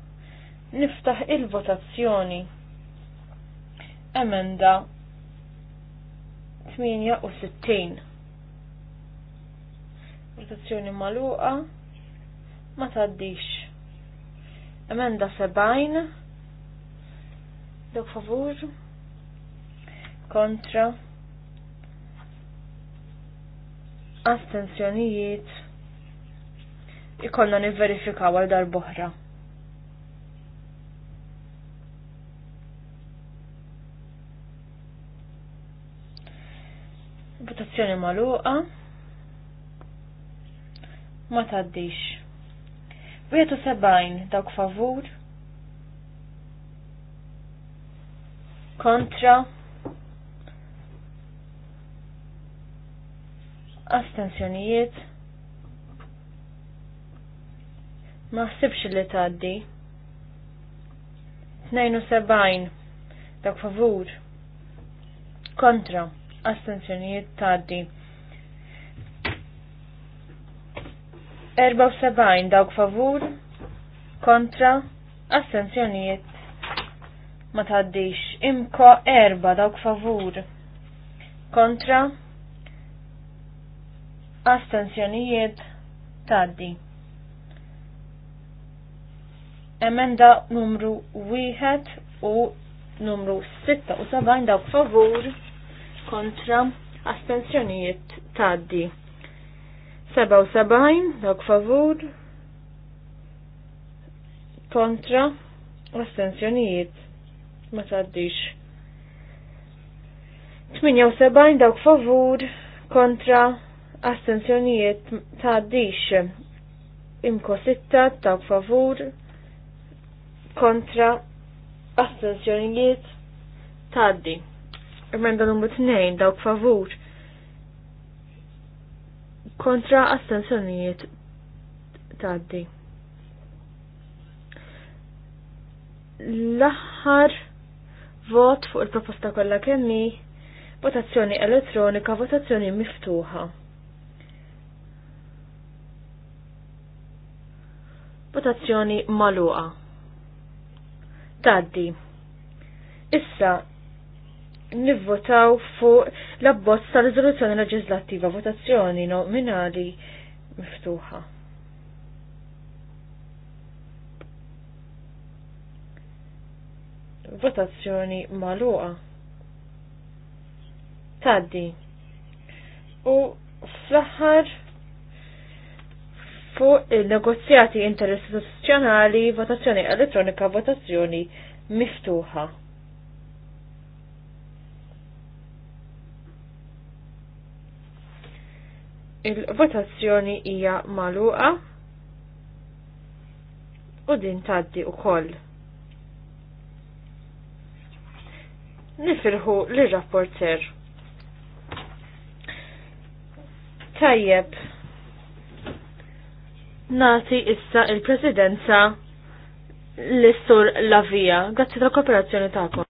[SPEAKER 2] Niftaħ il-votazzjoni. Emenda 68. Votazzjoni maluqa ma taddix. Emenda 70. Dok favur. Kontra astenzjonijiet ikollna nivverifikaw għal darboħra. Votazzjoni maluqa ma taddix. Vietu sebajn dawk favur kontra astensjonijiet ma ħsibx li tgħaddi 72 dak favur kontra astensjonijiet tgħaddi 74 dawk favur kontra astensjonijiet ma taddix. imko erba' dawk favur kontra astensjonijiet taddi. Emenda numru 1 u numru 6 u 7 dawk favur kontra astensjonijiet taddi. 77 dawk favur kontra astensjonijiet ma taddix. 78 dawk favur kontra astenzjonijiet taħdix imko sitta ta' favur kontra astenzjonijiet taħdi. Emenda numru t-nejn dawk favur kontra astenzjonijiet taħdi. L-aħħar vot fuq il-proposta kollha kemmi votazzjoni elettronika, votazzjoni miftuħa. votazzjoni maluqa. Taddi. Issa nivvotaw fuq l-abbozz ta' riżoluzzjoni leġislattiva votazzjoni nominali miftuħa. Votazzjoni maluqa. Taddi. U fl-aħħar fuq il-negozjati interistituzzjonali, votazzjoni elettronika, votazzjoni miftuħa. Il-votazzjoni hija maluqa u din taddi u koll. Nifirħu l-rapporter. Tajjeb. Nati issa il-presidenza l-istur Lavija. Grazzi tal-kooperazzjoni ta'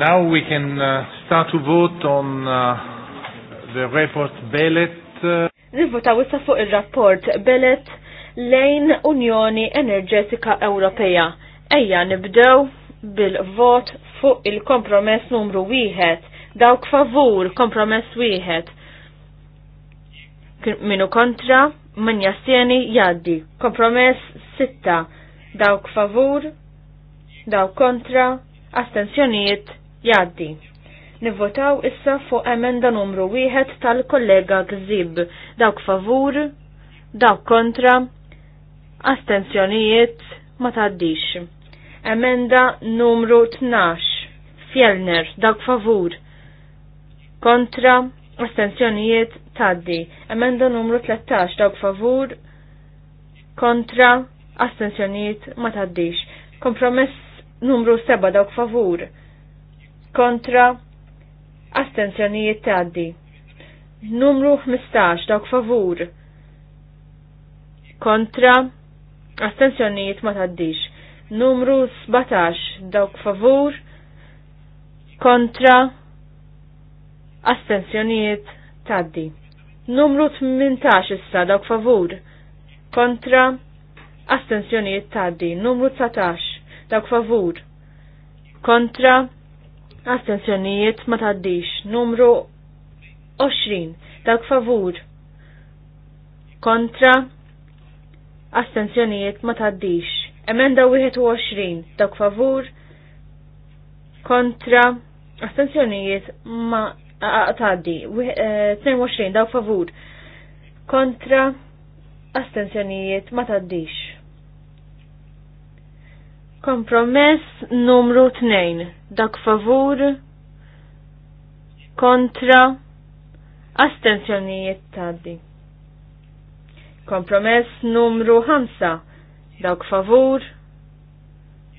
[SPEAKER 3] Now we can uh, start to vote on uh,
[SPEAKER 1] the report Bellet. Uh,
[SPEAKER 2] Nivvotaw issa fuq ir-rapport Bellet lejn Unjoni Enerġetika Ewropea. Ejja nibdew bil-vot fuq il-kompromess numru wieħed. Dawk favur kompromess wieħed. Minu kontra, min jastjeni jaddi. Kompromess sitta. Dawk favur, dawk kontra, astensjonijiet Jaddi. Nivvotaw issa fuq emenda numru wieħed tal-kollega Gzib. Dawk favur, dawk kontra, astenzjonijiet ma taddix. Emenda numru 12. Fjellner, dawk favur. Kontra, astenzjonijiet taddi. Emenda numru 13, dawk favur. Kontra, astenzjonijiet ma taddix. Kompromess numru 7, dawk favur kontra astenzjonijiet taddi. Numru 15 dawk favur kontra astenzjonijiet ma taddix. Numru 17 dawk favur kontra astenzjonijiet taddi. Numru 18 issa dawk favur kontra astenzjonijiet taddi. Numru 19 dawk favur kontra Astenzjonijiet ma taddix. Numru 20. Dak favur. Kontra. Astenzjonijiet ma taddix. Emenda 21. Dak favur. Kontra. Astenzjonijiet ma taddi. 22. Eh, Dak favur. Kontra. Astenzjonijiet ma taddix. Kompromess numru 2 dak favur kontra astenzjonijiet tadi. Kompromess numru 5 dawk favur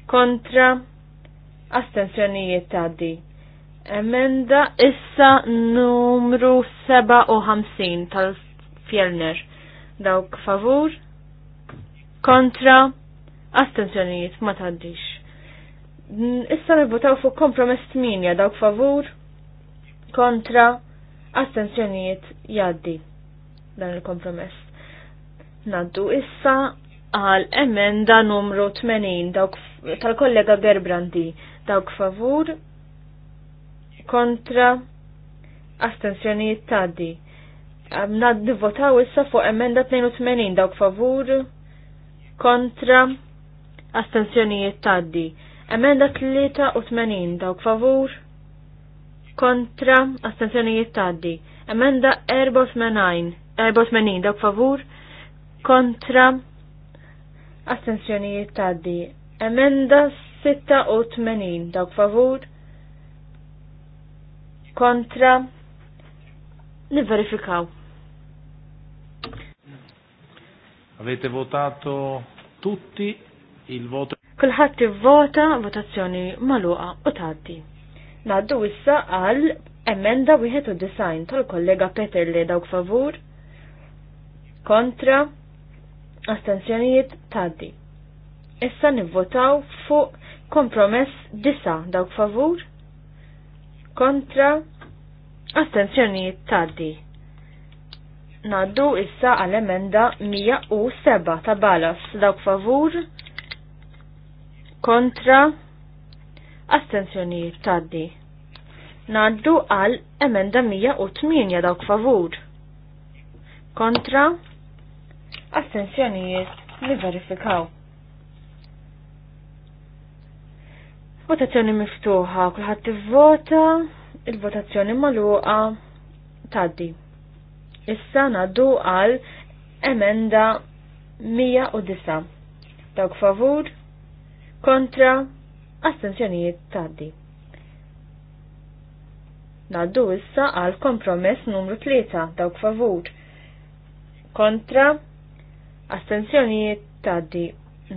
[SPEAKER 2] kontra astenzjonijiet tadi. Emenda issa numru 57 tal-Fjellner dawk favur kontra astenzjonijiet ma taddix. Issa nivvotaw fuq kompromess 8 dawk favur, kontra, astenzjonijiet jaddi dan il-kompromess. Naddu issa għal emenda numru 80 dawk tal-kollega Gerbrandi dawk favur, kontra, astenzjonijiet taddi. Nad nivvotaw issa fuq emenda 82 dawk favur, kontra, astenzjonijiet taddi Emenda 83 dawk favur kontra astenzjonijiet taddi. Emenda 84 84 dawk favur kontra astenzjonijiet taddi. Emenda 86 dawk favur kontra niverifikaw.
[SPEAKER 1] Avete votato tutti il voto
[SPEAKER 2] Kulħadd ivvota votazzjoni magħluqa u tgħaddi. Ngħaddu issa għal emenda wieħed u design tal-kollega Peter li dawk favur kontra astenzjonijiet tgħaddi. Issa nivvotaw fuq kompromess disa dawk favur kontra astenzjonijiet tgħaddi. Naddu issa għal emenda 107 ta' balas dawk favur kontra, astensjonijiet taddi. Naddu għal emenda 108 dawk favur. Kontra, astensjonijiet li verifikaw. Votazzjoni miftuħa, kulħadd vota il-votazzjoni magħluqa taddi. Issa naddu għal emenda 109. Dawk favur, kontra astenzjonijiet taddi. Naddu issa għal kompromess numru 3 dawk favur. Kontra astenzjonijiet taddi.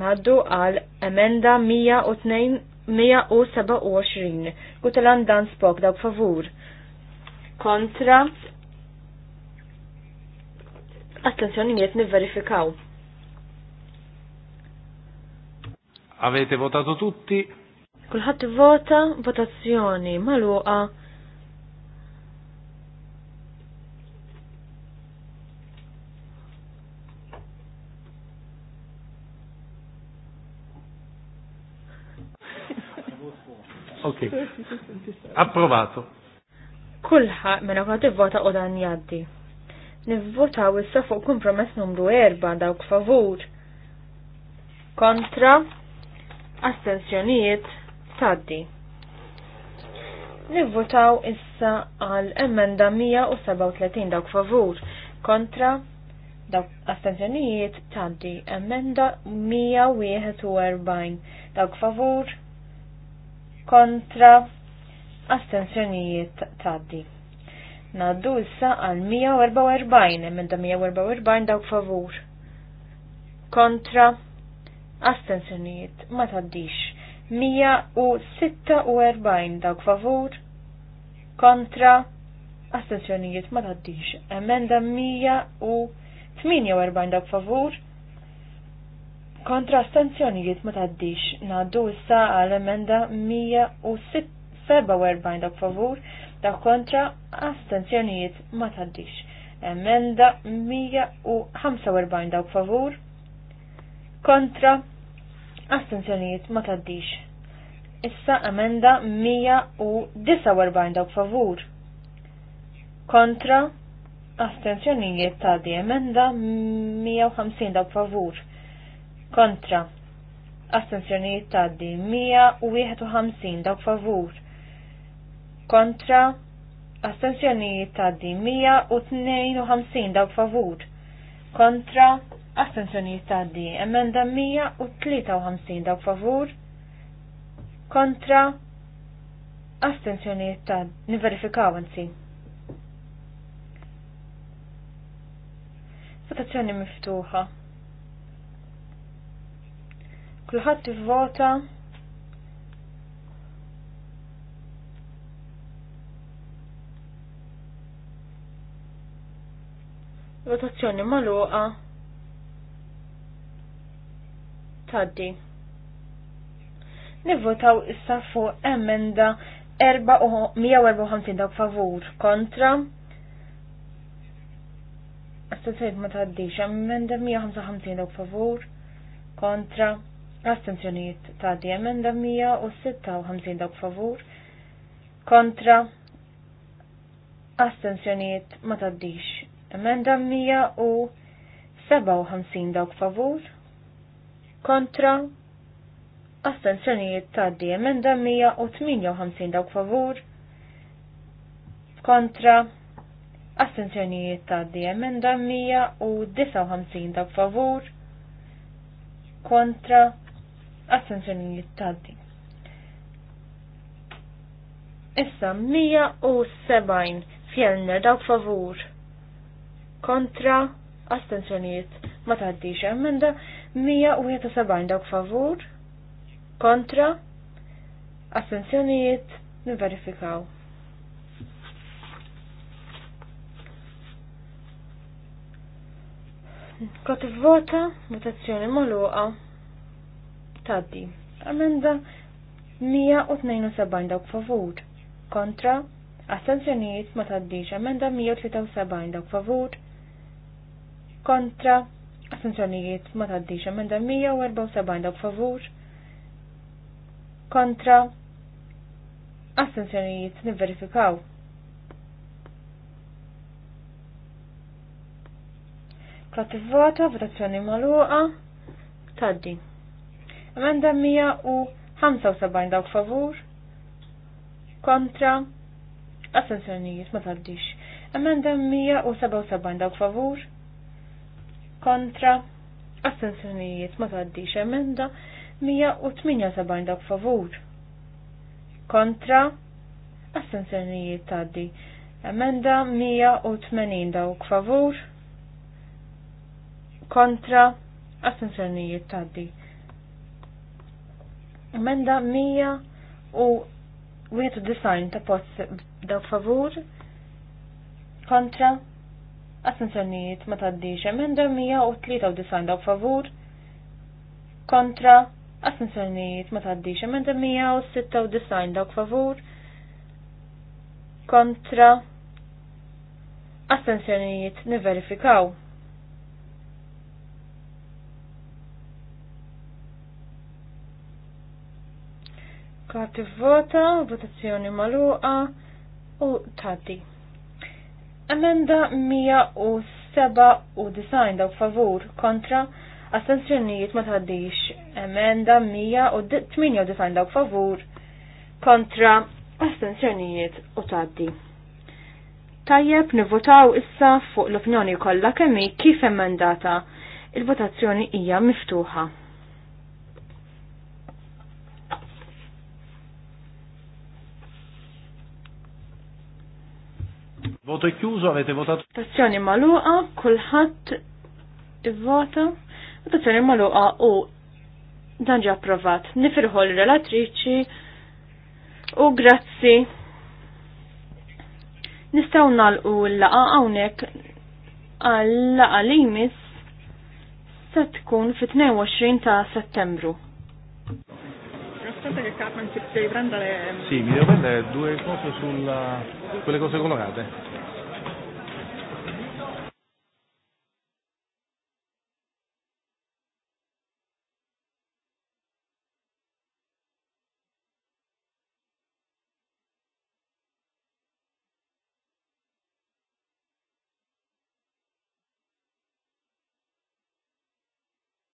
[SPEAKER 2] Naddu għal emenda 127 Gutelan dan spok dawk favur. Kontra astenzjonijiet niverifikaw.
[SPEAKER 3] Avete votato tutti?
[SPEAKER 2] Kulħadd vota votazzjoni magħluqa. Ok. Approvato. Kulħa mena kwa vota u dan jaddi. Nivvota u issa fuq kompromess numru erba' dawk favur. Kontra astensjonijiet taddi. Nivvotaw issa għal emenda 137 dawk favur kontra dawk astensjonijiet taddi. Emenda 141 dawk favur kontra astensjonijiet taddi. Naddu issa għal 144 emenda 144 dawk favur kontra astensjonijiet ma taddix. 146 dawk favur kontra astensjonijiet ma taddix. Emenda 148 dawk favur kontra astensjonijiet ma taddix. Naddu issa għal emenda 147 dawk favur dawk kontra astensjonijiet ma taddix. Emenda 145 dawk favur kontra Astenzjonijiet ma taddix. Issa emenda 149 dawk favur. Kontra astenzjonijiet ta' di emenda 150 dawk favur. Kontra astenzjonijiet ta' di 151 dawk favur. Kontra astenzjonijiet ta' di 152 dawk favur. Kontra Astenzjonijiet taddi. Emenda 153 dawk favur. Kontra. Astenzjonijiet jittaddi, Niverifikaw anzi. Votazzjoni miftuħa. Kulħadd vota Votazzjoni maluqa. taddi. Nivvotaw issa fuq emenda 154 dawk favur kontra. Astenzjoniet ma taddix, emenda 155 dawk favur kontra. Astenzjoniet tgħaddi emenda 156 dawk favur kontra. Astenzjoniet ma taddix, emenda 157 dawk favur kontra astensjonijiet taddi emenda 158 dawk favur kontra astensjonijiet taddi emenda 159 dawk favur kontra astensjonijiet taddi. Issa 170 fjellner dawk favur kontra astensjonijiet ma taddix emenda 171 dawk favur, kontra, assenzjonijiet nverifikaw. Kot vota, votazzjoni maluqa, taddi. Amenda 172 dawk favur, kontra, assenzjonijiet ma taddiġ. Amenda 173 dawk favur, kontra, astenzjonijiet ma taddix emenda 174 dawk favur kontra astenzjonijiet nivverifikaw. Klati vota, votazzjoni maluqa, taddi. Emenda 175 dawk favur kontra astenzjonijiet ma taddix. Emenda 177 dawk favur kontra astensjonijiet ma taddix emenda 178 dak favur kontra astensjonijiet taddi emenda 180 dawk favur kontra astensjonijiet taddi emenda 100 u wieħed design ta' pozz dawk favur kontra assenzjonijiet ma taddix emenda 193 dawk favur kontra assenzjonijiet ma taddix emenda 196 dawk favur kontra assenzjonijiet niverifikaw. Karti vota, votazzjoni maluqa u taddi. Emenda 197 dawk favur kontra astensjonijiet ma taħdix. Emenda 198 dawk favur kontra astensjonijiet u taddi. Tajjeb nivvotaw issa fuq l-opinjoni kollha kemm kif emendata. Il-votazzjoni hija miftuħa.
[SPEAKER 3] Voto chiuso,
[SPEAKER 1] avete votato.
[SPEAKER 2] Votazzjoni maluqa, kulħadd ivvota. Votazzjoni maluqa u dan ġi approvat. Nifirħu l-relatriċi u grazzi. Nistaw nalqu l-laqa hawnhekk għal-laqa li jmiss se tkun fit-22 ta' settembru.
[SPEAKER 1] Aspetta che Carmen si Sì, mi devo prendere due cose sulla... quelle cose colorate.